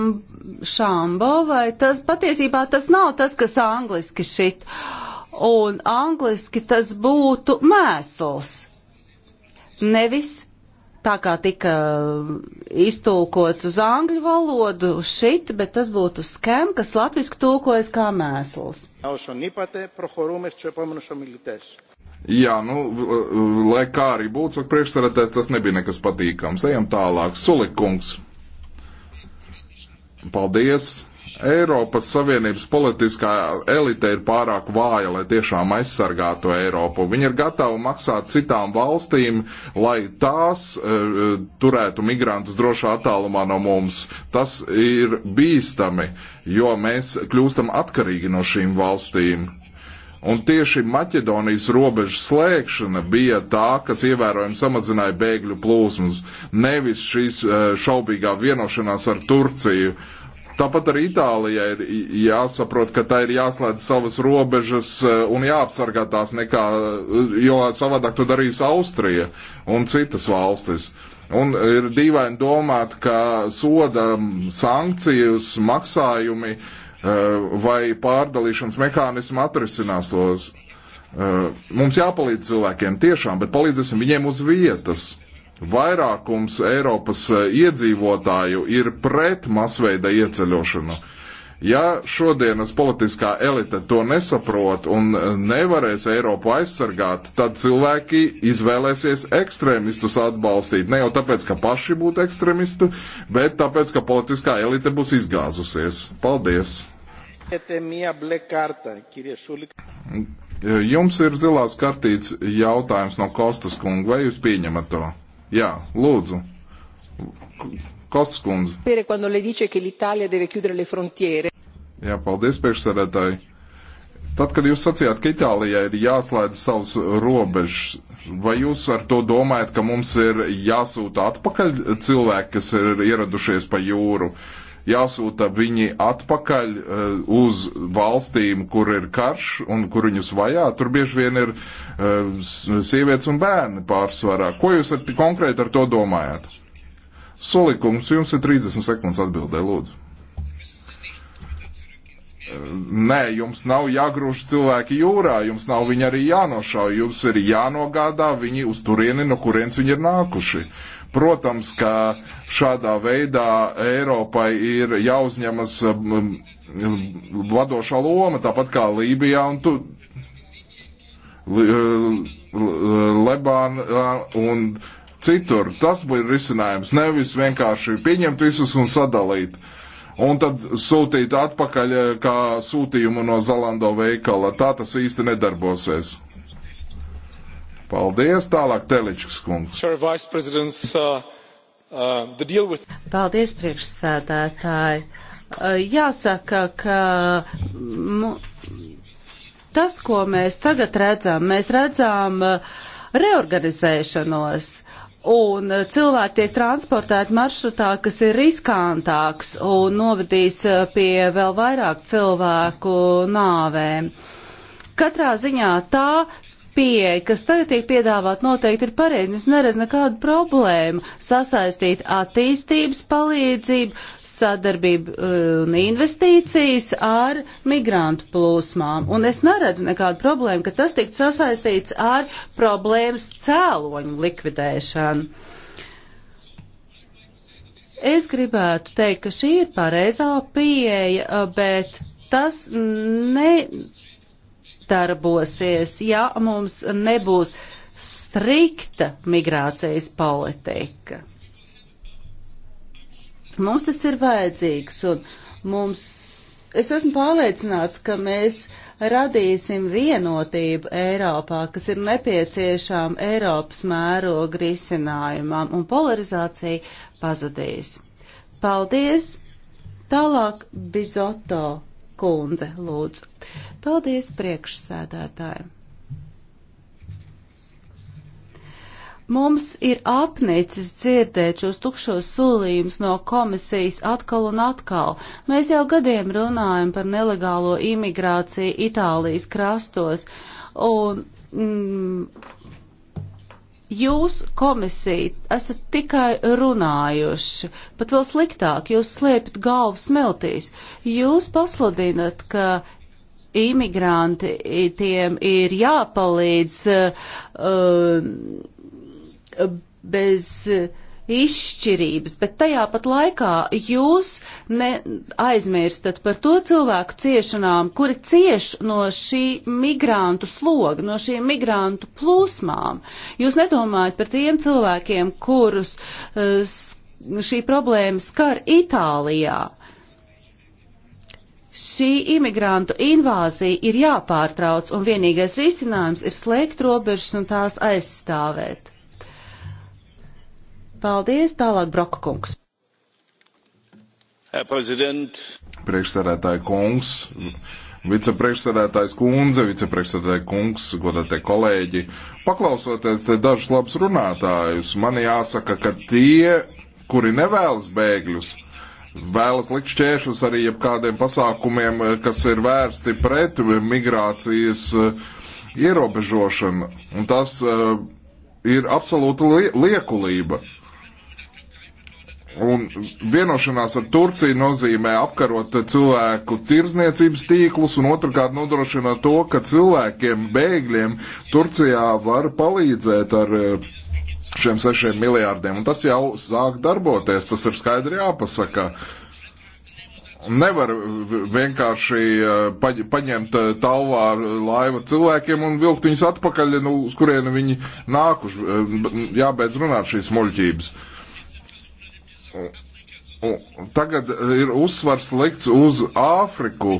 šambo, vai tas patiesībā tas nav tas, kas angliski šit, un angliski tas būtu mēsls, nevis tā kā tika iztulkots uz angļu valodu šit, bet tas būtu skem, kas latviski tulkojas kā mēsls. Jā, nu, lai kā arī būtu, saka priekšsarētājs, tas nebija nekas patīkams. Ejam tālāk. Sulikungs. Paldies. Eiropas Savienības politiskā elite ir pārāk vāja, lai tiešām aizsargātu Eiropu. Viņi ir gatavi maksāt citām valstīm, lai tās uh, turētu migrantus drošā attālumā no mums. Tas ir bīstami, jo mēs kļūstam atkarīgi no šīm valstīm. Un tieši Maķedonijas robeža slēgšana bija tā, kas ievērojami samazināja bēgļu plūsmas, nevis šīs e, šaubīgā vienošanās ar Turciju. Tāpat arī Itālijai ir jāsaprot, ka tā ir jāslēdz savas robežas eh, un jāapsargā tās nekā, eh, jo savādāk to darīs Austrija un citas valstis. Un ir dīvaini domāt, ka soda sankcijas, maksājumi eh, vai pārdalīšanas mehānismi atrisinās tos. Mums jāpalīdz cilvēkiem tiešām, bet palīdzēsim viņiem uz vietas vairākums Eiropas eh, iedzīvotāju ir pret masveida ieceļošanu. Ja šodienas politiskā elite to nesaprot un eh, nevarēs Eiropu aizsargāt, tad cilvēki izvēlēsies ekstrēmistus atbalstīt. Ne jau tāpēc, ka paši būtu ekstrēmisti, bet tāpēc, ka politiskā elite būs izgāzusies. Paldies! Jums ir zilās kartītes jautājums no Kostas kunga. Vai jūs pieņemat to? Jā, lūdzu. Kostas kundze. Jā, paldies, priekšsēdētāji. Tad, kad jūs sacījāt, ka Itālijai ir jāslēdz savus robežas, vai jūs ar to domājat, ka mums ir jāsūta atpakaļ cilvēki, kas ir ieradušies pa jūru? Uh, jāsūta viņi atpakaļ eh, uz valstīm, kur ir karš un kur viņus vajā. Tur bieži vien ir eh, sievietes un bērni pārsvarā. Ko jūs ar, konkrēti ar to domājat? Solikums, jums ir 30 sekundes atbildē, lūdzu. Eh, nē, jums nav jāgrūž cilvēki jūrā, jums nav viņi arī jānošauj, jums ir jānogādā viņi uz turieni, no kurienes viņi ir nākuši. Protams, ka šādā veidā Eiropai ir jāuzņemas mm, mm, vadošā loma, tāpat kā Lībijā un tu, Lebānā un citur. Tas bija risinājums. Nevis vienkārši pieņemt visus un sadalīt. Un tad sūtīt atpakaļ kā sūtījumu no Zalando veikala. Tā tas īsti nedarbosies. Paldies, tālāk Teličs kungs. Uh, uh, Paldies, priekšsēdētāji. Uh, jāsaka, ka tas, ko mēs tagad redzam, mēs redzam reorganizēšanos un cilvēki tiek transportēti maršrutā, kas ir riskantāks un novadīs pie vēl vairāk cilvēku nāvēm. Katrā ziņā tā pieeja, kas tagad tiek piedāvāt, noteikti ir pareizi. Es neredzu nekādu problēmu sasaistīt attīstības palīdzību, sadarbību uh, un investīcijas ar migrantu plūsmām. Un es neredzu nekādu problēmu, ka tas tiktu sasaistīts ar problēmas cēloņu likvidēšanu. Es gribētu teikt, ka šī ir pareizā pieeja, uh, bet tas ne nedarbosies, ja mums nebūs strikta migrācijas politika. Mums tas ir vajadzīgs, un mums, es esmu pārliecināts, ka mēs radīsim vienotību Eiropā, kas ir nepieciešām Eiropas mēroga risinājumam, un polarizācija pazudīs. Paldies! Tālāk Bizoto kundze, lūdzu. Paldies priekšsēdētājiem. Mums ir apnicis dzirdēt šos tukšos solījumus no komisijas atkal un atkal. Mēs jau gadiem runājam par nelegālo imigrāciju Itālijas krastos, un mm, Jūs, komisija, esat tikai runājuši, pat vēl sliktāk, jūs slēpjat galvu smeltīs. Jūs pasludinat, ka imigrantiem ir jāpalīdz uh, bez. Uh, izšķirības, bet tajā pat laikā jūs neaizmirstat par to cilvēku ciešanām, kuri cieš no šī migrantu sloga, no šīm migrantu plūsmām. Jūs nedomājat par tiem cilvēkiem, kurus uh, šī problēma skar Itālijā. Šī imigrantu invāzija ir jāpārtrauc, un vienīgais risinājums ir slēgt robežas un tās aizstāvēt. Paldies, tālāk Broka kungs. Priekšsēdētāja kungs, vicepriekšsēdētājs kundze, vicepriekšsēdētāja kungs, godātie kolēģi. Paklausoties te dažus labs runātājus, man jāsaka, ka tie, kuri nevēlas bēgļus, vēlas likt šķēršus arī jebkādiem pasākumiem, kas ir vērsti pret migrācijas eh, ierobežošanu. Un tas uh, ir absolūta liekulība. Un vienošanās ar Turciju nozīmē apkarot cilvēku tirzniecības tīklus un otrkārt nodrošina to, ka cilvēkiem, bēgļiem Turcijā var palīdzēt ar eh, šiem sešiem miljārdiem. Un tas jau sāk darboties, tas ir skaidri jāpasaka. Nevar vienkārši eh, paņemt eh, talvā laivu cilvēkiem un vilkt viņus atpakaļ, nu, uz kurieni viņi nākuši. Jābeidz runāt šīs muļķības. Uh, tagad eh, ir uzsvars likts uz Āfriku,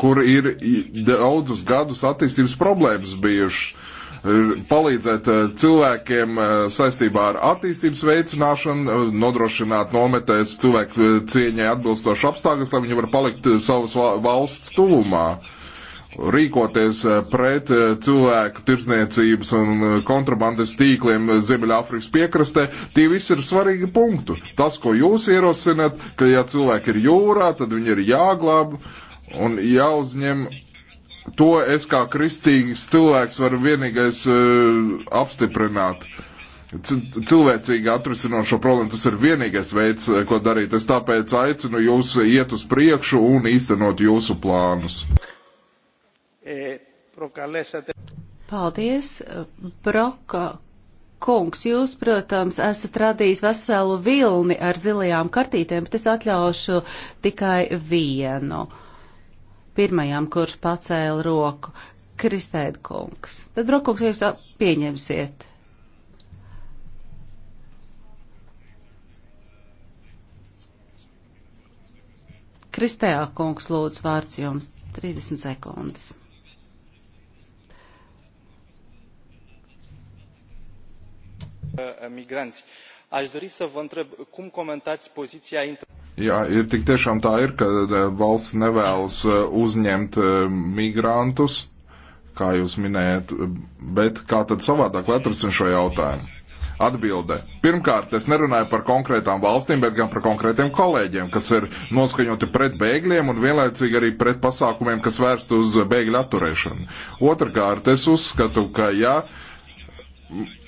kur ir daudzus gadus attīstības problēmas bijušas. Eh, palīdzēt eh, cilvēkiem saistībā ar attīstības veicināšanu, nodrošināt nometēs cilvēku cieņai atbilstošu apstākļus, lai viņi var palikt savas valsts tuvumā. Uh, rīkoties eh, pret eh, cilvēku tirsniecības un eh, kontrabandas tīkliem Ziemeļāfrikas piekrastē, tie visi ir svarīgi punktu. Tas, ko jūs ierosināt, ka ja cilvēki ir jūrā, tad viņi ir jāglāb un jāuzņem. To es kā kristīgs cilvēks varu vienīgais uh, apstiprināt. Cilvēcīgi atrisinot šo problēmu, tas ir vienīgais veids, ko darīt. Es tāpēc aicinu jūs iet uz priekšu un īstenot jūsu plānus προκαλέσατε. Paldies, Broka kungs. Jūs, protams, esat radījis veselu vilni ar zilajām kartītēm, bet es atļaušu tikai vienu. Pirmajam, kurš pacēla roku, Kristēda kungs. Tad, Broka kungs, jūs pieņemsiet. Kristēla kungs, lūdzu, vārds jums 30 sekundes. Uh, migranți. Aș dori să vă întreb cum comentați poziția. Jā, ir tik tiešām tā ir, ka uh, valsts nevēlas uh, uzņemt migrantus, kā jūs minējat, bet kā tad savādāk atrasin šo jautājumu? Atbilde. Pirmkārt, es nerunāju par konkrētām valstīm, bet gan par konkrētiem kolēģiem, kas ir noskaņoti pret bēgļiem un vienlaicīgi arī pret pasākumiem, kas vērst uz bēgļu atturēšanu. Otrakārt, es uzskatu, ka ja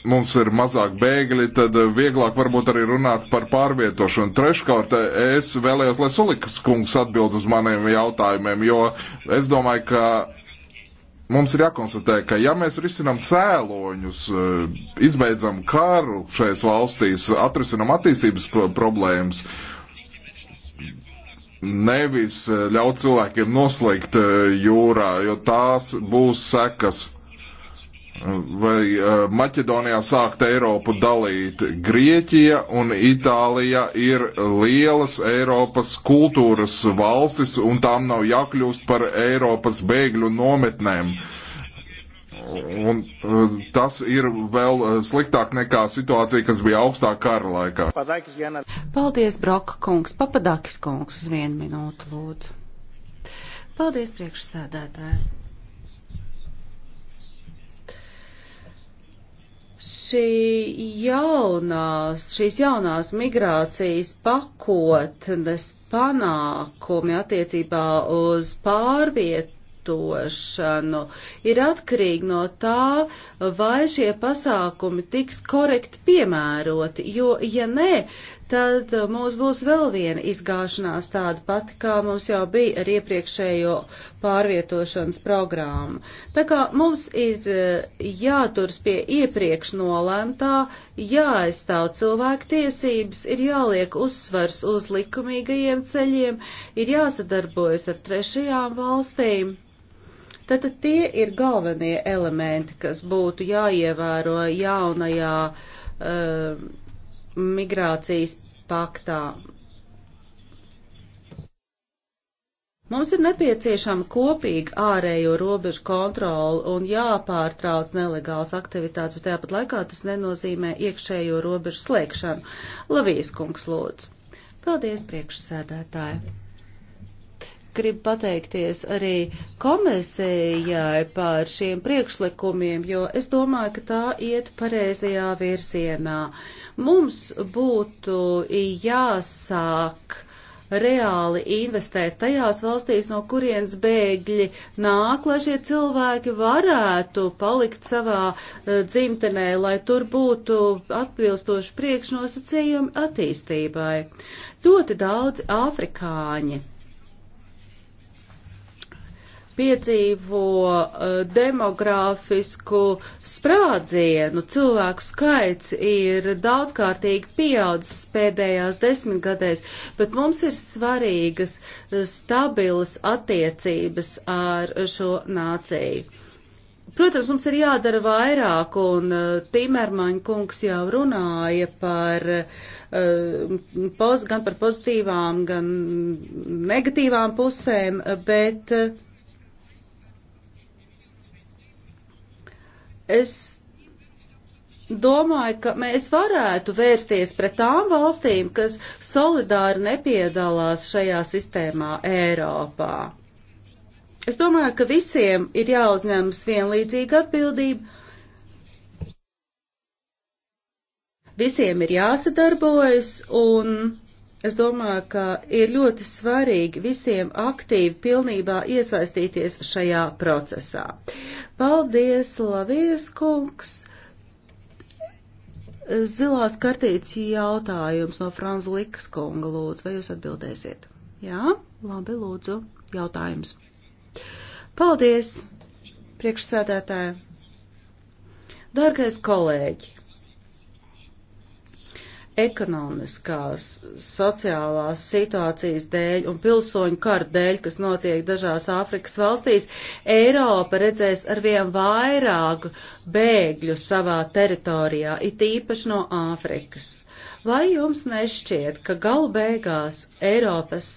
mums ir mazāk bēgļi, tad eh, vieglāk varbūt arī runāt par pārvietošanu. Treškārt, eh, es vēlējos, lai Sulikas kungs atbild uz maniem jautājumiem, jo es domāju, ka mums ir jākonstatē, ka ja mēs risinam cēloņus, eh, izbeidzam karu šajās valstīs, atrisinam attīstības problēmas, nevis ļaut cilvēkiem noslēgt jūrā, jo tās būs sekas vai Maķedonijā sākt Eiropu dalīt. Grieķija un Itālija ir lielas Eiropas kultūras valstis, un tām nav jākļūst par Eiropas bēgļu nometnēm. Un tas ir vēl sliktāk nekā situācija, kas bija augstā kara laikā. Paldies, Broka kungs. Papadakis kungs uz vienu minūtu, lūdzu. Paldies, priekšsēdētāji. Šī jaunās, šīs jaunās migrācijas pakotnes panākumi attiecībā uz pārvietu lietošanu, ir atkarīgi no tā, vai šie pasākumi tiks korekti piemēroti, jo, ja nē, tad uh, mums būs vēl viena izgāšanās tāda pati, kā mums jau bija ar iepriekšējo pārvietošanas programmu. Tā kā mums ir uh, jāturs pie iepriekš nolēmtā, jāaizstāv cilvēku tiesības, ir jāliek uzsvars uz likumīgajiem ceļiem, ir jāsadarbojas ar trešajām valstīm. Tātad tie ir galvenie elementi, kas būtu jāievēro jaunajā uh, um, migrācijas paktā. Mums ir nepieciešama kopīga ārējo robežu kontrola un jāpārtrauc nelegāls aktivitātes, bet tāpat laikā tas nenozīmē iekšējo robežu slēgšanu. Lavijas kungs lūdzu. Paldies, priekšsēdētāji! gribu pateikties arī komisējai par šiem priekšlikumiem, jo es domāju, ka tā iet pareizajā virzienā. Mums būtu jāsāk reāli investēt tajās valstīs, no kurienes bēgļi nāk, lai šie cilvēki varētu palikt savā eh, dzimtenē, lai tur būtu atbilstoši priekšnosacījumi attīstībai. Ļoti daudzi afrikāņi piedzīvo uh, demogrāfisku sprādzienu. Cilvēku skaits ir daudzkārtīgi pieaudzis pēdējās desmitgadēs, bet mums ir svarīgas uh, stabilas attiecības ar šo nāciju. Protams, mums ir jādara vairāk, un uh, Timermaņa kungs jau runāja par, uh, gan par pozitīvām, gan negatīvām pusēm, bet Es domāju, ka mēs varētu vērsties pret tām valstīm, kas solidāri nepiedalās šajā sistēmā Eiropā. Es domāju, ka visiem ir jāuzņemas vienlīdzīga atbildība. Visiem ir jāsadarbojas un Es domāju, ka ir ļoti svarīgi visiem aktīvi pilnībā iesaistīties šajā procesā. Paldies, Lavies kungs! Zilās kartītes jautājums no Franz Likas kunga lūdzu, vai jūs atbildēsiet? Jā, labi, lūdzu, jautājums. Paldies, priekšsēdētāji! Dārgais kolēģi! ekonomiskās, sociālās situācijas dēļ un pilsoņu kara dēļ, kas notiek dažās Āfrikas valstīs, Eiropa redzēs arvien vairāk bēgļu savā teritorijā, it īpaši no Āfrikas. Vai jums nešķiet, ka galu beigās Eiropas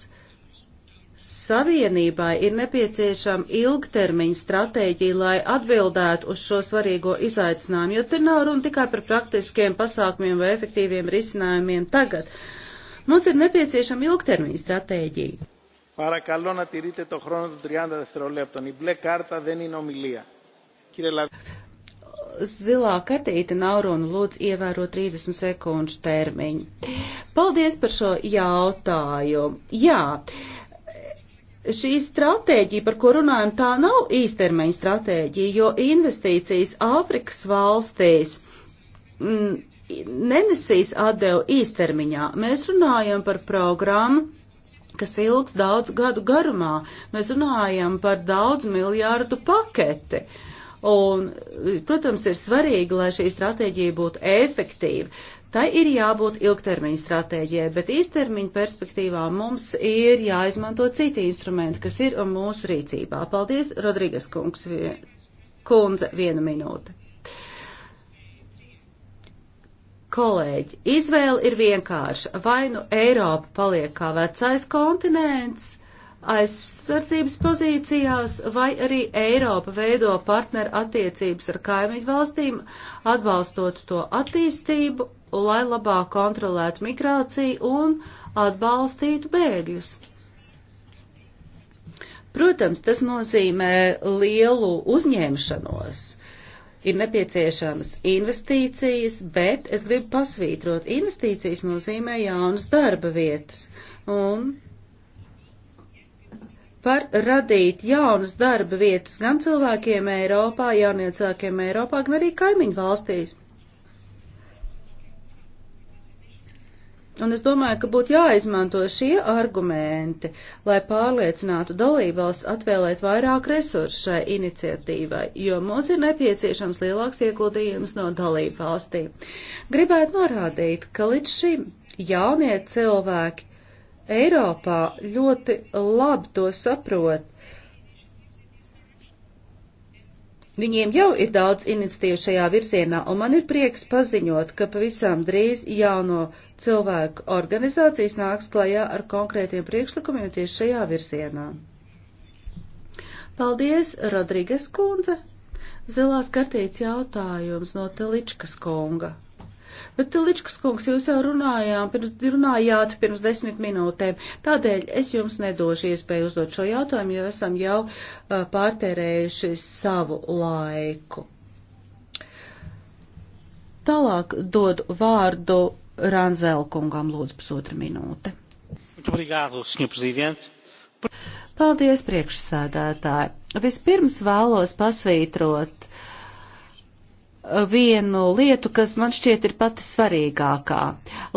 Savienībai ir nepieciešama ilgtermiņa stratēģija, lai atbildētu uz šo svarīgo izaicinājumu, jo te nav runa tikai par praktiskiem pasākumiem vai efektīviem risinājumiem tagad. Mums ir nepieciešama ilgtermiņa stratēģija. Παρακαλώ να τηρείτε το χρόνο των 30 δευτερολέπτων. Η μπλε κάρτα δεν είναι ομιλία. Κύριε Λαβ... Zilā kartīte nav runa, lūdzu ievēro 30 sekundžu termiņu. Paldies par šo jautājumu. Jā, uh, šī stratēģija, par ko runājam, tā nav īstermeņa stratēģija, jo investīcijas Āfrikas valstīs mm, nenesīs atdevu īstermiņā. Mēs runājam par programmu, kas ilgs daudz gadu garumā. Mēs runājam par daudz miljārdu paketi. Uh, Un, protams, ir svarīgi, lai šī stratēģija būtu efektīva. Tai ir jābūt ilgtermiņa stratēģijai, bet īstermiņa perspektīvā mums ir jāizmanto citi instrumenti, kas ir mūsu rīcībā. Paldies, Rodrīgas kungs, vien, kundze, viena minūte. Kolēģi, izvēle ir vienkārša. Vai nu Eiropa paliek kā vecais kontinents? aizsardzības pozīcijās, vai arī Eiropa veido partneru attiecības ar kaimiņu valstīm, atbalstot to attīstību, lai labāk kontrolētu migrāciju un atbalstītu bēgļus. Protams, tas nozīmē lielu uzņemšanos. Ir nepieciešamas investīcijas, bet es gribu pasvītrot, investīcijas nozīmē jaunas darba vietas. Un var radīt jaunas darba vietas gan cilvēkiem Eiropā, jauniem cilvēkiem Eiropā, gan arī kaimiņu valstīs. Un es domāju, ka būtu jāizmanto šie argumenti, lai pārliecinātu dalībvalsts atvēlēt vairāk resursu šai iniciatīvai, jo mums ir nepieciešams lielāks ieguldījums no dalībvalstīm. Gribētu norādīt, ka līdz šim jaunie cilvēki Eiropā ļoti labi to saprot. Viņiem jau ir daudz iniciatīvu šajā virzienā, un man ir prieks paziņot, ka pavisam drīz jauno cilvēku organizācijas nāks klajā ar konkrētiem priekšlikumiem tieši šajā virzienā. Paldies, Rodrīgas kundze! Zilās kartītes jautājums no Teličkas kunga. Bet nu, Tiličkas kungs, jūs jau runājām, pirms, runājāt pirms desmit minūtēm, tādēļ es jums nedošu iespēju uzdot šo jautājumu, jo esam jau uh, pārtērējuši savu laiku. Tālāk dodu vārdu Ranzelkungam, lūdzu, pusotra minūte. Obrigado, senhor presidente. Paldies, priekšsēdētāji! Vispirms vēlos pasvītrot vienu lietu, kas man šķiet ir pati svarīgākā.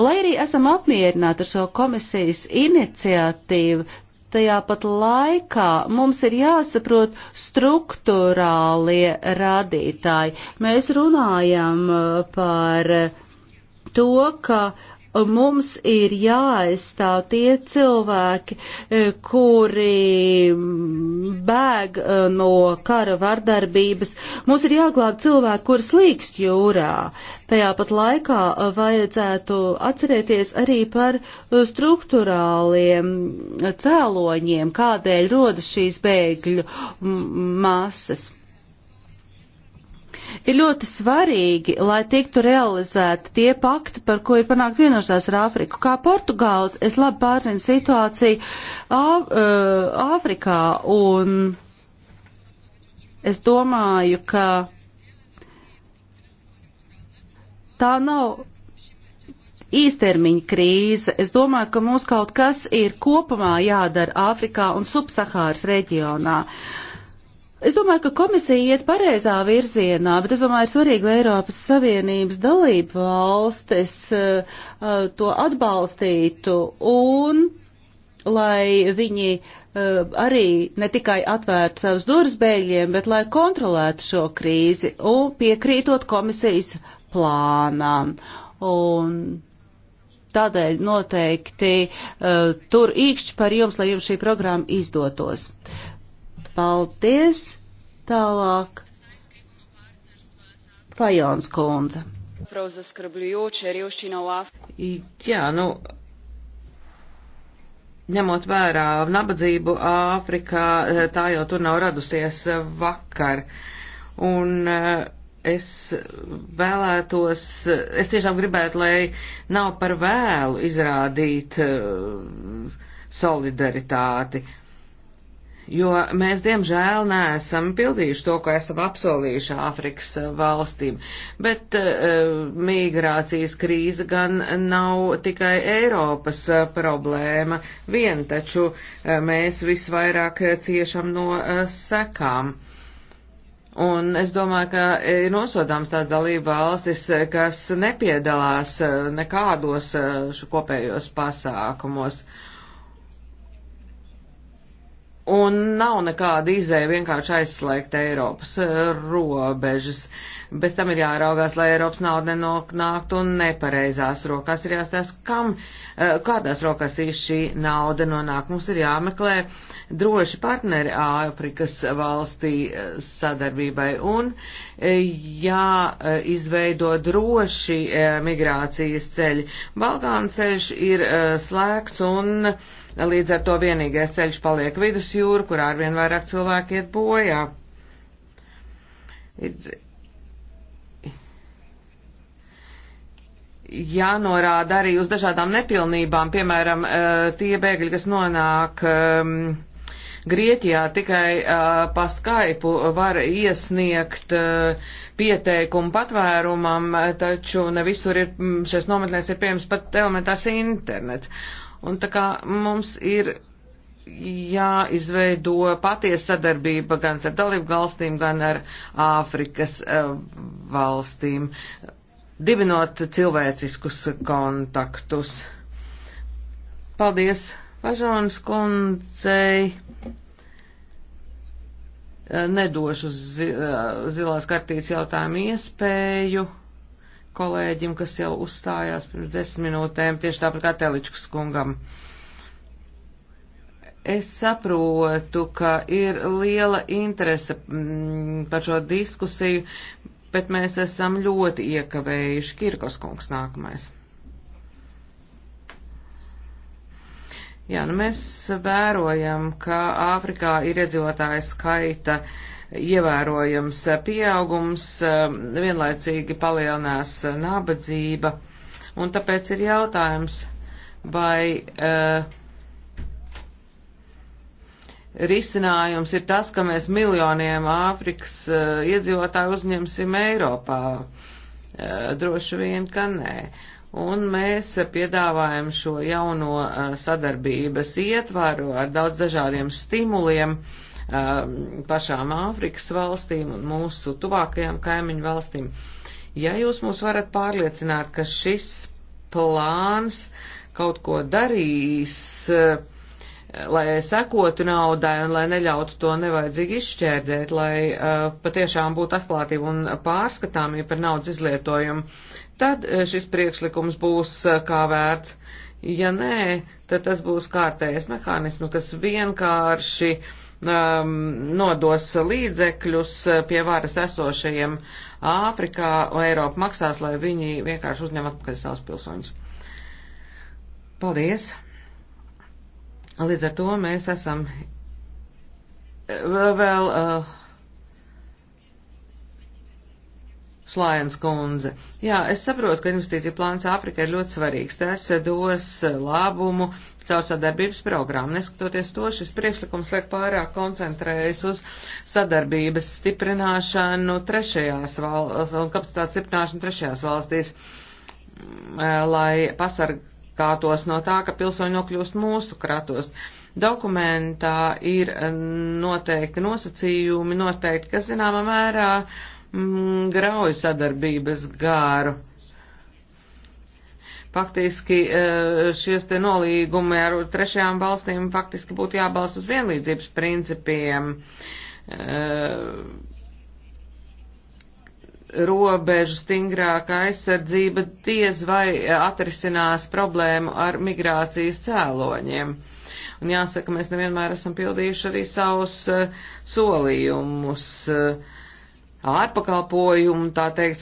Lai arī esam apmierināti ar šo komisijas iniciatīvu, tajā pat laikā mums ir jāsaprot struktūrālie rādītāji. Mēs runājam uh, par to, ka uh, mums ir jāaizstāv tie cilvēki, eh, kuri bēg eh, no kara vardarbības. Mums ir jāglāb cilvēki, kur slīkst jūrā. Tajā pat laikā eh, vajadzētu atcerēties arī par struktūrāliem cēloņiem, kādēļ rodas šīs bēgļu masas. Ir ļoti svarīgi, lai tiktu realizēti tie pakti, par ko ir panākt vienošanās ar Āfriku. Kā Portugāls, es labi pārzinu situāciju Āfrikā un es domāju, ka tā nav īstermiņa krīze. Es domāju, ka mums kaut kas ir kopumā jādara Āfrikā un Subsahāras reģionā. Uh, Es domāju, ka komisija iet pareizā virzienā, bet es domāju, ir svarīgi, lai Eiropas Savienības dalība valstis uh, to atbalstītu un lai viņi uh, arī ne tikai atvērtu savus durvis bēļiem, bet lai kontrolētu šo krīzi un piekrītot komisijas plānām. Un tādēļ noteikti uh, tur īkšķi par jums, lai jums šī programma izdotos. Uh, Paldies! Tālāk. Fajons kundze. Jā, nu, ņemot vērā nabadzību Āfrikā, eh, tā jau tur nav radusies eh, vakar. Un eh, es vēlētos, es tiešām gribētu, lai nav par vēlu izrādīt solidaritāti jo mēs diemžēl neesam pildījuši to, ko esam apsolījuši Āfrikas valstīm. Bet uh, migrācijas krīze gan nav tikai Eiropas uh, problēma, vien taču uh, mēs visvairāk ciešam no uh, sekām. Un es domāju, ka ir nosodāms tās dalība valstis, kas nepiedalās nekādos kopējos pasākumos. Uh, un nav nekāda izēja vienkārši aizslēgt Eiropas eh, robežas. Bez tam ir jāraugās, lai Eiropas nauda nenoknāktu un nepareizās rokās ir jāstās, kam, eh, kādās rokās ir šī nauda nonāk. Mums ir jāmeklē droši partneri Āfrikas valstī eh, sadarbībai un jāizveido droši migrācijas ceļi. Balkāna ceļš ir slēgts un Līdz ar to vienīgais ceļš paliek vidusjūra, kurā arvien vairāk cilvēki iet bojā. Ir jānorāda arī uz dažādām nepilnībām, piemēram, eh, tie bēgļi, kas nonāk ehm, Grieķijā tikai uh, pa Skype var iesniegt uh, pieteikumu patvērumam, taču ne visur ir, šajās nometnēs ir pieejams pat elementārs internets. Un tā kā mums ir jāizveido patiesa sadarbība gan ar dalību valstīm, gan ar Āfrikas eh, valstīm, dibinot cilvēciskus kontaktus. Paldies Važonas kundzei. Eh, nedošu eh, zilās kartītes jautājumu iespēju kolēģim, kas jau uzstājās pirms desmit minūtēm, tieši tāpat kā Teličkas kungam. Es saprotu, ka ir liela interese mm, par šo diskusiju, bet mēs esam ļoti iekavējuši. Kirkos kungs nākamais. Jā, nu mēs vērojam, ka Āfrikā ir iedzīvotāja skaita uh, ievērojams pieaugums, um, vienlaicīgi palielinās uh, nabadzība, un tāpēc ir jautājums, vai uh, risinājums ir tas, ka mēs miljoniem Āfrikas uh, iedzīvotāju uzņemsim Eiropā. Uh, droši vien, ka nē. Un mēs piedāvājam šo jauno uh, sadarbības ietvaru ar daudz dažādiem stimuliem, uh, Um, pašām Āfrikas valstīm un mūsu tuvākajām kaimiņu valstīm. Ja jūs mūs varat pārliecināt, ka šis plāns kaut ko darīs, uh, lai sekotu naudai un lai neļautu to nevajadzīgi izšķērdēt, lai uh, patiešām būtu atklātība un pārskatāmība par naudas izlietojumu, tad uh, šis priekšlikums būs uh, kā vērts. Ja nē, tad tas būs kārtējs mehānisms, kas vienkārši uh, um, nodos līdzekļus pie varas esošajiem Āfrikā, Eiropa maksās, lai viņi vienkārši uzņem atpakaļ savus pilsoņus. Paldies! Līdz ar to mēs esam uh, vēl. Uh, Šlājens kundze. Jā, es saprotu, ka investīcija plāns Āfrikai ir ļoti svarīgs. Tas dos labumu caur sadarbības programmu. Neskatoties to, šis priekšlikums liek pārāk koncentrējas uz sadarbības stiprināšanu trešajās valstīs un kapacitātes stiprināšanu trešajās valstīs, mm, eh, lai pasargātos no tā, ka pilsoņi nokļūst mūsu kratos dokumentā ir noteikti nosacījumi, noteikti, kas zināmā mērā mm, grauju sadarbības gāru. Faktiski e, šies te nolīgumi ar trešajām valstīm faktiski būtu jābalst uz vienlīdzības principiem e, robežu stingrāka aizsardzība diez vai atrisinās problēmu ar migrācijas cēloņiem. Un jāsaka, mēs nevienmēr esam pildījuši arī savus e, solījumus. Uh, ārpakalpojumu, tā teikt,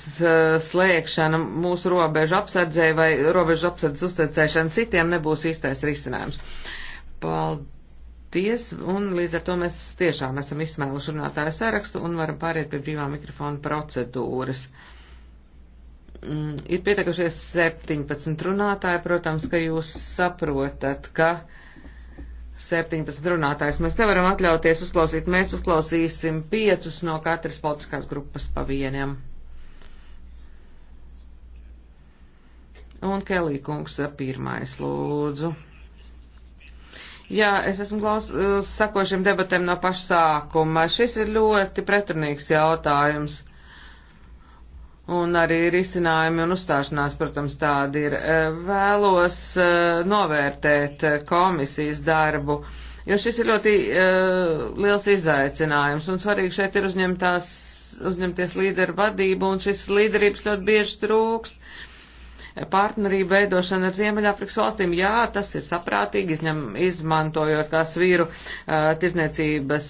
slēgšana mūsu robežu apsardzē vai robežu apsardzes uzticēšana citiem nebūs īstais risinājums. Paldies, un līdz ar to mēs tiešām esam izsmēluši runātāju sarakstu un varam pāriet pie brīvā mikrofona procedūras. Mm, ir pietiekušies 17 runātāji, protams, ka jūs saprotat, ka 17 runātājs. Mēs nevaram atļauties uzklausīt. Mēs uzklausīsim piecus no katras politiskās grupas pa vienam. Un Kelī kungs eh, pirmais lūdzu. Jā, es esmu klaus, eh, sakošiem debatēm no paša sākuma. Šis ir ļoti pretrunīgs jautājums. Un arī risinājumi un uzstāšanās, protams, tādi ir. E, vēlos e, novērtēt e, komisijas darbu, jo šis ir ļoti uh, liels izaicinājums un svarīgi šeit ir uzņemtās, uzņemties līderu vadību, un šis līderības ļoti bieži trūkst partnerību veidošana ar Ziemeļāfrikas valstīm. Jā, tas ir saprātīgi, izņem, izmantojot kā svīru tirdzniecības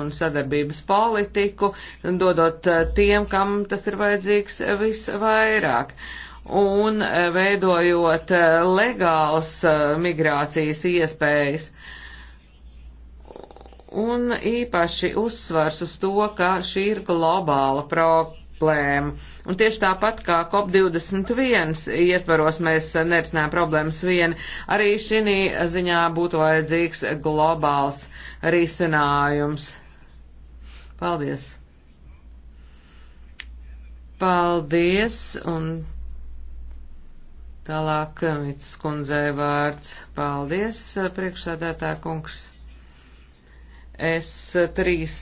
un sadarbības politiku, dodot tiem, kam tas ir vajadzīgs visvairāk un veidojot legāls migrācijas iespējas. Un īpaši uzsvars uz to, ka šī ir globāla pro problēmu. Un tieši tāpat kā COP21 ietvaros mēs nerisinājām problēmas vieni, arī šī ziņā būtu vajadzīgs globāls risinājums. Paldies! Paldies! Un tālāk Mits kundzei vārds. Paldies, priekšsādātā kungs! Es trīs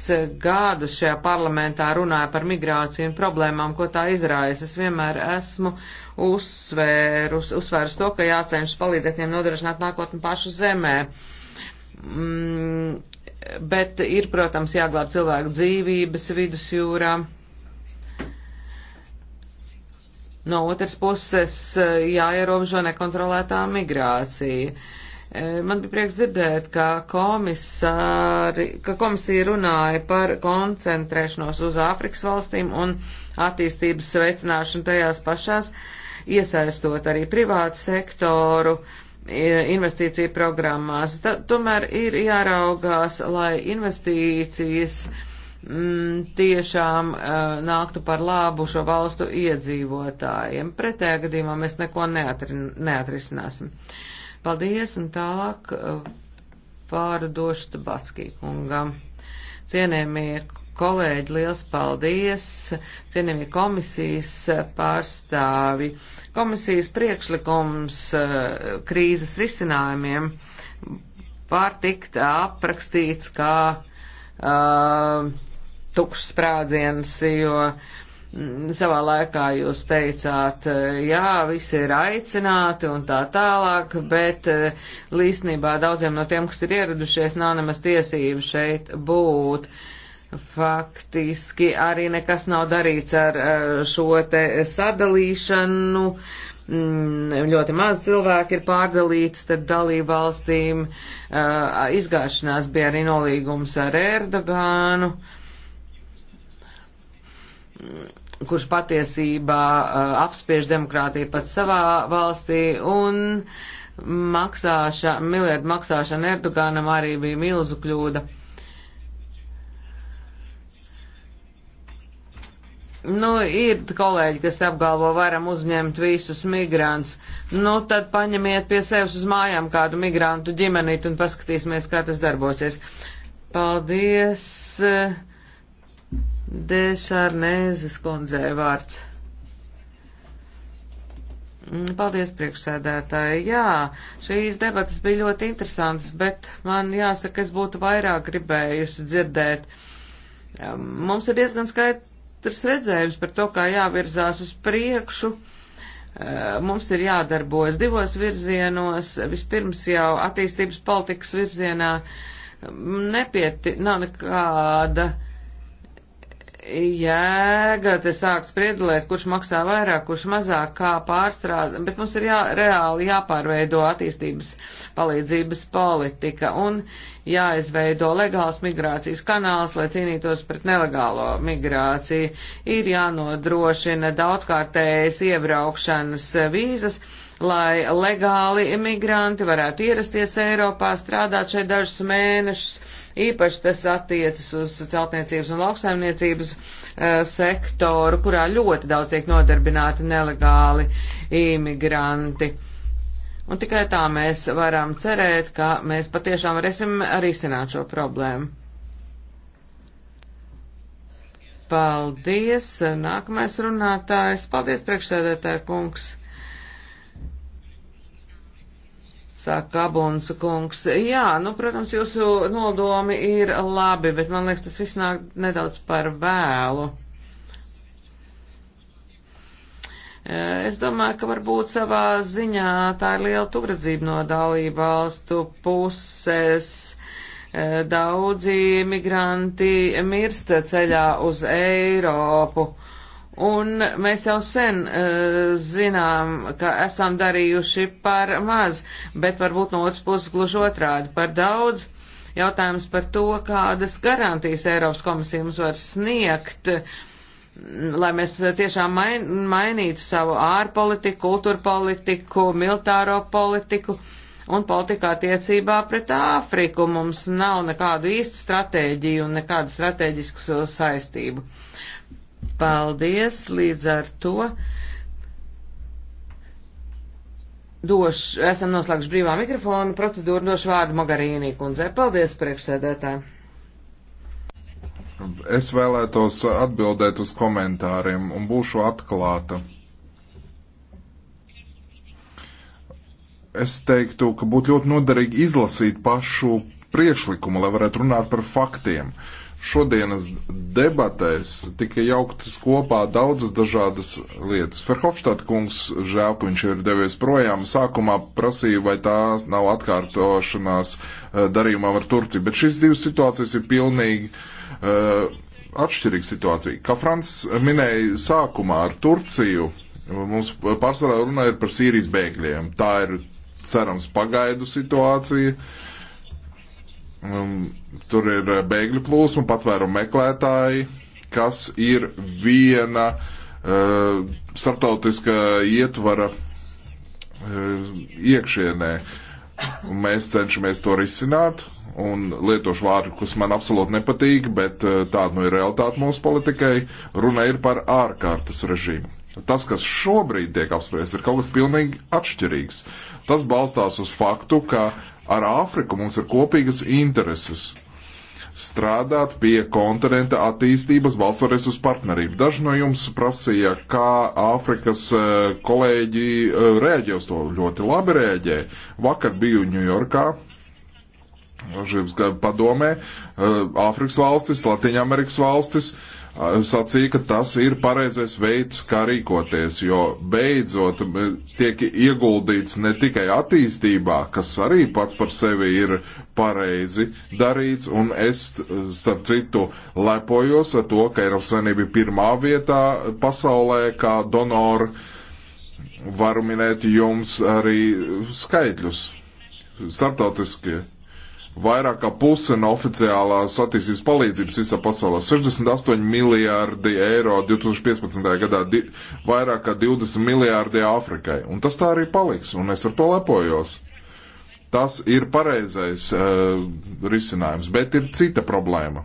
gadus šajā parlamentā runāju par migrāciju un problēmām, ko tā izraisa. Es vienmēr esmu uzsvērus, uzsvērus to, ka jācenšas palīdzēt viņiem nodrošināt nākotni pašu zemē. Mm, bet ir, protams, jāglāb cilvēku dzīvības vidusjūrā. No otras puses jāierobežo nekontrolētā migrācija. Uh, E, man bija prieks dzirdēt, ka, komisāri, ka komisija runāja par koncentrēšanos uz Āfrikas valstīm un attīstības veicināšanu tajās pašās, iesaistot arī privātu sektoru e, investīciju programmās. Ta, tomēr ir jāraugās, lai investīcijas m, mm, tiešām uh, nāktu par labu šo valstu iedzīvotājiem. Pretējā gadījumā mēs neko neatri, neatrisināsim. Uh, Paldies, un tālāk pārdošu eh, Tabaskī kungam. Cienējamie kolēģi, liels paldies! Cienījamie komisijas eh, pārstāvi! Komisijas priekšlikums eh, krīzes risinājumiem pārtikt aprakstīts kā uh, tukšs sprādziens, jo uh, Mm, savā laikā jūs teicāt, eh, jā, visi ir aicināti un tā tālāk, bet eh, līsnībā daudziem no tiem, kas ir ieradušies, nav nemaz tiesību šeit būt. Faktiski arī nekas nav darīts ar eh, šo te sadalīšanu. Mm, ļoti maz cilvēki ir pārdalīti starp dalību valstīm. Izgāšanās bija arī nolīgums ar Erdogānu kurš patiesībā uh, apspiež demokrātiju pat savā valstī, un maksāša, miljardu maksāšana Erdoganam arī bija milzu kļūda. Nu, ir kolēģi, kas apgalvo, varam uzņemt visus migrants. Nu, tad paņemiet pie sevis uz mājām kādu migrantu ģimenīti un paskatīsimies, kā tas darbosies. Paldies! Uh, Desarnēzes kundzē vārds. Mm, paldies, priekšsēdētāji. Jā, šīs debatas bija ļoti interesantas, bet man jāsaka, es būtu vairāk gribējusi dzirdēt. Mums ir diezgan skaidrs redzējums par to, kā jāvirzās uz priekšu. Mums ir jādarbojas divos virzienos. Vispirms jau attīstības politikas virzienā nepieti, nav nekāda jēga te sāk spriedulēt, kurš maksā vairāk, kurš mazāk, kā pārstrādā, bet mums ir jā, reāli jāpārveido attīstības palīdzības politika un jāizveido legāls migrācijas kanāls, lai cīnītos pret nelegālo migrāciju. Ir jānodrošina daudzkārtējas iebraukšanas vīzas, lai legāli imigranti varētu ierasties Eiropā, strādāt šeit dažus mēnešus Īpaši tas attiecas uz celtniecības un lauksaimniecības e, sektoru, kurā ļoti daudz tiek nodarbināti nelegāli imigranti. Un tikai tā mēs varam cerēt, ka mēs patiešām varēsim arī izsināt šo problēmu. Paldies, nākamais runātājs. Paldies, priekšsēdētāja kungs. Saka Abons kungs, jā, nu, protams, jūsu nodomi ir labi, bet man liekas, tas viss nāk nedaudz par vēlu. E, es domāju, ka varbūt savā ziņā tā ir liela tuvredzība no dalību valstu puses. E, daudzi migranti mirsta ceļā uz Eiropu Un mēs jau sen uh, zinām, ka esam darījuši par maz, bet varbūt no otras puses gluži otrādi par daudz. Jautājums par to, kādas garantijas Eiropas komisija mums var sniegt, mm, lai mēs tiešām main, mainītu savu ārpolitiku, kultūra politiku, militāro politiku un politikā tiecībā pret Āfriku. Mums nav nekādu īstu stratēģiju un nekādu strateģisku saistību. Uh, Paldies, līdz ar to došu, esam noslēguši brīvā mikrofonu procedūru, došu vārdu Mogarīnī kundzei. Paldies, priekšsēdētāji! Es vēlētos atbildēt uz komentāriem un būšu atklāta. Es teiktu, ka būtu ļoti noderīgi izlasīt pašu priekšlikumu, lai varētu runāt par faktiem. Uh, šodienas debatēs tika jauktas kopā daudzas dažādas lietas. Ferhofštāt kungs, žēl, ka viņš ir devies projām, sākumā prasīja, vai tā nav atkārtošanās eh, darījumam ar Turciju, bet šīs divas situācijas ir pilnīgi uh, atšķirīga situācija. Kā Frants minēja sākumā ar Turciju, mums pārsvarā runāja par Sīrijas bēgļiem. Tā ir, cerams, pagaidu situācija. Uh, Um, tur ir uh, bēgļu plūsma, patvērumu meklētāji, kas ir viena uh, starptautiska ietvara uh, iekšienē. Un mēs cenšamies to risināt, un lietošu vārdu, kas man absolūti nepatīk, bet uh, tāda nu ir realitāte mūsu politikai, runa ir par ārkārtas režīmu. Tas, kas šobrīd tiek apspriests, ir kaut kas pilnīgi atšķirīgs. Tas balstās uz faktu, ka uh, Ar Āfriku mums ir kopīgas intereses strādāt pie kontinenta attīstības, balstoties uz partnerību. Daži no jums prasīja, kā Āfrikas e, kolēģi e, reaģē uz to. Ļoti labi reaģē. Vakar biju Ņujorkā. Padomē, e, Āfrikas valstis, Latvijas Amerikas valstis, uh, sacīja, ka tas ir pareizais veids, kā rīkoties, jo beidzot tiek ieguldīts ne tikai attīstībā, kas arī pats par sevi ir pareizi darīts, un es, starp citu, lepojos ar to, ka Eiropas Savienība ir pirmā vietā pasaulē kā donora. Varu minēt jums arī skaitļus starptautiskie vairāk kā puse no oficiālās attīstības palīdzības visā pasaulē. 68 miljārdi eiro 2015. gadā, di, vairāk kā 20 miljārdi Āfrikai. Un tas tā arī paliks, un es ar to lepojos. Tas ir pareizais uh, risinājums, bet ir cita problēma.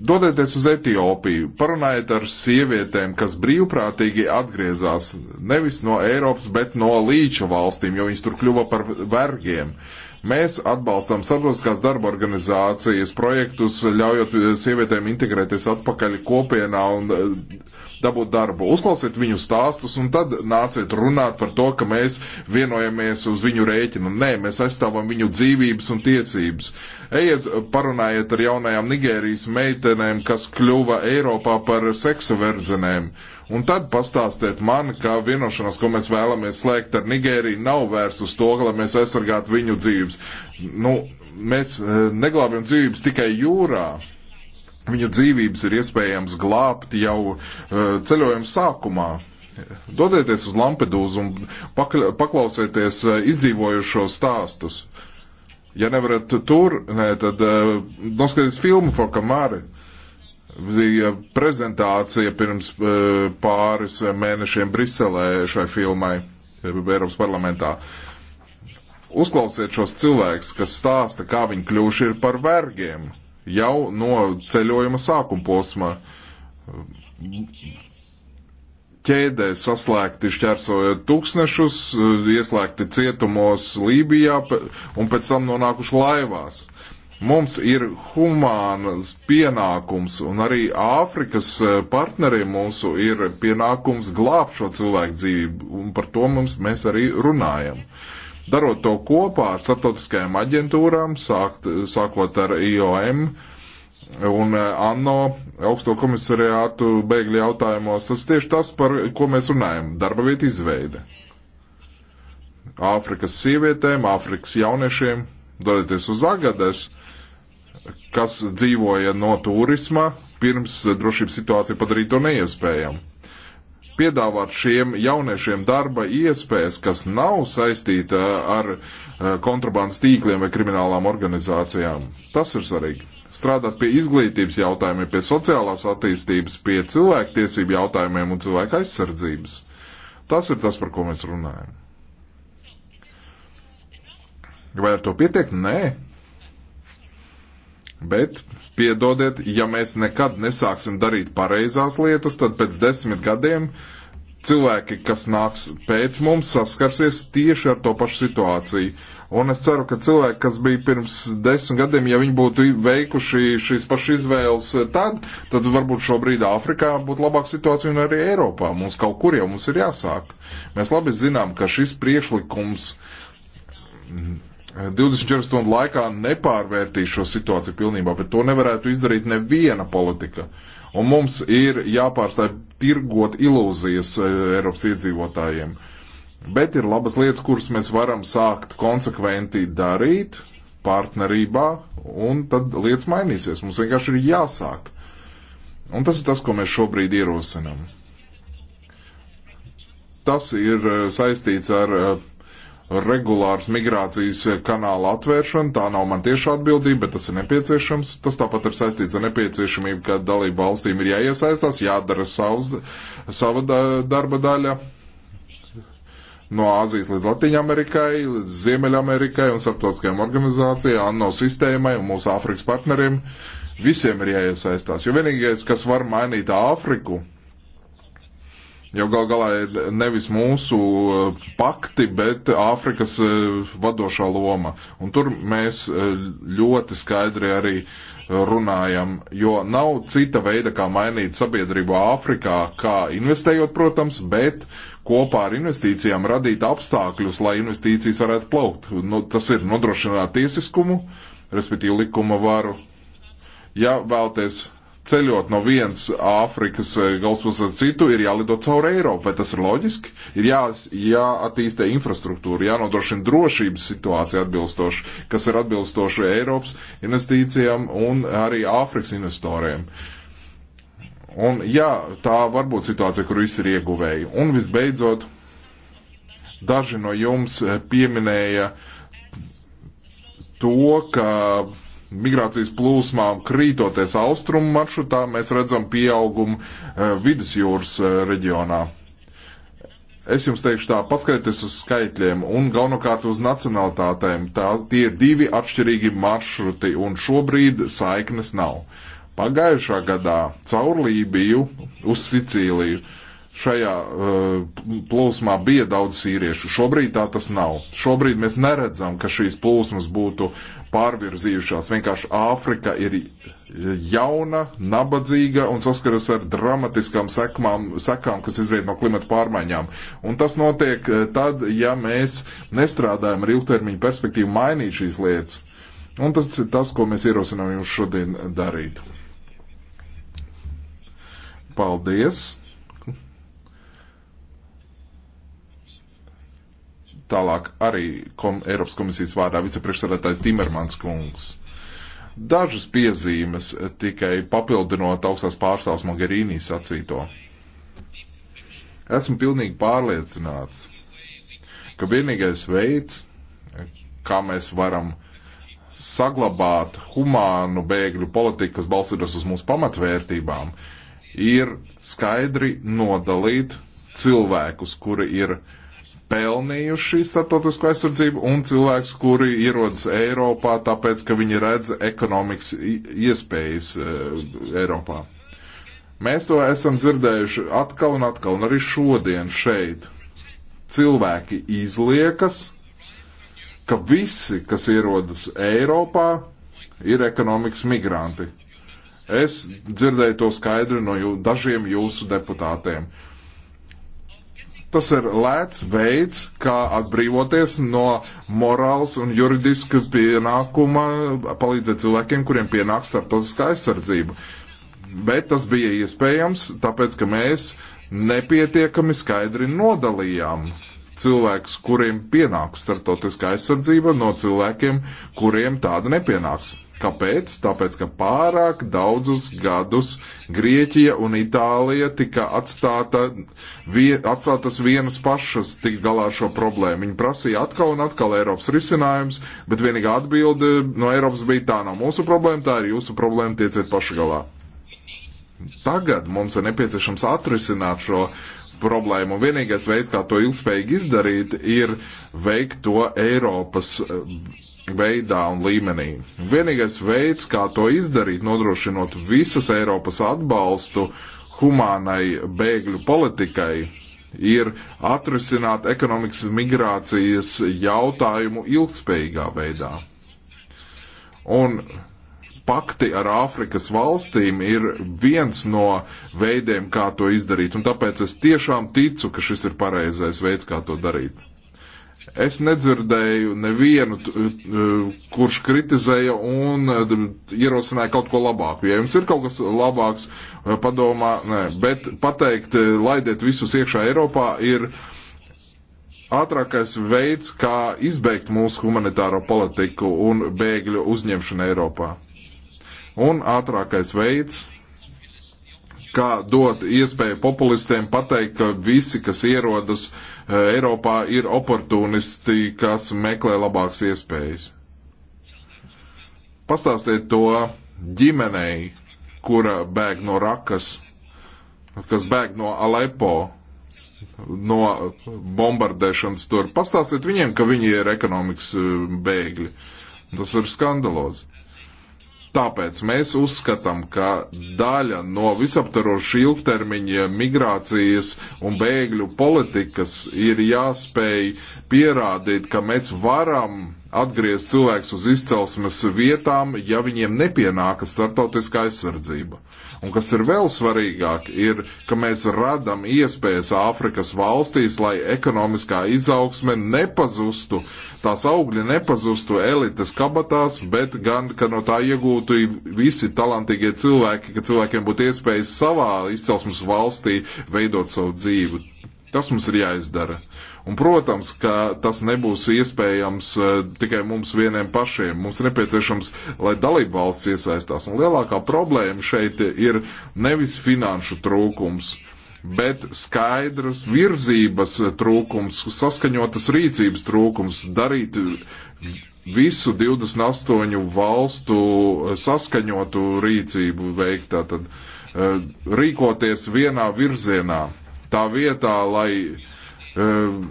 Dodieties uz Etiopiju, parunājiet ar sievietēm, kas brīvprātīgi atgriezās nevis no Eiropas, bet no līča valstīm, jo viņas tur kļuva par vergiem. Uh, Mēs atbalstam sabiedriskās darba organizācijas projektus, ļaujot eh, sievietēm integrēties atpakaļ kopienā un eh, dabūt darbu. Uzklausiet viņu stāstus un tad nāciet runāt par to, ka mēs vienojamies uz viņu rēķinu. Nē, mēs aizstāvam viņu dzīvības un tiesības. Ejiet, parunājiet ar jaunajām Nigērijas meitenēm, kas kļuva Eiropā par seksa verdzenēm Un tad pastāstiet man, ka vienošanās, ko mēs vēlamies slēgt ar Nigēriju, nav vērsta uz to, lai mēs aizsargātu viņu dzīves. Nu, mēs eh, neglābjam dzīvības tikai jūrā. Viņu dzīvības ir iespējams glābt jau eh, ceļojuma sākumā. Dodieties uz Lampedūzu un paklausieties eh, izdzīvojušo stāstus. Ja nevarat tur, ne, tad uh, noskaties filmu Fokamāri. Uh, bija prezentācija pirms e, pāris mēnešiem Briselē šai filmai e, Eiropas parlamentā. Uzklausiet šos cilvēkus, kas stāsta, kā viņi kļuvuši par vergiem jau no ceļojuma sākuma posma. Ķēdē saslēgti šķērsojot tūkstnešus, e, ieslēgti cietumos Lībijā un pēc tam nonākuši laivās Mums ir humānas pienākums, un arī Āfrikas eh, partneriem mūsu ir pienākums glābt šo cilvēku dzīvību, un par to mums mēs arī runājam. Darot to kopā ar starptautiskajām aģentūrām, sākt, sākot ar IOM, un eh, ANO augsto komisariātu bēgļu jautājumos. Tas tieši tas, par ko mēs runājam - darba vietu izveide. Āfrikas sievietēm, Āfrikas jauniešiem, dodieties uz Agadas, kas dzīvoja no turisma, pirms drošības situācija padarīja to neiespējamu. Piedāvāt šiem jauniešiem darba iespējas, kas nav saistīta ar eh, kontrabandas tīkliem vai kriminālām organizācijām. Tas ir svarīgi. Strādāt pie izglītības jautājumiem, pie sociālās attīstības, pie cilvēktiesību jautājumiem un cilvēka aizsardzības. Tas ir tas, par ko mēs runājam. Vai ar to pietiek? Nē. Bet piedodiet, ja mēs nekad nesāksim darīt pareizās lietas, tad pēc desmit gadiem cilvēki, kas nāks pēc mums, saskarsies tieši ar to pašu situāciju. Un es ceru, ka cilvēki, kas bija pirms desmit gadiem, ja viņi būtu veikuši šīs pašas izvēles tad, tad varbūt šobrīd Āfrikā būtu labāka situācija un arī Eiropā. Mums kaut kur jau mums ir jāsāk. Mēs labi zinām, ka šis priekšlikums 24 stundu laikā nepārvērtīs šo situāciju pilnībā, bet to nevarētu izdarīt neviena politika. Un mums ir jāpārstāj tirgot ilūzijas e, Eiropas iedzīvotājiem. Bet ir labas lietas, kuras mēs varam sākt konsekventi darīt partnerībā, un tad lietas mainīsies. Mums vienkārši ir jāsāk. Un tas ir tas, ko mēs šobrīd ierosinam. Tas ir e, saistīts ar e, regulārs migrācijas eh, kanāla atvēršana. Tā nav man tieša atbildība, bet tas ir nepieciešams. Tas tāpat ir saistīts ar nepieciešamību, ka dalību valstīm ir jāiesaistās, jādara savs, sava darba daļa. No Āzijas līdz Latvijai, līdz Ziemeļamerikai un starptautiskajām organizācijām, ANO sistēmai un mūsu Āfrikas partneriem. Visiem ir jāiesaistās, jo vienīgais, kas var mainīt Āfriku, Jo gal galā ir nevis mūsu eh, pakti, bet Āfrikas eh, vadošā loma. Un tur mēs eh, ļoti skaidri arī runājam, jo nav cita veida, kā mainīt sabiedrību Āfrikā, kā investējot, protams, bet kopā ar investīcijām radīt apstākļus, lai investīcijas varētu plaukt. Nu, tas ir nodrošināt tiesiskumu, respektīvi likuma varu. Ja vēlties ceļot no vienas Āfrikas eh, galvaspilsētas citu, ir jālido cauri Eiropu. Vai tas ir loģiski? Ir jā, jāattīstē infrastruktūra, jānodrošina drošības situācija atbilstoši, kas ir atbilstoši Eiropas investīcijām un arī Āfrikas investoriem. Un jā, tā var būt situācija, kur visi ir ieguvēji. Un visbeidzot, daži no jums eh, pieminēja to, ka migrācijas plūsmām krītoties austrumu maršrutā, mēs redzam pieaugumu e, vidusjūras e, reģionā. Es jums teikšu tā, paskatieties uz skaitļiem un galvenokārt uz nacionalitātēm. Tā, tie ir divi atšķirīgi maršruti un šobrīd saiknes nav. Pagājušā gadā caur Lībiju uz Sicīliju šajā uh, plūsmā bija daudz sīriešu. Šobrīd tā tas nav. Šobrīd mēs neredzam, ka šīs plūsmas būtu pārvirzījušās. Vienkārši Āfrika ir jauna, nabadzīga un saskaras ar dramatiskām sekmām, sekām, kas izriet no klimata pārmaiņām. Un tas notiek eh, tad, ja mēs nestrādājam ar ilgtermiņu perspektīvu mainīt šīs lietas. Un tas ir tas, ko mēs ierosinām jums šodien darīt. Paldies! Tālāk arī kom, Eiropas komisijas vārdā vicepriekšsēdētājs Timermans kungs. Dažas piezīmes eh, tikai papildinot augstās pārstāvs Mogherīnī sacīto. Esmu pilnīgi pārliecināts, ka vienīgais veids, kā mēs varam saglabāt humānu bēgļu politiku, kas balstītos uz mūsu pamatvērtībām, ir skaidri nodalīt cilvēkus, kuri ir uh, pelnījuši starptautisko aizsardzību un cilvēks, kuri ierodas Eiropā, tāpēc, ka viņi redz ekonomikas iespējas eh, Eiropā. Mēs to esam dzirdējuši atkal un atkal, un arī šodien šeit. Cilvēki izliekas, ka visi, kas ierodas Eiropā, ir ekonomikas migranti. Es dzirdēju to skaidri no jū, dažiem jūsu deputātiem. Tas ir lēts veids, kā atbrīvoties no morāls un juridiskas pienākuma palīdzēt cilvēkiem, kuriem pienāk starptautiskā aizsardzība. Bet tas bija iespējams, tāpēc, ka mēs nepietiekami skaidri nodalījām cilvēkus, kuriem pienāks starptautiskā aizsardzība, no cilvēkiem, kuriem tāda nepienāks. Kāpēc? Tāpēc, ka pārāk daudzus gadus Grieķija un Itālija tika atstāta, vie, atstātas vienas pašas tik galā ar šo problēmu. Viņi prasīja atkal un atkal Eiropas risinājums, bet vienīgā atbilde no Eiropas bija tā nav mūsu problēma, tā ir jūsu problēma, tieciet paši galā. Tagad mums ir nepieciešams atrisināt šo problēmu. Un vienīgais veids, kā to ilgspējīgi izdarīt, ir veikt to Eiropas veidā un līmenī. Vienīgais veids, kā to izdarīt, nodrošinot visas Eiropas atbalstu humānai bēgļu politikai, ir atrisināt ekonomikas migrācijas jautājumu ilgspējīgā veidā. Un pakti ar Āfrikas valstīm ir viens no veidiem, kā to izdarīt, un tāpēc es tiešām ticu, ka šis ir pareizais veids, kā to darīt. Es nedzirdēju nevienu, e, kurš kritizēja un e, ierosināja kaut ko labāku. Ja jums ir kaut kas labāks, e, padomā, nē, bet pateikt, laidiet visus iekšā Eiropā ir ātrākais veids, kā izbeigt mūsu humanitāro politiku un bēgļu uzņemšanu Eiropā. Un ātrākais veids, kā dot iespēju populistiem pateikt, ka visi, kas ierodas uh, Eh, Eiropā ir oportunisti, kas meklē labākas iespējas. Pastāstiet to ģimenei, kura bēg no Rakas, kas bēg no Alepo, no bombardēšanas tur. Pastāstiet viņiem, ka viņi ir ekonomikas eh, bēgļi. Tas ir skandalozi. Tāpēc mēs uzskatām, ka daļa no visaptarošu ilgtermiņa migrācijas un bēgļu politikas ir jāspēj pierādīt, ka mēs varam atgriezt cilvēkus uz izcelsmes vietām, ja viņiem nepienāka startautiskā aizsardzība. Un kas ir vēl svarīgāk, ir, ka mēs radam iespējas Āfrikas valstīs, lai ekonomiskā izaugsme nepazustu, tās augļi nepazustu elites kabatās, bet gan, ka no tā iegūtu visi talantīgie cilvēki, ka cilvēkiem būtu iespējas savā izcelsmes valstī veidot savu dzīvi. Tas mums ir jāizdara. Un, protams, ka tas nebūs iespējams e, tikai mums vieniem pašiem. Mums ir nepieciešams, lai dalība valsts iesaistās. Un lielākā problēma šeit ir nevis finanšu trūkums, bet skaidras virzības trūkums, saskaņotas rīcības trūkums, darīt visu 28 valstu saskaņotu rīcību veikt, tātad e, rīkoties vienā virzienā. Tā vietā, lai Ehm,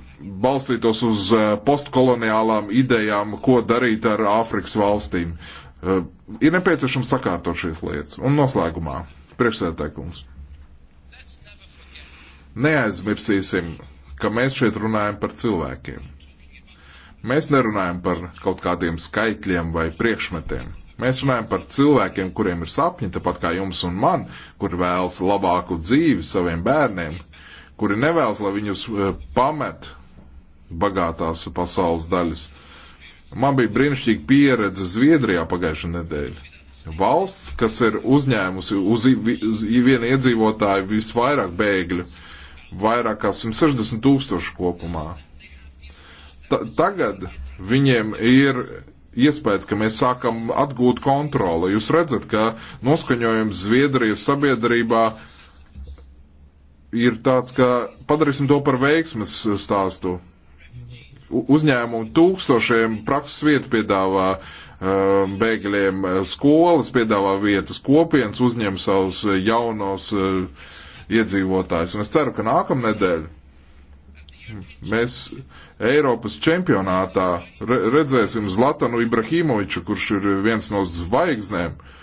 balstītos uz eh, postkoloniālām idejām, ko darīt ar Āfrikas valstīm. Ehm, ir nepieciešams sakārtot šīs lietas. Un noslēgumā priekšsēdētājums. Neaizmirsīsim, ka mēs šeit runājam par cilvēkiem. Mēs nerunājam par kaut kādiem skaitļiem vai priekšmetiem. Mēs runājam par cilvēkiem, kuriem ir sapņi, tāpat kā jums un man, kur vēlas labāku dzīvi saviem bērniem, kuri nevēlas, lai viņus eh, pamet bagātās pasaules daļas. Man bija brīnišķīga pieredze Zviedrijā pagājušā nedēļa. Valsts, kas ir uzņēmusi uz, uz vienu iedzīvotāju visvairāk bēgļu, vairāk kā 160 tūkstoši kopumā. Ta tagad viņiem ir iespējas, ka mēs sākam atgūt kontroli. Jūs redzat, ka noskaņojums Zviedrijas sabiedrībā uh, ir tāds, ka padarīsim to par veiksmes stāstu. Uzņēmumu tūkstošiem prakses vietu piedāvā um, bēgļiem, uh, skolas piedāvā vietas, kopienas uzņem savus uh, jaunos uh, iedzīvotājus. Un es ceru, ka nākamnedēļ mēs Eiropas čempionātā redzēsim Zlatanu Ibrahimoviču, kurš ir viens no zvaigznēm. Uh,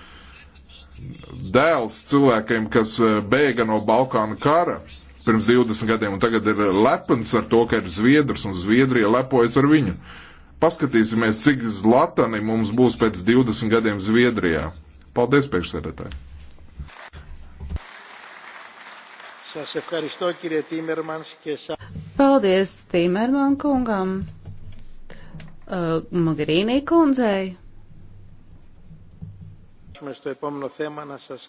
dēls cilvēkiem, kas eh, bēga no Balkānu kara pirms 20 gadiem un tagad ir lepns ar to, ka ir Zviedrs un Zviedrija lepojas ar viņu. Paskatīsimies, cik zlatani mums būs pēc 20 gadiem Zviedrijā. Paldies, priekšsēdētāji! Paldies Timerman kungam, uh, Magrīnī kundzei. Στο επόμενο θέμα να σας